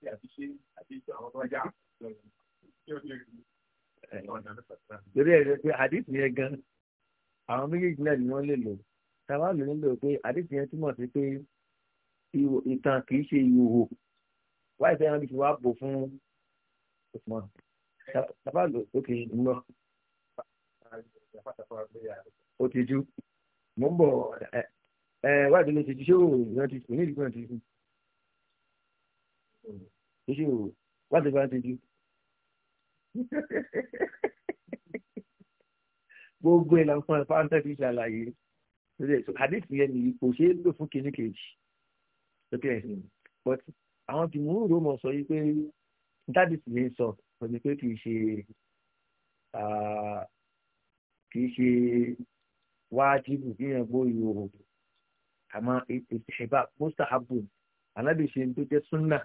ṣe àṣìṣe àti ìṣe àwọn tó wájà lórí ẹ̀rọ pé àdìsí yẹn gan àwọn méjèèjì náà ni wọ́n lè lò táwa lò nílò pé àdìsí yẹn túmọ̀ sí pé ìtàn kì í ṣe ìhòòhò wáyé fẹ́ràn bí fi wá bò fún òṣùwọ̀n táwa lò ókè ń lọ. ti ju mo ń bọ̀ ẹ wáyé tó lè ti ju ṣé òòrùn náà ti sùn Issue, what advantage you? Gbogbo ìlànà fún ẹ̀ fáńtẹ́ fi ṣàlàyé. Hadith yẹn ni kò ṣeé lò fún kìíní kejì. Lókè ẹ̀sìn. But àwọn tí mò ń rò mọ̀ sọ yìí pé dáàdì sì ń sọ ọ̀dọ̀ pé kì í ṣe kì í ṣe wájibù kí yẹn gbó ìhòòhò. Àmọ́ ìṣẹ̀bá mustahabu alábìṣe tó jẹ́ sunnah.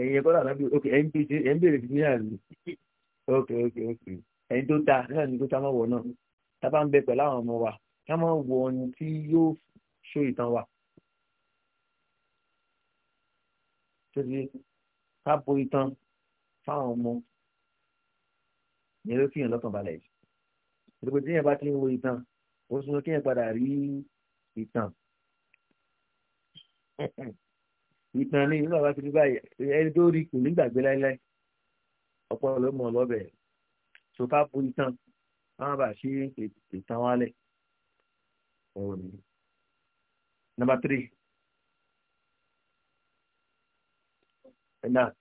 ẹ̀yin ẹ̀kọ́ náà lábẹ́ ok ẹ̀ ń bèrè sí ní àná ok ok ok ẹ̀yin tó ta náà ni tó ta máa wọ̀ náà tá bá ń bẹ pẹ̀lú àwọn ọmọ wa ká máa wọ ohun tí yóò ṣó ìtàn wa. tóbi ká bo ìtàn fáwọn ọmọ yẹn ló fi hàn lọ́kàn balẹ̀ ìdìbò tí yẹn bá ti ń wo ìtàn ó sún kí yẹn padà rí ìtàn ìtàn ni nígbà bá ti rí báyìí ẹni tó rí kò nígbàgbé láéláé ọpọlọ mọ lọbẹ tó ká bu ìtàn wọn bá ṣe ìtàn wálẹ ọ̀rọ̀ nìyí. Number three. Thank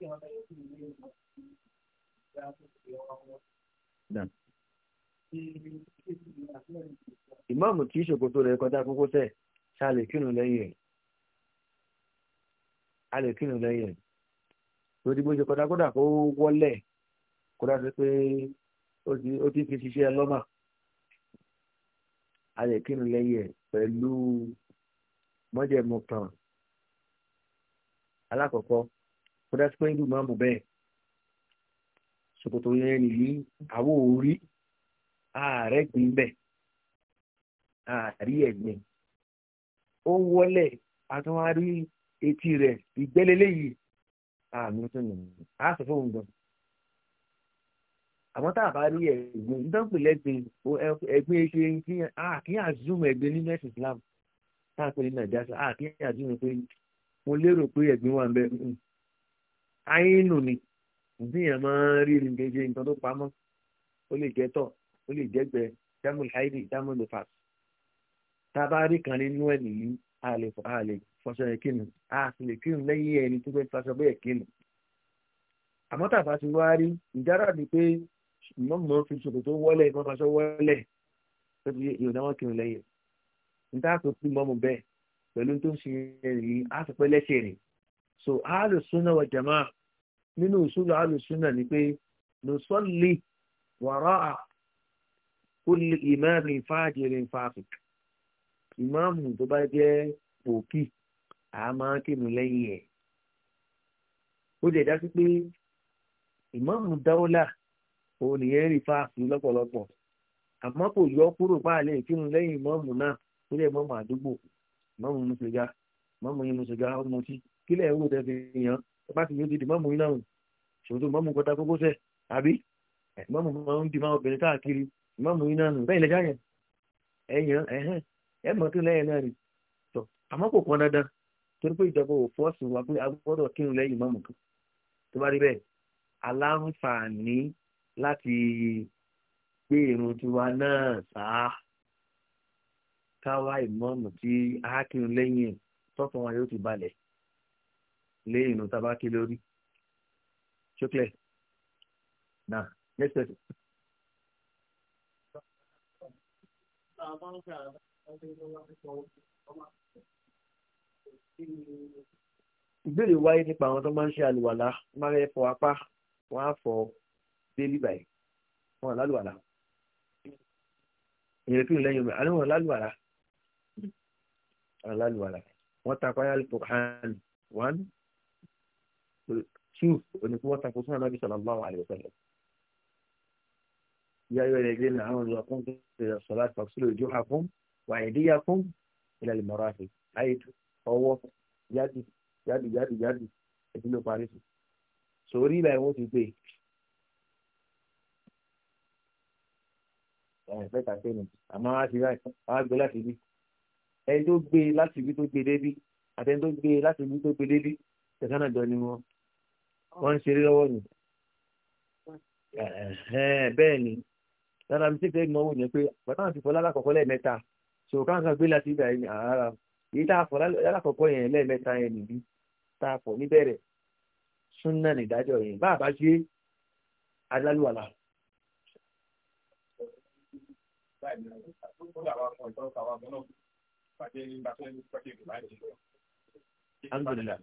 you ìmáàmù tí ṣòkòtò rẹ̀ kọjá kókó tẹ̀ ṣá lè kírun lẹ́yìn ẹ̀ a lè kírun lẹ́yìn ẹ̀ torí bó ṣe kọjá kódà kó wọlé kódà sí pé ó ti fi ṣiṣẹ́ lọ́mà a lè kírun lẹ́yìn ẹ̀ pẹ̀lú mọ́jẹ̀mú kan alákọ̀ọ́kọ́ kódà sí pé ìlú máàmù bẹ́ẹ̀ ṣòkòtò yẹn nìyí àwọ̀ orí ààrẹ gbìn bẹ́ẹ̀ ààrí ẹ̀gbìn ó wọlé àtúnwárí etí rẹ̀ ìgbẹ́lélé yìí àmì tó nìyí á sọ fún òun gan. àmọ́ tá a bá rí ẹ̀gbìn ìdánpìlẹ̀ gbìn ẹ̀gbìn ṣe kí àkíyàn zoom ẹ̀gbìn nínú ẹ̀sìn Islam tá a pè ní Nàìjíríà sọ àkíyàn zoom pé mo lérò pé ẹ̀gbìn wà ń bẹ àyínú ni níyàn máa ń rí ní kéje nǹkan tó pamọ́ ó lè jẹ́ tọ̀ ó lè jẹ́ gbẹ dámú haidi dámú lefas tá a bá rí kan nínú ẹ̀ nìyí a lè fọṣọ ẹ̀ kínu a sì lè kínu lẹ́yìn ẹni tó fẹ́ fọṣọ bẹ́ẹ̀ kínu àmọ́ tàbá ti wá rí ìjára ni pé mọ́mọ́ fi ṣòkò tó wọlé mọ́fàṣọ wọlé tó fi ìrònà wọn kírun lẹ́yìn níta tó fi mọ́mọ́ bẹ́ẹ̀ pẹ̀lú tó ń ṣe ẹ̀rí á sọ pé lẹ́sẹ̀ rẹ̀ so ahlus sunnah wal jamaa nínú ìṣúlọ alùsùnà ni pé nùsọ́lì wàrà à kulli ìmọ̀rin fáàjìrin fáàfik ìmáàmù tó bá jẹ́ pòkì àmọ́ kínú lẹ́yìn ẹ̀ ó jẹ́ dásí pé ìmáàmù dáwọ́là òun nìyẹn rí fáàfin lọ́pọ̀lọpọ̀ àmọ́ kò yọ kúrò báàlẹ̀ kínú lẹ́yìn ìmáàmù náà ó jẹ́ ìmáàmù àdúgbò ìmáàmù mùsùlùmí ìmáàmù yìí mùsùlùmí ọmọ tí kílẹ̀ ń wò tẹ́ fi yàn án ẹ bá ti yóò di ìmọ̀mù iná o ṣòwòtò ìmọ̀mù kọta kókó sẹ̀ àbí ìmọ̀mù máa ń di máa obìnrin káàkiri ìmọ̀mù iná nù bẹ́ẹ̀ lẹ́jà yẹn ẹ̀yàn ẹ̀hẹ́n ẹ̀ mọ̀ kí lẹ́yìn náà rí tọ́ àmọ́ kò pọn dandan torí pé ìjọba ò fọ́ọ̀sì wa pé a gbọ́dọ̀ kírun lẹ́yìn ìmọ̀mù kan tó bá rí bẹ́ẹ̀ aláǹfààní láti gbé irun tiwa náà sáà káwá ìmọ̀mù tí a lẹ́yìn tọ́kàn wa yóò ti balẹ̀ lé ìrun tá a bá kí lórí ṣókè náà next question. ìbéèrè wáyé nípa àwọn tó máa ń ṣe àlùwàlá máa rẹ fọ apá wọn á fọ délì báyìí wọn àlálùwàlá ìrètí lẹ́yìn omi àlẹ wọn àlálùwàlá àlálùwàlá wọn ta kwaya alukur'an one tíù òní kí wọ́n tako súnà nàbí sallallahu alaihi wasallam. ìyá yóò rẹ̀ gbé náà àwọn olùkọ́ tó ṣe sọ̀lá fàṣílò ìjọ ha fún wà ìdíyà fún ilẹ̀ ìmọ̀ràn àti àyètò ọwọ́ yáàdì yáàdì yáàdì yáàdì ẹ̀dín ló parí sí. sòrí ìlà ìwọ́n ti gbé ẹ̀fẹ́ kàtẹ́nì àmọ́ wá ti ráì wá gbé láti bí ẹni tó gbé láti bí tó gbé débí àtẹni tó gbé láti bí tó gbé débí tẹ̀sán náà jọ ni wọn wọ́n ń ṣeré lọ́wọ́ ni bẹ́ẹ̀ ni dáadáa mi tẹ́tẹ́ ìmọ̀ wò ni pé bàtà àti fọlá lákọ̀ọ́kọ́ lẹ́ẹ̀mẹ́ta ṣòro káwọn kan gbé láti ibà yìí àárá èyí tá a fọ lákọ̀ọ́kọ́ yẹn lẹ́ẹ̀mẹ́ta yẹn nìbí tá a fọ níbẹ̀rẹ̀ súnà nìdájọ́ yẹn bá a bá ṣe alálùwàlà. alhamdulilayi.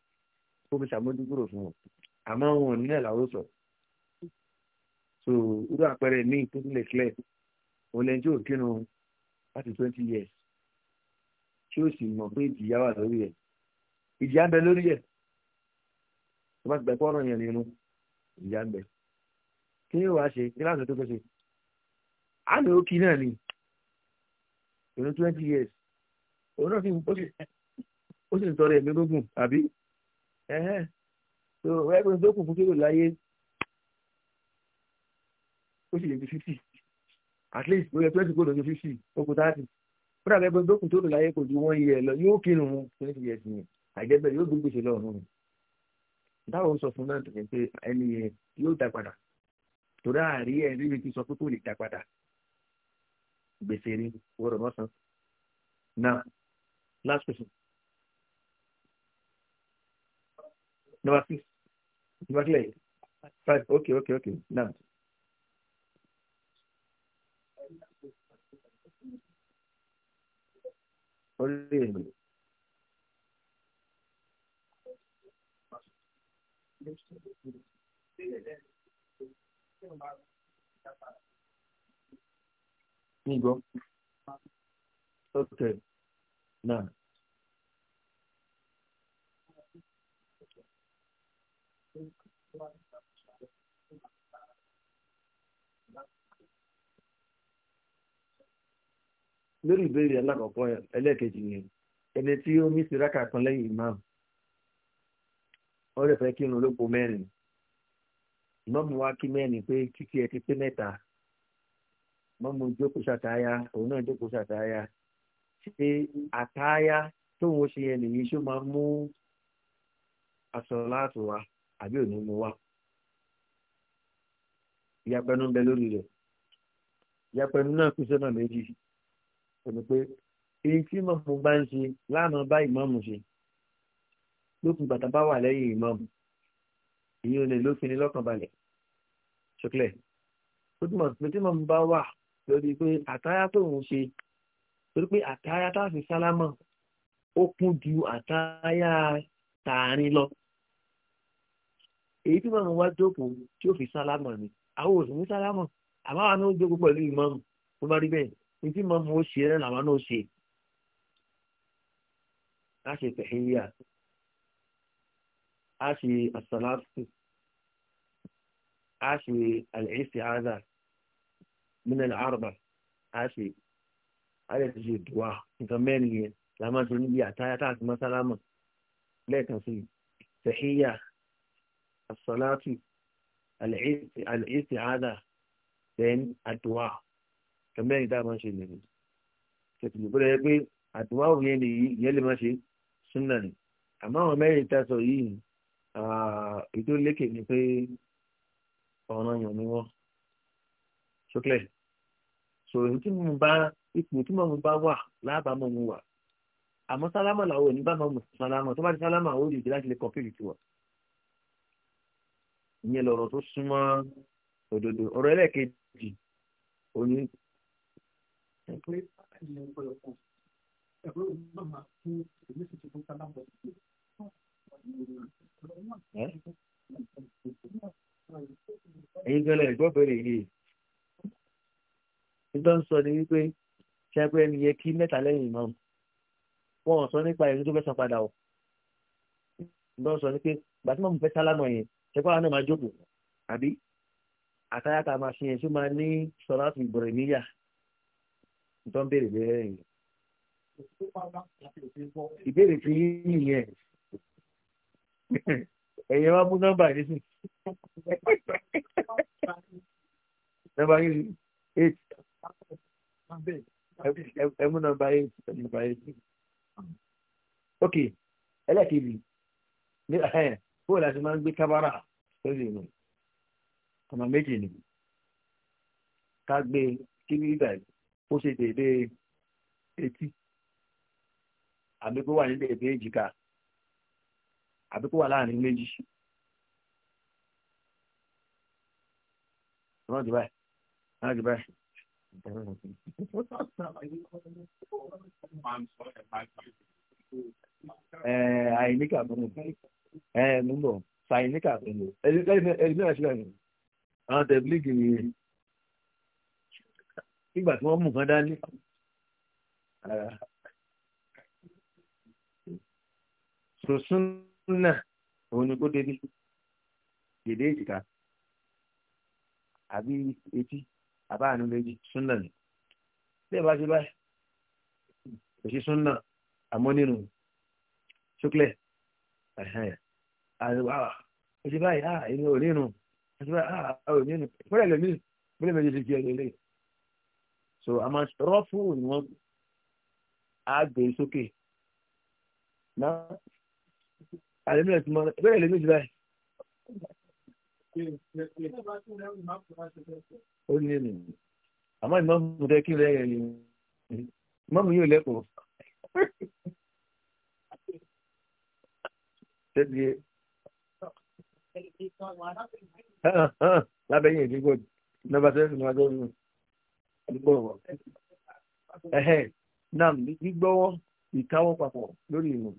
kó fi ṣàmójúkúrò fún wọn àmọ́ wọn ò nílẹ̀ làwọn sọ so irú àpẹẹrẹ míì tó tún lè clear òun lẹ́yìn tí ò kírun láti twenty years tí ó sì mọ̀ pé ìjìyà wà lórí ẹ̀ ìjìyà ń bẹ lórí ẹ̀ tó bá ti gbẹ pọ́nrán yẹn nínú ìjìyà ń bẹ kí ni wàá ṣe kí láti tó fẹ́ ṣe á ní ó kí náà ni ìrún twenty years òun náà sì ń tọrọ ẹ̀mí lógún àbí ẹ̀hẹ́n so ẹgbẹ́ tó kù fún kérò láyé ó sì lè di fifty at least ó yẹ twenty kó lọ sí fifty ó kù thirty fúnra ẹgbẹ́ tó kù tó lò láyé kò ju one year lọ yóò kírun twenty years ni àìjẹ́bẹ̀ yóò gbé gbèsè lọ́rùn báwo sọ fún náà tẹ̀sán pé ẹni yẹn yóò dá padà torí àárí ẹ̀ níbi tí sọ pé kò lè dá padà gbèsè ni wọ́n rọ̀ mọ́sán náà last question. Number six. Number clear. Five. Okay, okay, okay. Now. Only. Here you go. Okay. Now. lórí ìbéèrè alákọ̀ọ́kọ́ ẹlẹ́ẹ̀kejì yẹn ẹni tí ó mí siraka kan lẹ́yìn imam ó lè fẹ́ kí irun lóko mẹ́rin ìmọ̀mù wa kí mẹ́rin pé títí ẹ ti pé mẹ́ta ìmọ̀mù jókòó ṣàtáyà òun náà jókòó ṣàtáyà ṣe àtáyà tóun ó ṣe yẹn nìyí ṣó máa mú aṣọ láàtò wa àbí òní mu wa ń bẹ lórí rẹ̀ náà kú sọ́nà méjì. kò ní pé èyí tí mọ̀mù bá ń ṣe láàmú bá ìmọ̀mù ṣe lókun bàtà bá wà lẹ́yìn ìmọ̀mù èyí ò lè lófin ní lọ́kàn balẹ̀ ṣùkúlẹ̀ ó túmọ̀ pé tí mọ̀mù bá wà lórí pé àtáyá tó ń ṣe torí pé àtáyá tá a fi sálámọ̀ ó kún ju àtáyá tààrin lọ èyí tí mọ̀mù wá jókòó tí ó fi sálámọ̀ ni àwọn òsì ní sálámọ̀ àmọ́ àwọn ní ó jókòó pẹ̀lú ìmọ̀mù tó bá rí bẹ́ẹ̀ ìdí mọ́ mo ṣe rẹ̀ làwọn náà ṣe a ṣe tẹ̀híyà a ṣe àṣàlátù a ṣe al-isti'adha min al-arba a ṣe a lè ṣe dùwà nǹkan mẹ́rin yẹn làwọn ṣe níbi àtàyà tá a ti mọ́sálámà lẹ́ẹ̀kan sí tẹ̀híyà àṣàlátù al-isti'adha then àdùwà. kẹmẹ́rin tá a máa ń ṣe lèrè tẹ̀sílẹ̀ bó lẹ́yìn pé àdúrà yẹn nìyí ìyẹn lè máa ṣe súnà ni àmọ́ àwọn mẹ́rin tá a sọ yìí ètò lékè ni pé ọ̀ràn yàn ni wọ́n sókè so èyí tí mo bá ipò tí mo bá wà lábàámọ̀ mo wà àmọ́ sálámà làwọn ò ní bá máa mọ̀ sálámà tó bá ti sálámà ó lè dé láti lè kọ́pìlì tiwa ìyẹn lọ̀rọ̀ tó súnmọ́ òdodo ọ̀rọ̀ ẹlẹ́ẹ̀kejì òní ẹ pé ẹnìyẹn gbọ́dọ̀ fún ẹgbẹ́ òun náà máa fún èmi sì ti fún sálábọ sí ẹ̀yin gan lẹ́yìn gbọ́bẹ̀rẹ̀ yìí nígbà ń sọ ni wípé ṣẹ́gbẹ́ ẹni yẹ kí mẹ́ta lẹ́yìn ìmọ̀ wọn ò sọ nípa ẹni tó fẹ́ san padà o nígbà ń sọ ni pé gbàtí màmú fẹ́ sálámọ̀ yẹn ṣẹ́gbẹ́ àwọn náà máa jókòó àbí àtàyàtà máa ṣe yẹn tó máa ní sọ̀rọ̀ àti ìbọ̀rẹ̀ níyà tó ń béèrè lé ẹ̀yìn. ìbéèrè tí yín nìyẹn ẹ̀yìn wá mú nọ́mbà yìí sí. nọ́mbà yìí eight ẹ mú nọ́mbà eight ok ẹlẹ́kìnrin ní bóòlù àti máa ń gbé kábàárà lórí ìlú ọmọ méjì ni ká gbé kí ní ìgbà yìí ó ṣe dédé etí àbí kó wà ní dédé èjìká àbí kó wà láàrin méjì. Wọ́n ti báyìí, wọ́n ti báyìí. Àìníkà fún mi. Ẹ mú bọ̀, ṣàìníkà fún mi. Ẹni náà ṣe àyìn. Àwọn tẹ̀blígì ni nígbà tí wọ́n mú nǹkan dání. sòsún náà òun ni kó débi dèdè èjìká àbí etí àbá àánú méjì súnà ni bí ẹ bá ṣe báyìí kò ṣe súnà àmọ́ nínú ṣúklẹ̀ àríwá kò ah, ṣe báyìí à ah, ò nínú kò báyìí à ah, ò nínú kúrẹ̀ lèmi kúrẹ̀ méjì ti di ẹ̀yẹ lẹ́yìn so àmọ́ rọ́fù ni wọ́n á gbé sókè náà àlẹ́mí ẹ̀sìn mọ́ bẹ́ẹ̀ lèmi jù báyìí. ó ní èmi àmọ́ ìmọ̀mù rẹ kí lẹ́yìn ẹ̀yìn ìmọ̀mù yóò lẹ́kọ̀ọ́. Tẹ́lẹ̀ lábẹ́yìn ìdígbò nọ́mbà tẹ́lẹ̀ ní wájú ọ̀hún. gbígbọ́wọ́ ẹ̀hẹ́ nam gbígbọ́wọ́ ìkáwọ́ papọ̀ lórí ìrùn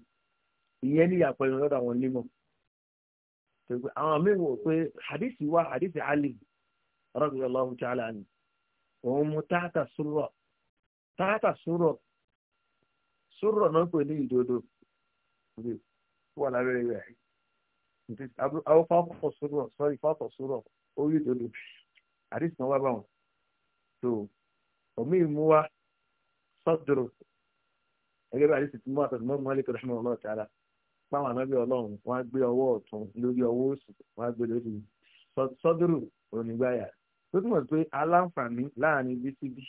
ìyẹn ní ìyàpọ̀ lọ́dọ̀ àwọn onímọ̀ àwọn mẹ́rin wò pé hadithi wa hadithi ali radiyallahu ta'ala ni òun mu na súrọ̀ táàtà náà pè ní ìdodo wà lábẹ́rẹ́ rẹ̀ àwọn fáfọ̀ súrọ̀ sọ́rí fáfọ̀ súrọ̀ ìdodo hadithi náà omi mú wa sọ́dúró gẹ́gẹ́ bí àdìsí tí mo àtàtì mọ́ mọ́lẹ́ kí rahman ọlọ́ọ̀tì ara páwọn ànábì ọlọ́run wọ́n á gbé ọwọ́ ọ̀tún lórí ọwọ́ òsì wọ́n á gbé lórí sọ́dúró onígbáyà tó túmọ̀ pé aláǹfààní láàrin bí síbí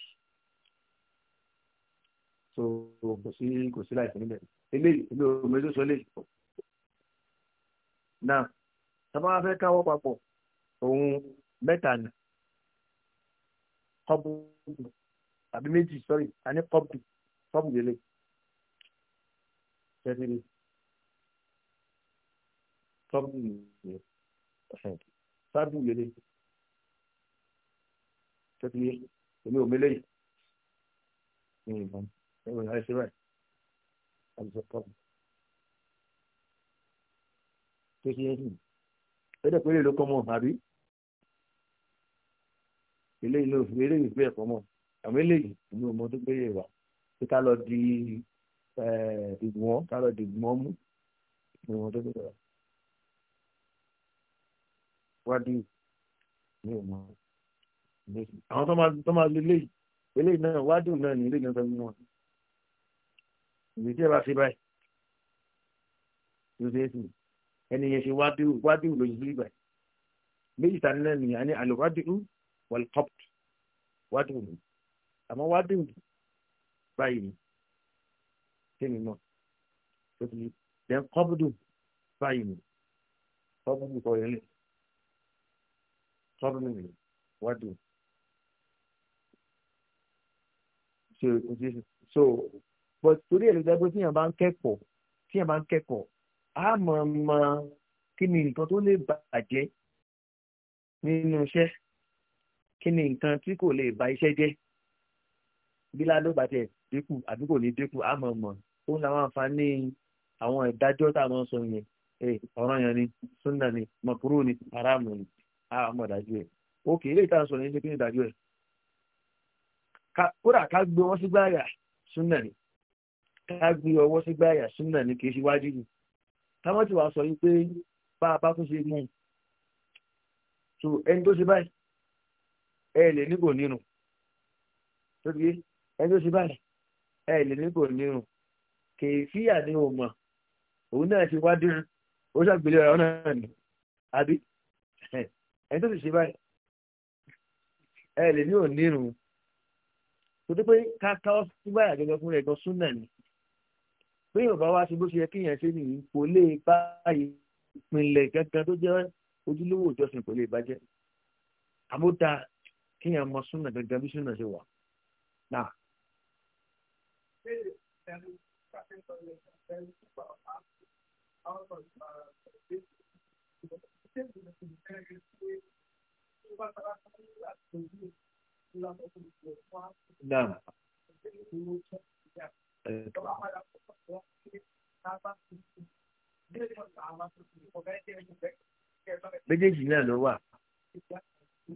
so kò sí kò sí láìsí níbẹ̀ eléyìí ilé omi tó sọ léyìí náà sábà wá fẹ́ káwọ́ papọ̀ òun mẹ́ta ni kọ́bù àbí méjì sọ́rí a ní pọ́pù pọ́pù lélẹ̀ tẹ́tìrì pọ́pù lélẹ̀ sábù lélẹ̀ tẹ́tìrì èmi ò mélẹ̀ yìí ní ìbọn ẹ̀rọ ìhàlẹ́sẹ̀ rẹ̀ àbùsọ pọ́pù tẹ́tìrì ẹ̀dẹ̀ pé lè ló kọ́ mọ́ àbí ele ló fi eléyìí gbé ẹ̀kọ́ àwọn eléyìí ìlú ọmọ tó gbé yẹwà pé ká lọ di ìgbọn ká lọ di ìgbọn mú ìlú ọmọ tó gbé yẹwà wádìí ní ọmọ àwọn tó máa lé léyìí eléyìí náà wádìí náà ní eléyìí náà fẹ́ mú wọn ìwé tí ẹ bá ṣe báyìí yóò ẹni yẹn ṣe wádìí wádìí ló yí báyìí méjì tani náà nìyẹn ní àlùwádìí wọlé kọ́pù wádìí ló àmọ́ wá dùn báyìí ni kéèmì náà tó ti dẹ́ kọ́bùdù báyìí ni kọ́bùdù kọ́ yẹn lè kọ́bùdù ni wá dùn. so but torí ẹ̀ ló dẹ́gbẹ́ tí yẹn bá ń kẹ́kọ̀ọ́ tí yẹn bá ń kẹ́kọ̀ọ́ a mọ̀ mọ̀ kí ni nǹkan tó lè bàjẹ́ nínú iṣẹ́ kí ni nǹkan tí kò lè ba iṣẹ́ jẹ́ bí ládó bàtẹ̀ dínkù àbí kò ní dínkù á mọ̀ mọ̀ ó làwọn àǹfààní àwọn ìdájọ́ tá a máa ń sọ yẹn ọ̀ràn yẹn ni sunna ni makuru ni haramu ni á mọ̀ dájú ẹ̀ òkè ilé ìta sọ̀rọ̀ yẹn ṣe kí ni dájú ẹ̀ kódà ká gbé wọn sí gbáyà sunna ni ká gbé ọwọ́ sí gbáyà sunna ni kì í ṣe wájú ni táwọn ti wàá sọ yìí pé bá a bá tún ṣe mú un so ẹni tó ṣe báyìí ẹ lè nígò nínú tó ti yé ẹjọ́ ṣe báyìí ẹ lè ní kò ní o kèéfì àdéhùn mọ̀ òun náà ti wá dírun ó ṣàgbélé ọ̀rọ̀ náà nì àbí ẹni tó ti ṣe báyìí ẹ lè ní òní irun kò tó pé káká ọ sí báyà gẹ́gẹ́ fún ẹ̀gbọ́n súnà ni pé yorùbá wá sí bó ṣe yẹ kí yẹn ṣe nìyí kò lè báyìí ìpínlẹ̀ kankan tó jẹ́ ojúlówó ìjọsìn kò lè bàjẹ́ àmọ́ kí yẹn mọ súnà gẹ́gẹ́ bí súnà ṣe wà náà. نعم méjèèjì náà ló wà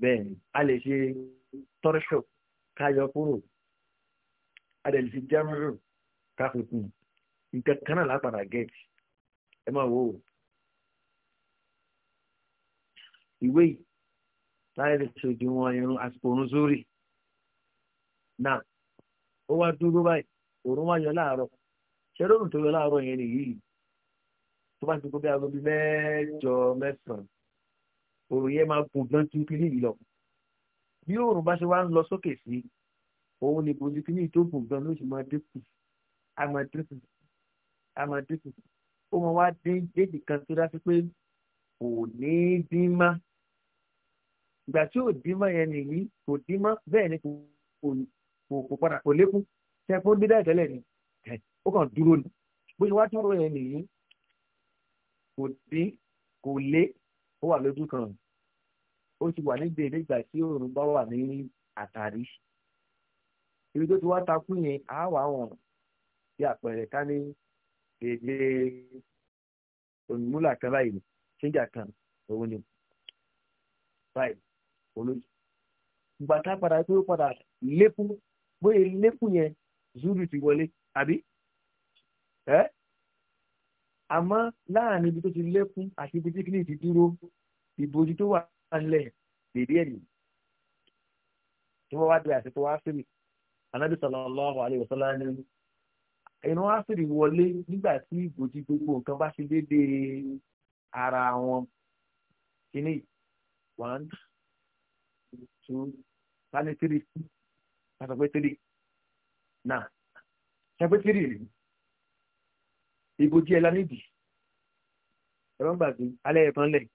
bẹ́ẹ̀ ni a lè ṣe tọ́rṣọ̀ káyọ kúrò adẹ̀lẹ̀ ti jámẹ́rù káfíkùn nǹkan kan náà lápàdà gẹ̀ẹ́tì ẹ máa wò ó ìwé yìí láyé lè ṣojú wọn irun àsìkò orun sórí náà ó wá dúró báyìí òórùn wá yọ láàárọ̀ ṣẹlóòrùn tó yọ láàárọ̀ yẹn nìyí tó bá ti kó bí aago bíi mẹ́jọ mẹ́sàn-án òórùn yẹn máa gùn gan ju kiri yìí lọ bí òórùn bá ṣe wá ń lọ sókè sí òun ni kò sí kí ní ìtòkùn gan ló sì máa dínkù a máa dínkù a máa dínkù ó máa wá dín déèdì kan tó dájú pé kò ní dín má ìgbà tí ò dín má yẹn nìyí kò dín má bẹ́ẹ̀ ni kò kò padà kò lékún ṣe kó dín dá ìtẹ́lẹ̀ ni ó kàn dúró ni bó ṣe wá dúró yẹn nìyí kò dín kò lé ó wà lójú kan ó ti wà ní gbèrè ìgbà tí òòrùn bá wà ní àtàrí ibi tó ti wá takú yẹn á wà wọ̀n bí àpẹẹrẹ ká ní èdè onímúlà kan báyìí ni ṣíjà kan òun ni báyìí olóyè ìgbà tá a padà tó padà lékún bóyá lékún yẹn zuru ti wọlé àbí ẹ àmọ́ láàrin ibi tó ti lékún àti ibi tí kìnìún ti dúró ìbòjú wà nílẹ̀ dèdè ẹ̀ nìyí tí wọ́n wá di àṣẹ tó wá sílẹ̀ anábì sallallahu alaihi wasallam ní inú àṣírí wọlé nígbà tí ìbòjì gbogbo nǹkan bá ṣe déédéé ara wọn kíní one two tani three pàṣẹ pé three náà ṣe pé three rèé ìbòjì ẹ̀ la nídìí ẹ̀rọ ń gbàgbé alẹ́ ẹ̀ tán lẹ̀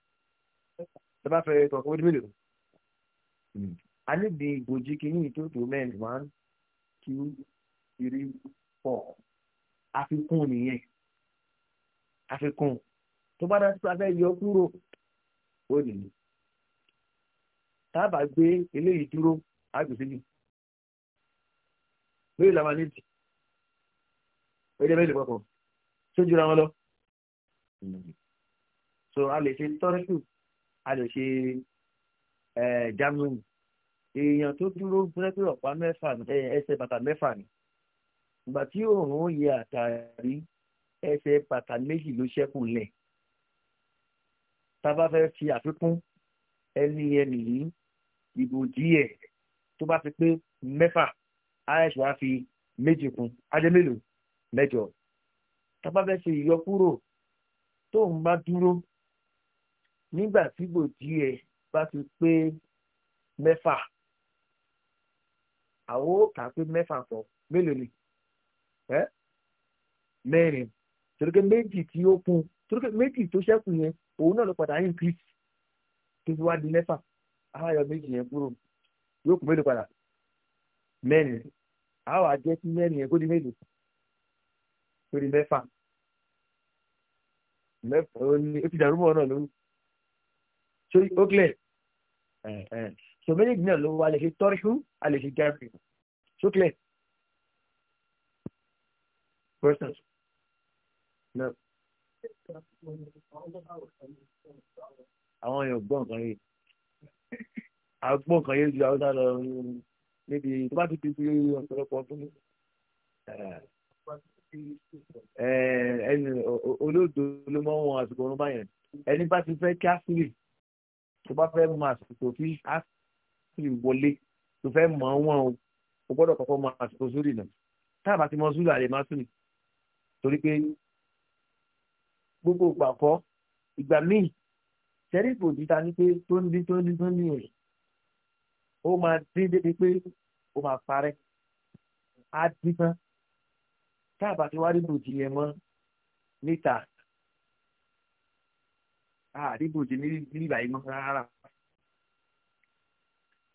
ẹ bá fẹ́ tọkọ ó dé mélòó hmm. a nídìí ìbòjì kìíní tó tó mẹ́rin one two three four àfikún nìyẹn àfikún tó bá dájú pé a fẹ́ yọ kúrò ó nìyí tábà gbé eléyìí dúró àgbèsílì lórí làwọn àlejò ẹjẹ bẹ́ẹ̀ lè pọ̀pọ̀ sójú ra wọn lọ so a lè ṣe tọ́rẹ́kù a lè ṣe eh, jamus èèyàn tó dúró pẹ́pẹ́ ọ̀pá mẹ́fà ẹsẹ̀ bàtà mẹ́fà ni ìgbà tí òòrùn ó yẹ àtàrí ẹsẹ̀ bàtà méjì ló ṣẹ́kù lẹ̀ tá a bá fẹ́ fi àfikún ẹni ẹnì yìí ìbò díẹ̀ tó bá fi pé mẹ́fà as wá fi méjì kún ajé mélòó mẹ́jọ tá a bá fẹ́ ṣe ìyọkúrò tóun bá dúró nígbà tí ìbò díẹ̀ bá fi pé mẹ́fà àwọn ó kà á pé mẹ́fà pọ̀ mélòó ni ẹ́ mẹ́rin torí pé méjì tí ó kún torí pé méjì tó ṣẹ́kù yẹn òun náà ló padà increase tó fi wá di mẹ́fà àáyọ méjì yẹn kúrò yóò kún mélòó padà mẹ́rin àwọn àjẹ́ sí mẹ́rin yẹn kó di mélòó kó di mẹ́fà mẹ́fà ó ti dàrú mọ́ ọ náà lórí ó clear. so méjèèjì náà ló wà lè ṣe tọ́rṣù a lè ṣe jáde sókè persons náà. àwọn èèyàn gbọ́ nǹkan yìí àgbọ̀ nǹkan yìí ju àwọn náà lọ níbi tó bá ti fi fi ọ̀pọ̀lọpọ̀ fún mi ẹni olóòdo ló mọ ohun àsìkò ọ̀run báyẹn ẹni bá ti fẹ́ kí á sílè tó bá fẹ́ mọ àsìkò fi á sì wọlé tó fẹ́ mọ̀ wọ́n o o gbọ́dọ̀ kọ́kọ́ mọ àsìkò zúrì náà táàbà ti mọ zúrì àlè máa sùn torí pé gbogbo ìgbà kọ́ ìgbà míì sẹ́ríkì òdìta ní pé tó ń dín tó ń dín tó ń dín rẹ̀ ó máa dín débi pé ó máa parẹ́ á dín tán táàbà ti wá rí bòjì yẹn mọ́ níta àdìbòjì ní ìgbà yìí mọ́ rárá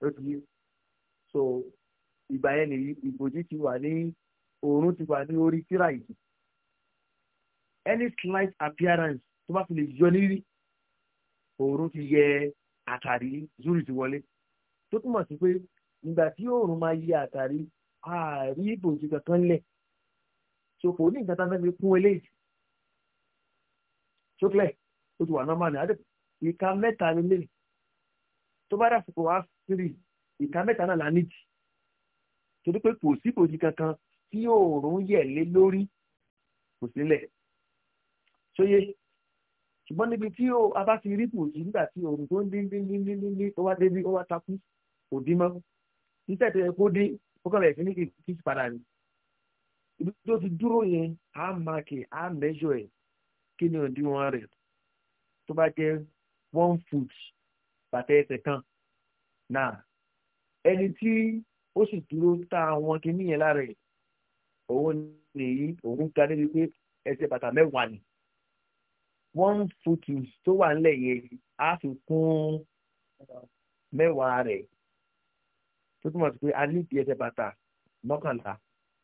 ló ti so ìgbà yẹn nìyí ìbòjì ti wà ní òórùn ti wà ní orí tíra any slight appearance tó bá fi lè yọ nírí òórùn ti yẹ àtàrí zuri ti wọlé tó túmọ̀ sí pé ìgbà tí òórùn máa yẹ àtàrí ààrí ìbòjì kankan lẹ̀ so kò ní nǹkan tá a fẹ́ fi kún eléyìí sókè ó ti wà normal ní adé ìka mẹ́ta ni lẹ́yìn tó bá dàsìkò wá sírì ìka mẹ́ta náà la nídìí torí pé kò sí bòjì kankan tí òòrùn yẹ̀ lé lórí kò sílẹ̀ sóyè ṣùgbọ́n níbi tí a bá ti rí bòjì nígbà tí òòrùn tó ń dín dín dín dín dín ó wá débi ó wá takú kò dín mọ́ títẹ̀ tó kó dín ó kàn bẹ̀rẹ̀ sí ní kí sí padà ni ibi tó ti dúró yẹn á máàkì á mẹ́jọ ẹ̀ kí ni òdiwọ̀n rẹ̀ tó bá jẹ́ one foot bàtà ẹsẹ̀ kan náà ẹni tí ó sì dúró ta àwọn kìíní yẹn lára ẹ̀ òun nìyí òun ga níbi pé ẹsẹ̀ bàtà mẹ́wàá ni one foot tó wà ńlẹ̀ yẹn á fi kún mẹ́wàá rẹ̀ tó túmọ̀ sí pé a ní ìdí ẹsẹ̀ bàtà mọ́kànlá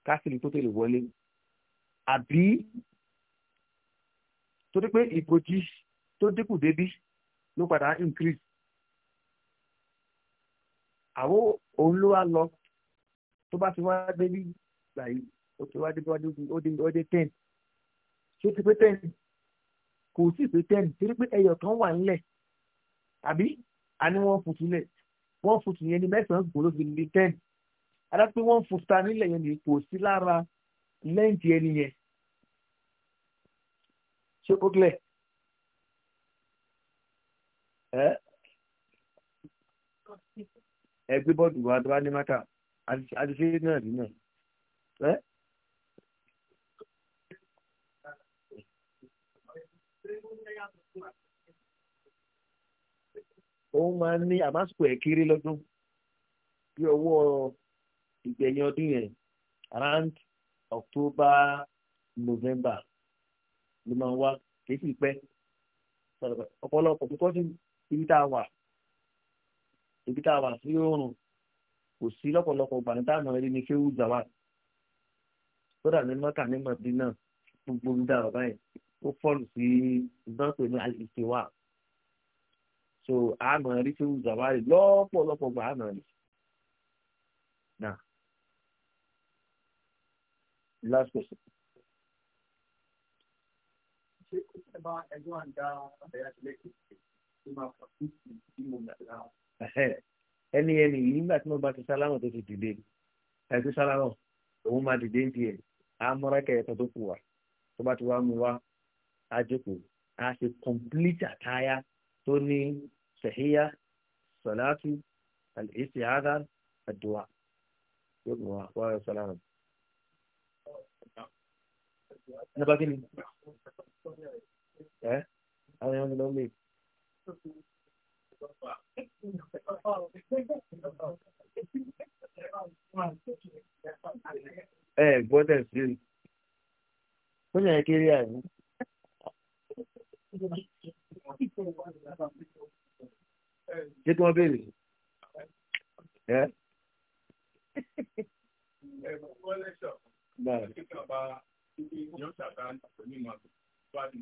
káfíìnì tó tẹ̀lé wọlé àbí torí pé ìbòjì tó dínkù débí ló padà increase àwọ òun ló wá lọ tó bá ti wá débi gbà yìí ó ti wá débi wá débi dé ó dé ten ṣé ti pé ten kò sí pé ten torí pé ẹyọ kan wà nílẹ̀ àbí àní wọ́n fùtù lẹ̀ wọ́n fùtù yẹn ní mẹ́sàn-án kò ló ní ten adájọ́ pé wọ́n fùtà nílẹ̀ yẹn ní kò sí lára lẹ́ǹtì ẹni yẹn ṣé ó kílẹ̀ ẹ́ ẹgbẹ́ bọ́ọ̀dù wa tó bá ní mẹ́ta àti ṣe náà rí náà ẹ́. òun máa ń ní àmásùkò ẹ̀ kéré lọ́dún bí ọwọ́ ìgbẹ̀yìn ọdún yẹn around October November ló máa ń wá kì í sì pẹ́ ọ̀pọ̀lọpọ̀ tó tọ́jú ibi tá a wà ibi tá a wà sí oòrùn kò sí lọ́pọ̀lọpọ̀ gbà níta àná ẹni ní kéwù zàwà kódà ní mọ́tà ní mọ̀dínà gbogbo ń dà ọ̀bá yẹn ó fọ́ọ̀lù sí ìdánpẹ̀ ní àìsèwà so àná ẹni kéwù zàwà rẹ̀ lọ́pọ̀lọpọ̀ gbà àná rẹ̀ náà last question. Ṣé kò tẹ́ bá ẹjọ́ àǹdá àbẹ̀yà sílẹ̀ kìí ṣe máa fọ́ sí ìdí mọ̀ nígbà láwọn? ẹni ẹni yìí nígbà tí mo bá ti sálámù tó ti dìde ẹ ti sálámù òun máa dìde ń tiẹ̀ amúrákẹ́ ẹ̀tọ́ tó kù wá tó bá ti wá mu wá á jókòó á ṣe complete àtáyá tó ní sẹ̀híyá sọ̀láàtù àlèsì àádá àdùá yóò mú wa wá sálámù. Nípa kí ni? Ẹ àwọn èèyàn ẹ gbọ́dọ̀ sí i ó yẹ kéré àìní. ṣé kí wọ́n béèrè? ẹ. Báyìí.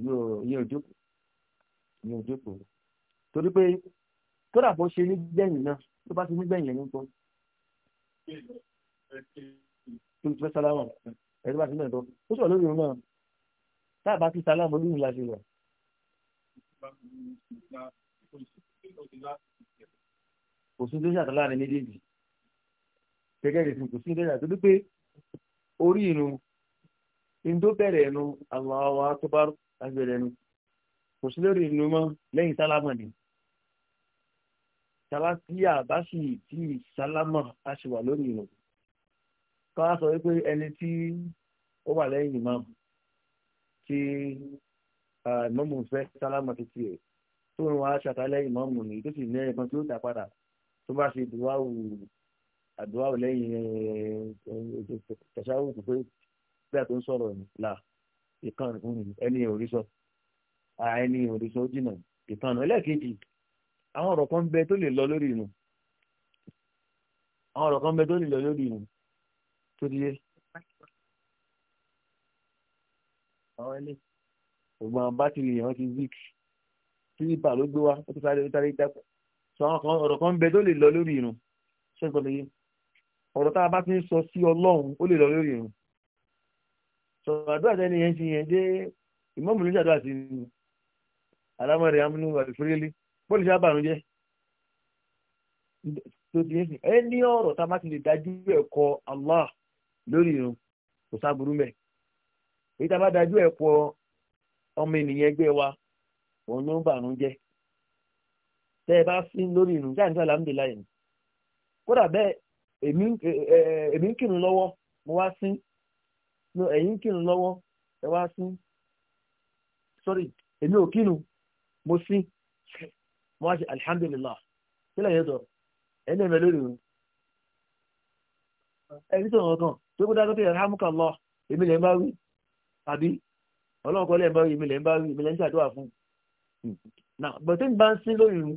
ìyẹn òjókòó ìyẹn òjókòó torí pé kódà bó ṣe ní gbẹ̀yìn náà tó bá ti ní gbẹ̀yìn ẹni tó tó ti fẹ́ sálámà ẹni bá ti mẹ́rin tó ó sọ̀rọ̀ lórí òun náà tá a bá ti sálámà olóyún la ṣe lọ. kò sí tó ṣàtàlá rẹ méjèèjì gẹ́gẹ́ bí kò sí tó ṣàtàlá torí pé orí irun indó bẹ̀rẹ̀ ẹnu àwọn àwọn tó lágbèrè nu kò sí lórí ìrìn mọ́ lẹ́yìn sálámà ni tàbátíyà bá sì tí sálámà a sì wà lórí ìrìn kọ́ á sọ wípé ẹni tí ó wà lẹ́yìn imam tí ìmọ̀mù fẹ́ sálámà ti tiẹ̀ tó ń wá ṣàtàlẹ́ ìmọ̀mù ni tó sì ní ẹ̀kan tó dà padà tó bá ṣe dùwà wù àdúrà lẹ́yìn ẹ̀ẹ́dẹ̀ẹ́dẹ̀ tẹ̀sáwù pé bí a tó ń sọ̀rọ̀ là ìkànnì fún mi ẹni ò rí sọ ẹni ò rí sọ ó jìnnà ìkànnì ẹlẹ́ẹ̀kejì àwọn ọ̀rọ̀ kan bẹ tó lè lọ lórí inú àwọn ọ̀rọ̀ kan bẹ tó lè lọ lórí inú tó ti yé àwọn ẹni ògbọ́n bátìrì yẹn ti zik sílípà ló gbé wa ó ti sáré sáré dákọ̀ sọ àwọn kan ọ̀rọ̀ kan bẹ tó lè lọ lórí inú ṣé nǹkan tó yé ọ̀rọ̀ tá a bá ti ń sọ sí ọlọ́run ó lè lọ lórí inú. sọ̀rọ̀ àdúrà tẹ́ni yẹn ṣe yẹn dé ìmọ̀mù ló ṣàdúrà sí ni alámọ̀rẹ̀ amúnú àlùfúrẹ́lẹ́ bọ́ọ̀lù ṣe àbànújẹ́ tó ti yẹn sìn ẹ ní ọ̀rọ̀ tá a ti lè dájú Allah lórí irun kò sáburú mẹ́ èyí tá a bá dájú ọmọ wa ló ń tẹ́ ẹ bá sí lórí irun kódà bẹ́ẹ̀ èmi ń kírun lọ́wọ́ mo wá no ẹ̀yin kírun lọ́wọ́ ẹ wá sí sorry èmi ò kírun mo sí mo wá ṣe alihamdulilah kílẹ̀ yẹn sọ ẹni ẹ̀mẹ́ lórí o ẹni sọ̀rọ̀ kan tó kó dákọ́ tó yẹ hámúkà lọ èmi lẹ́ ń bá wí àbí ọlọ́run kọ́lẹ̀ ń bá wí èmi lẹ́ ń bá wí èmi lẹ́ ń ṣàdúrà fún na bọ̀tí bá ń sí lórí o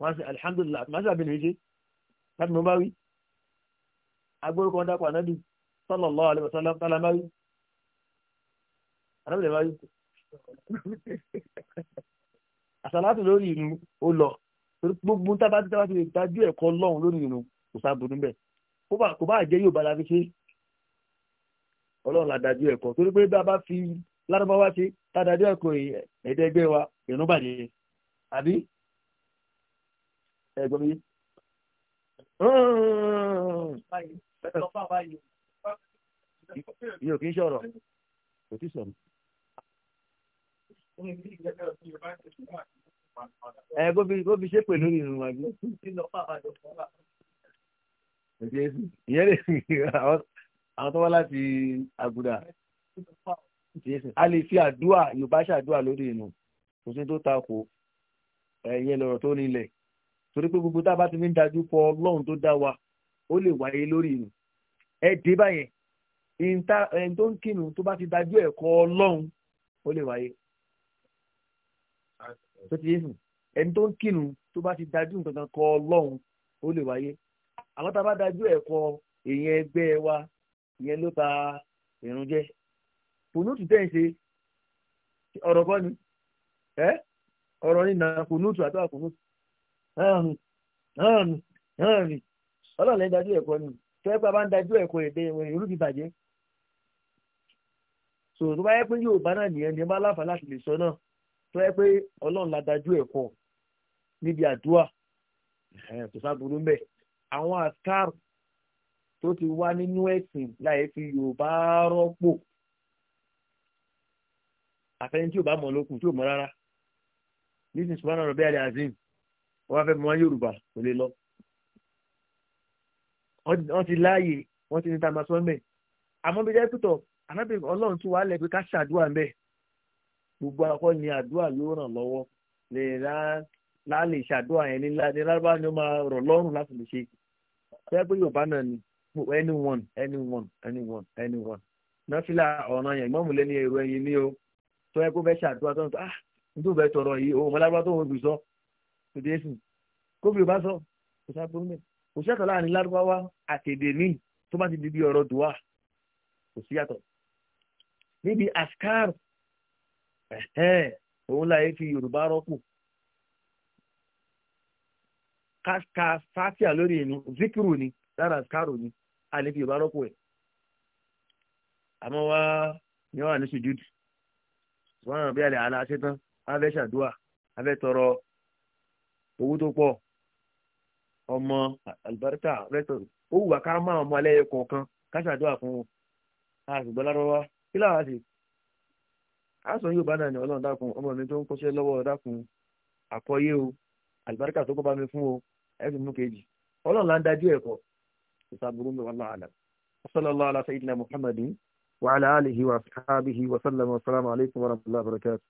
wọ́n ṣe alihamdulilah màá ṣàbí nìyí ṣe láti mo bá wí agbórúkọ dákọ̀ ànábì sallallahu alaihi wasallam tálá máa yí àdábìlẹ̀ máa yí àsàlátù lórí ìrun ó lọ gbogbo tábà tí tábà ti lè dájú ẹ̀kọ́ lọ́hùn lórí ìrun kò sábò níbẹ̀ kò bá jẹ́ yóò bá la fi ṣe ọlọ́run la dájú ẹ̀kọ́ torí pé bá a bá fi lárúbáwá ṣe tá a dájú ẹ̀kọ́ ẹ̀ẹ́dẹ́gbẹ́ wa ìrun bàjẹ́ àbí ẹ̀gbọ́n mi mi ò kì sọ̀rọ̀ kò tí sọ̀rọ̀. ẹ bó fi bó fi ṣe pè lórí irun wa ìyẹn lè fi àwọn tó wá láti àgùdà a lè fi àdúà yorùbá ṣàdúà lórí inú kò sí tó takò ẹ̀yẹ lọ̀rọ̀ tó nílẹ̀ torí pé gbogbo tá a bá ti ń dájú pọ̀ ọlọ́run tó dá wa ó lè wáyé lórí inú ẹ dé báyẹn ẹni tó ń kírun tó bá ti dájú ẹ̀kọ́ ọlọ́run ó lè wáyé ẹni tó wa ìyẹn ló ta ìrun jẹ́ kùnúùtù tẹ̀ ń ṣe ọ̀rọ̀ kọ́ ni ẹ́ ọ̀rọ̀ ni nà kùnúùtù àtọ́ àkùnúùtù ọlọ́run lẹ́yìn dájú ẹ̀kọ́ ni bá ń dájú ẹ̀kọ́ so tó bá yẹ pé yorùbá náà nìyẹn ní ẹ bá láǹfààní láti lè sọ náà tó yẹ pé ọlọ́run la dájú ẹ̀ kọ́ níbi àdúrà kò sábúrú mbẹ àwọn àkàr tó ti wá nínú ẹ̀sìn láyé fi yorùbá rọ́pò àfẹ́yìn tí ò bá mọ̀ lókun tí ò mọ̀ rárá nísìn sùpánà rẹ̀ bẹ́ẹ̀ azim wọ́n fẹ́ mọ yorùbá kò lè lọ. wọ́n ti láàyè wọ́n ti ní tá a máa sọ mẹ́ àmọ́ bí jẹ́ pítọ̀ ànábì ọlọ́run tún wà lẹ̀ pé ká ṣàdúrà ń bẹ̀ gbogbo akọ́ ni àdúrà ló ràn lọ́wọ́ lè rà lálẹ́ ìṣàdúrà yẹn ní ní lábá ni ó máa rọ̀ lọ́rùn láti lè ṣe fẹ́ pé yorùbá náà ni anyone anyone anyone anyone nọ́fìlà ọ̀ràn yẹn ìmọ̀mù lẹ́ni èrò ẹ̀yìn ni o tó yẹ kó fẹ́ ṣàdúrà ah, tó ń tọ́ ah nítorí bẹ́ẹ̀ tọrọ yìí òun ọmọlábá tó ń gbì sọ tòde èsì kóbi yorùbá sọ kò sá gbóngbẹ kò sí yàtọ̀ láàrin lárúbáwá àtẹ̀dẹ̀ míì tó bá ti di bí ọ̀rọ̀ dùwà kò sí yàtọ̀ níbi askar òun láyé fi yorùbá rọ́pò ká fátíà lórí inú zikiru ni lára askaru ni a lè fi yorùbá rọ́pò ẹ̀ àmọ́ wá ni wọ́n wà ní sùjúdù wọ́n rán bí alẹ́ àlá ṣetán abẹ́ ṣàdúà abẹ́ tọrọ owó tó pọ̀ ọmọ àlùbáríkà rẹ̀ ó wù wá ká máa ọmọ alẹ́ yẹ kọ̀ọ̀kan ká ṣàdúà fún wọn a sì gbọ́ lárọ́wọ́ kí làwọn àti àṣọ yóò bá náà ní ọlọ́run dákun ọmọ mi tó ń kọ́ṣẹ́ lọ́wọ́ dákun àkọyé o àlùbáríkà tó kọ́ bá mi fún o ẹ̀sìn mú kejì ọlọ́run là ń dájú ẹ̀kọ́ ìsàbùrù mi wàlá àlà sallallahu ala sayyidina muhammadin wa ala alihi wa sahbihi wa sallam wa salamu alaykum wa rahmatullahi wa barakatuh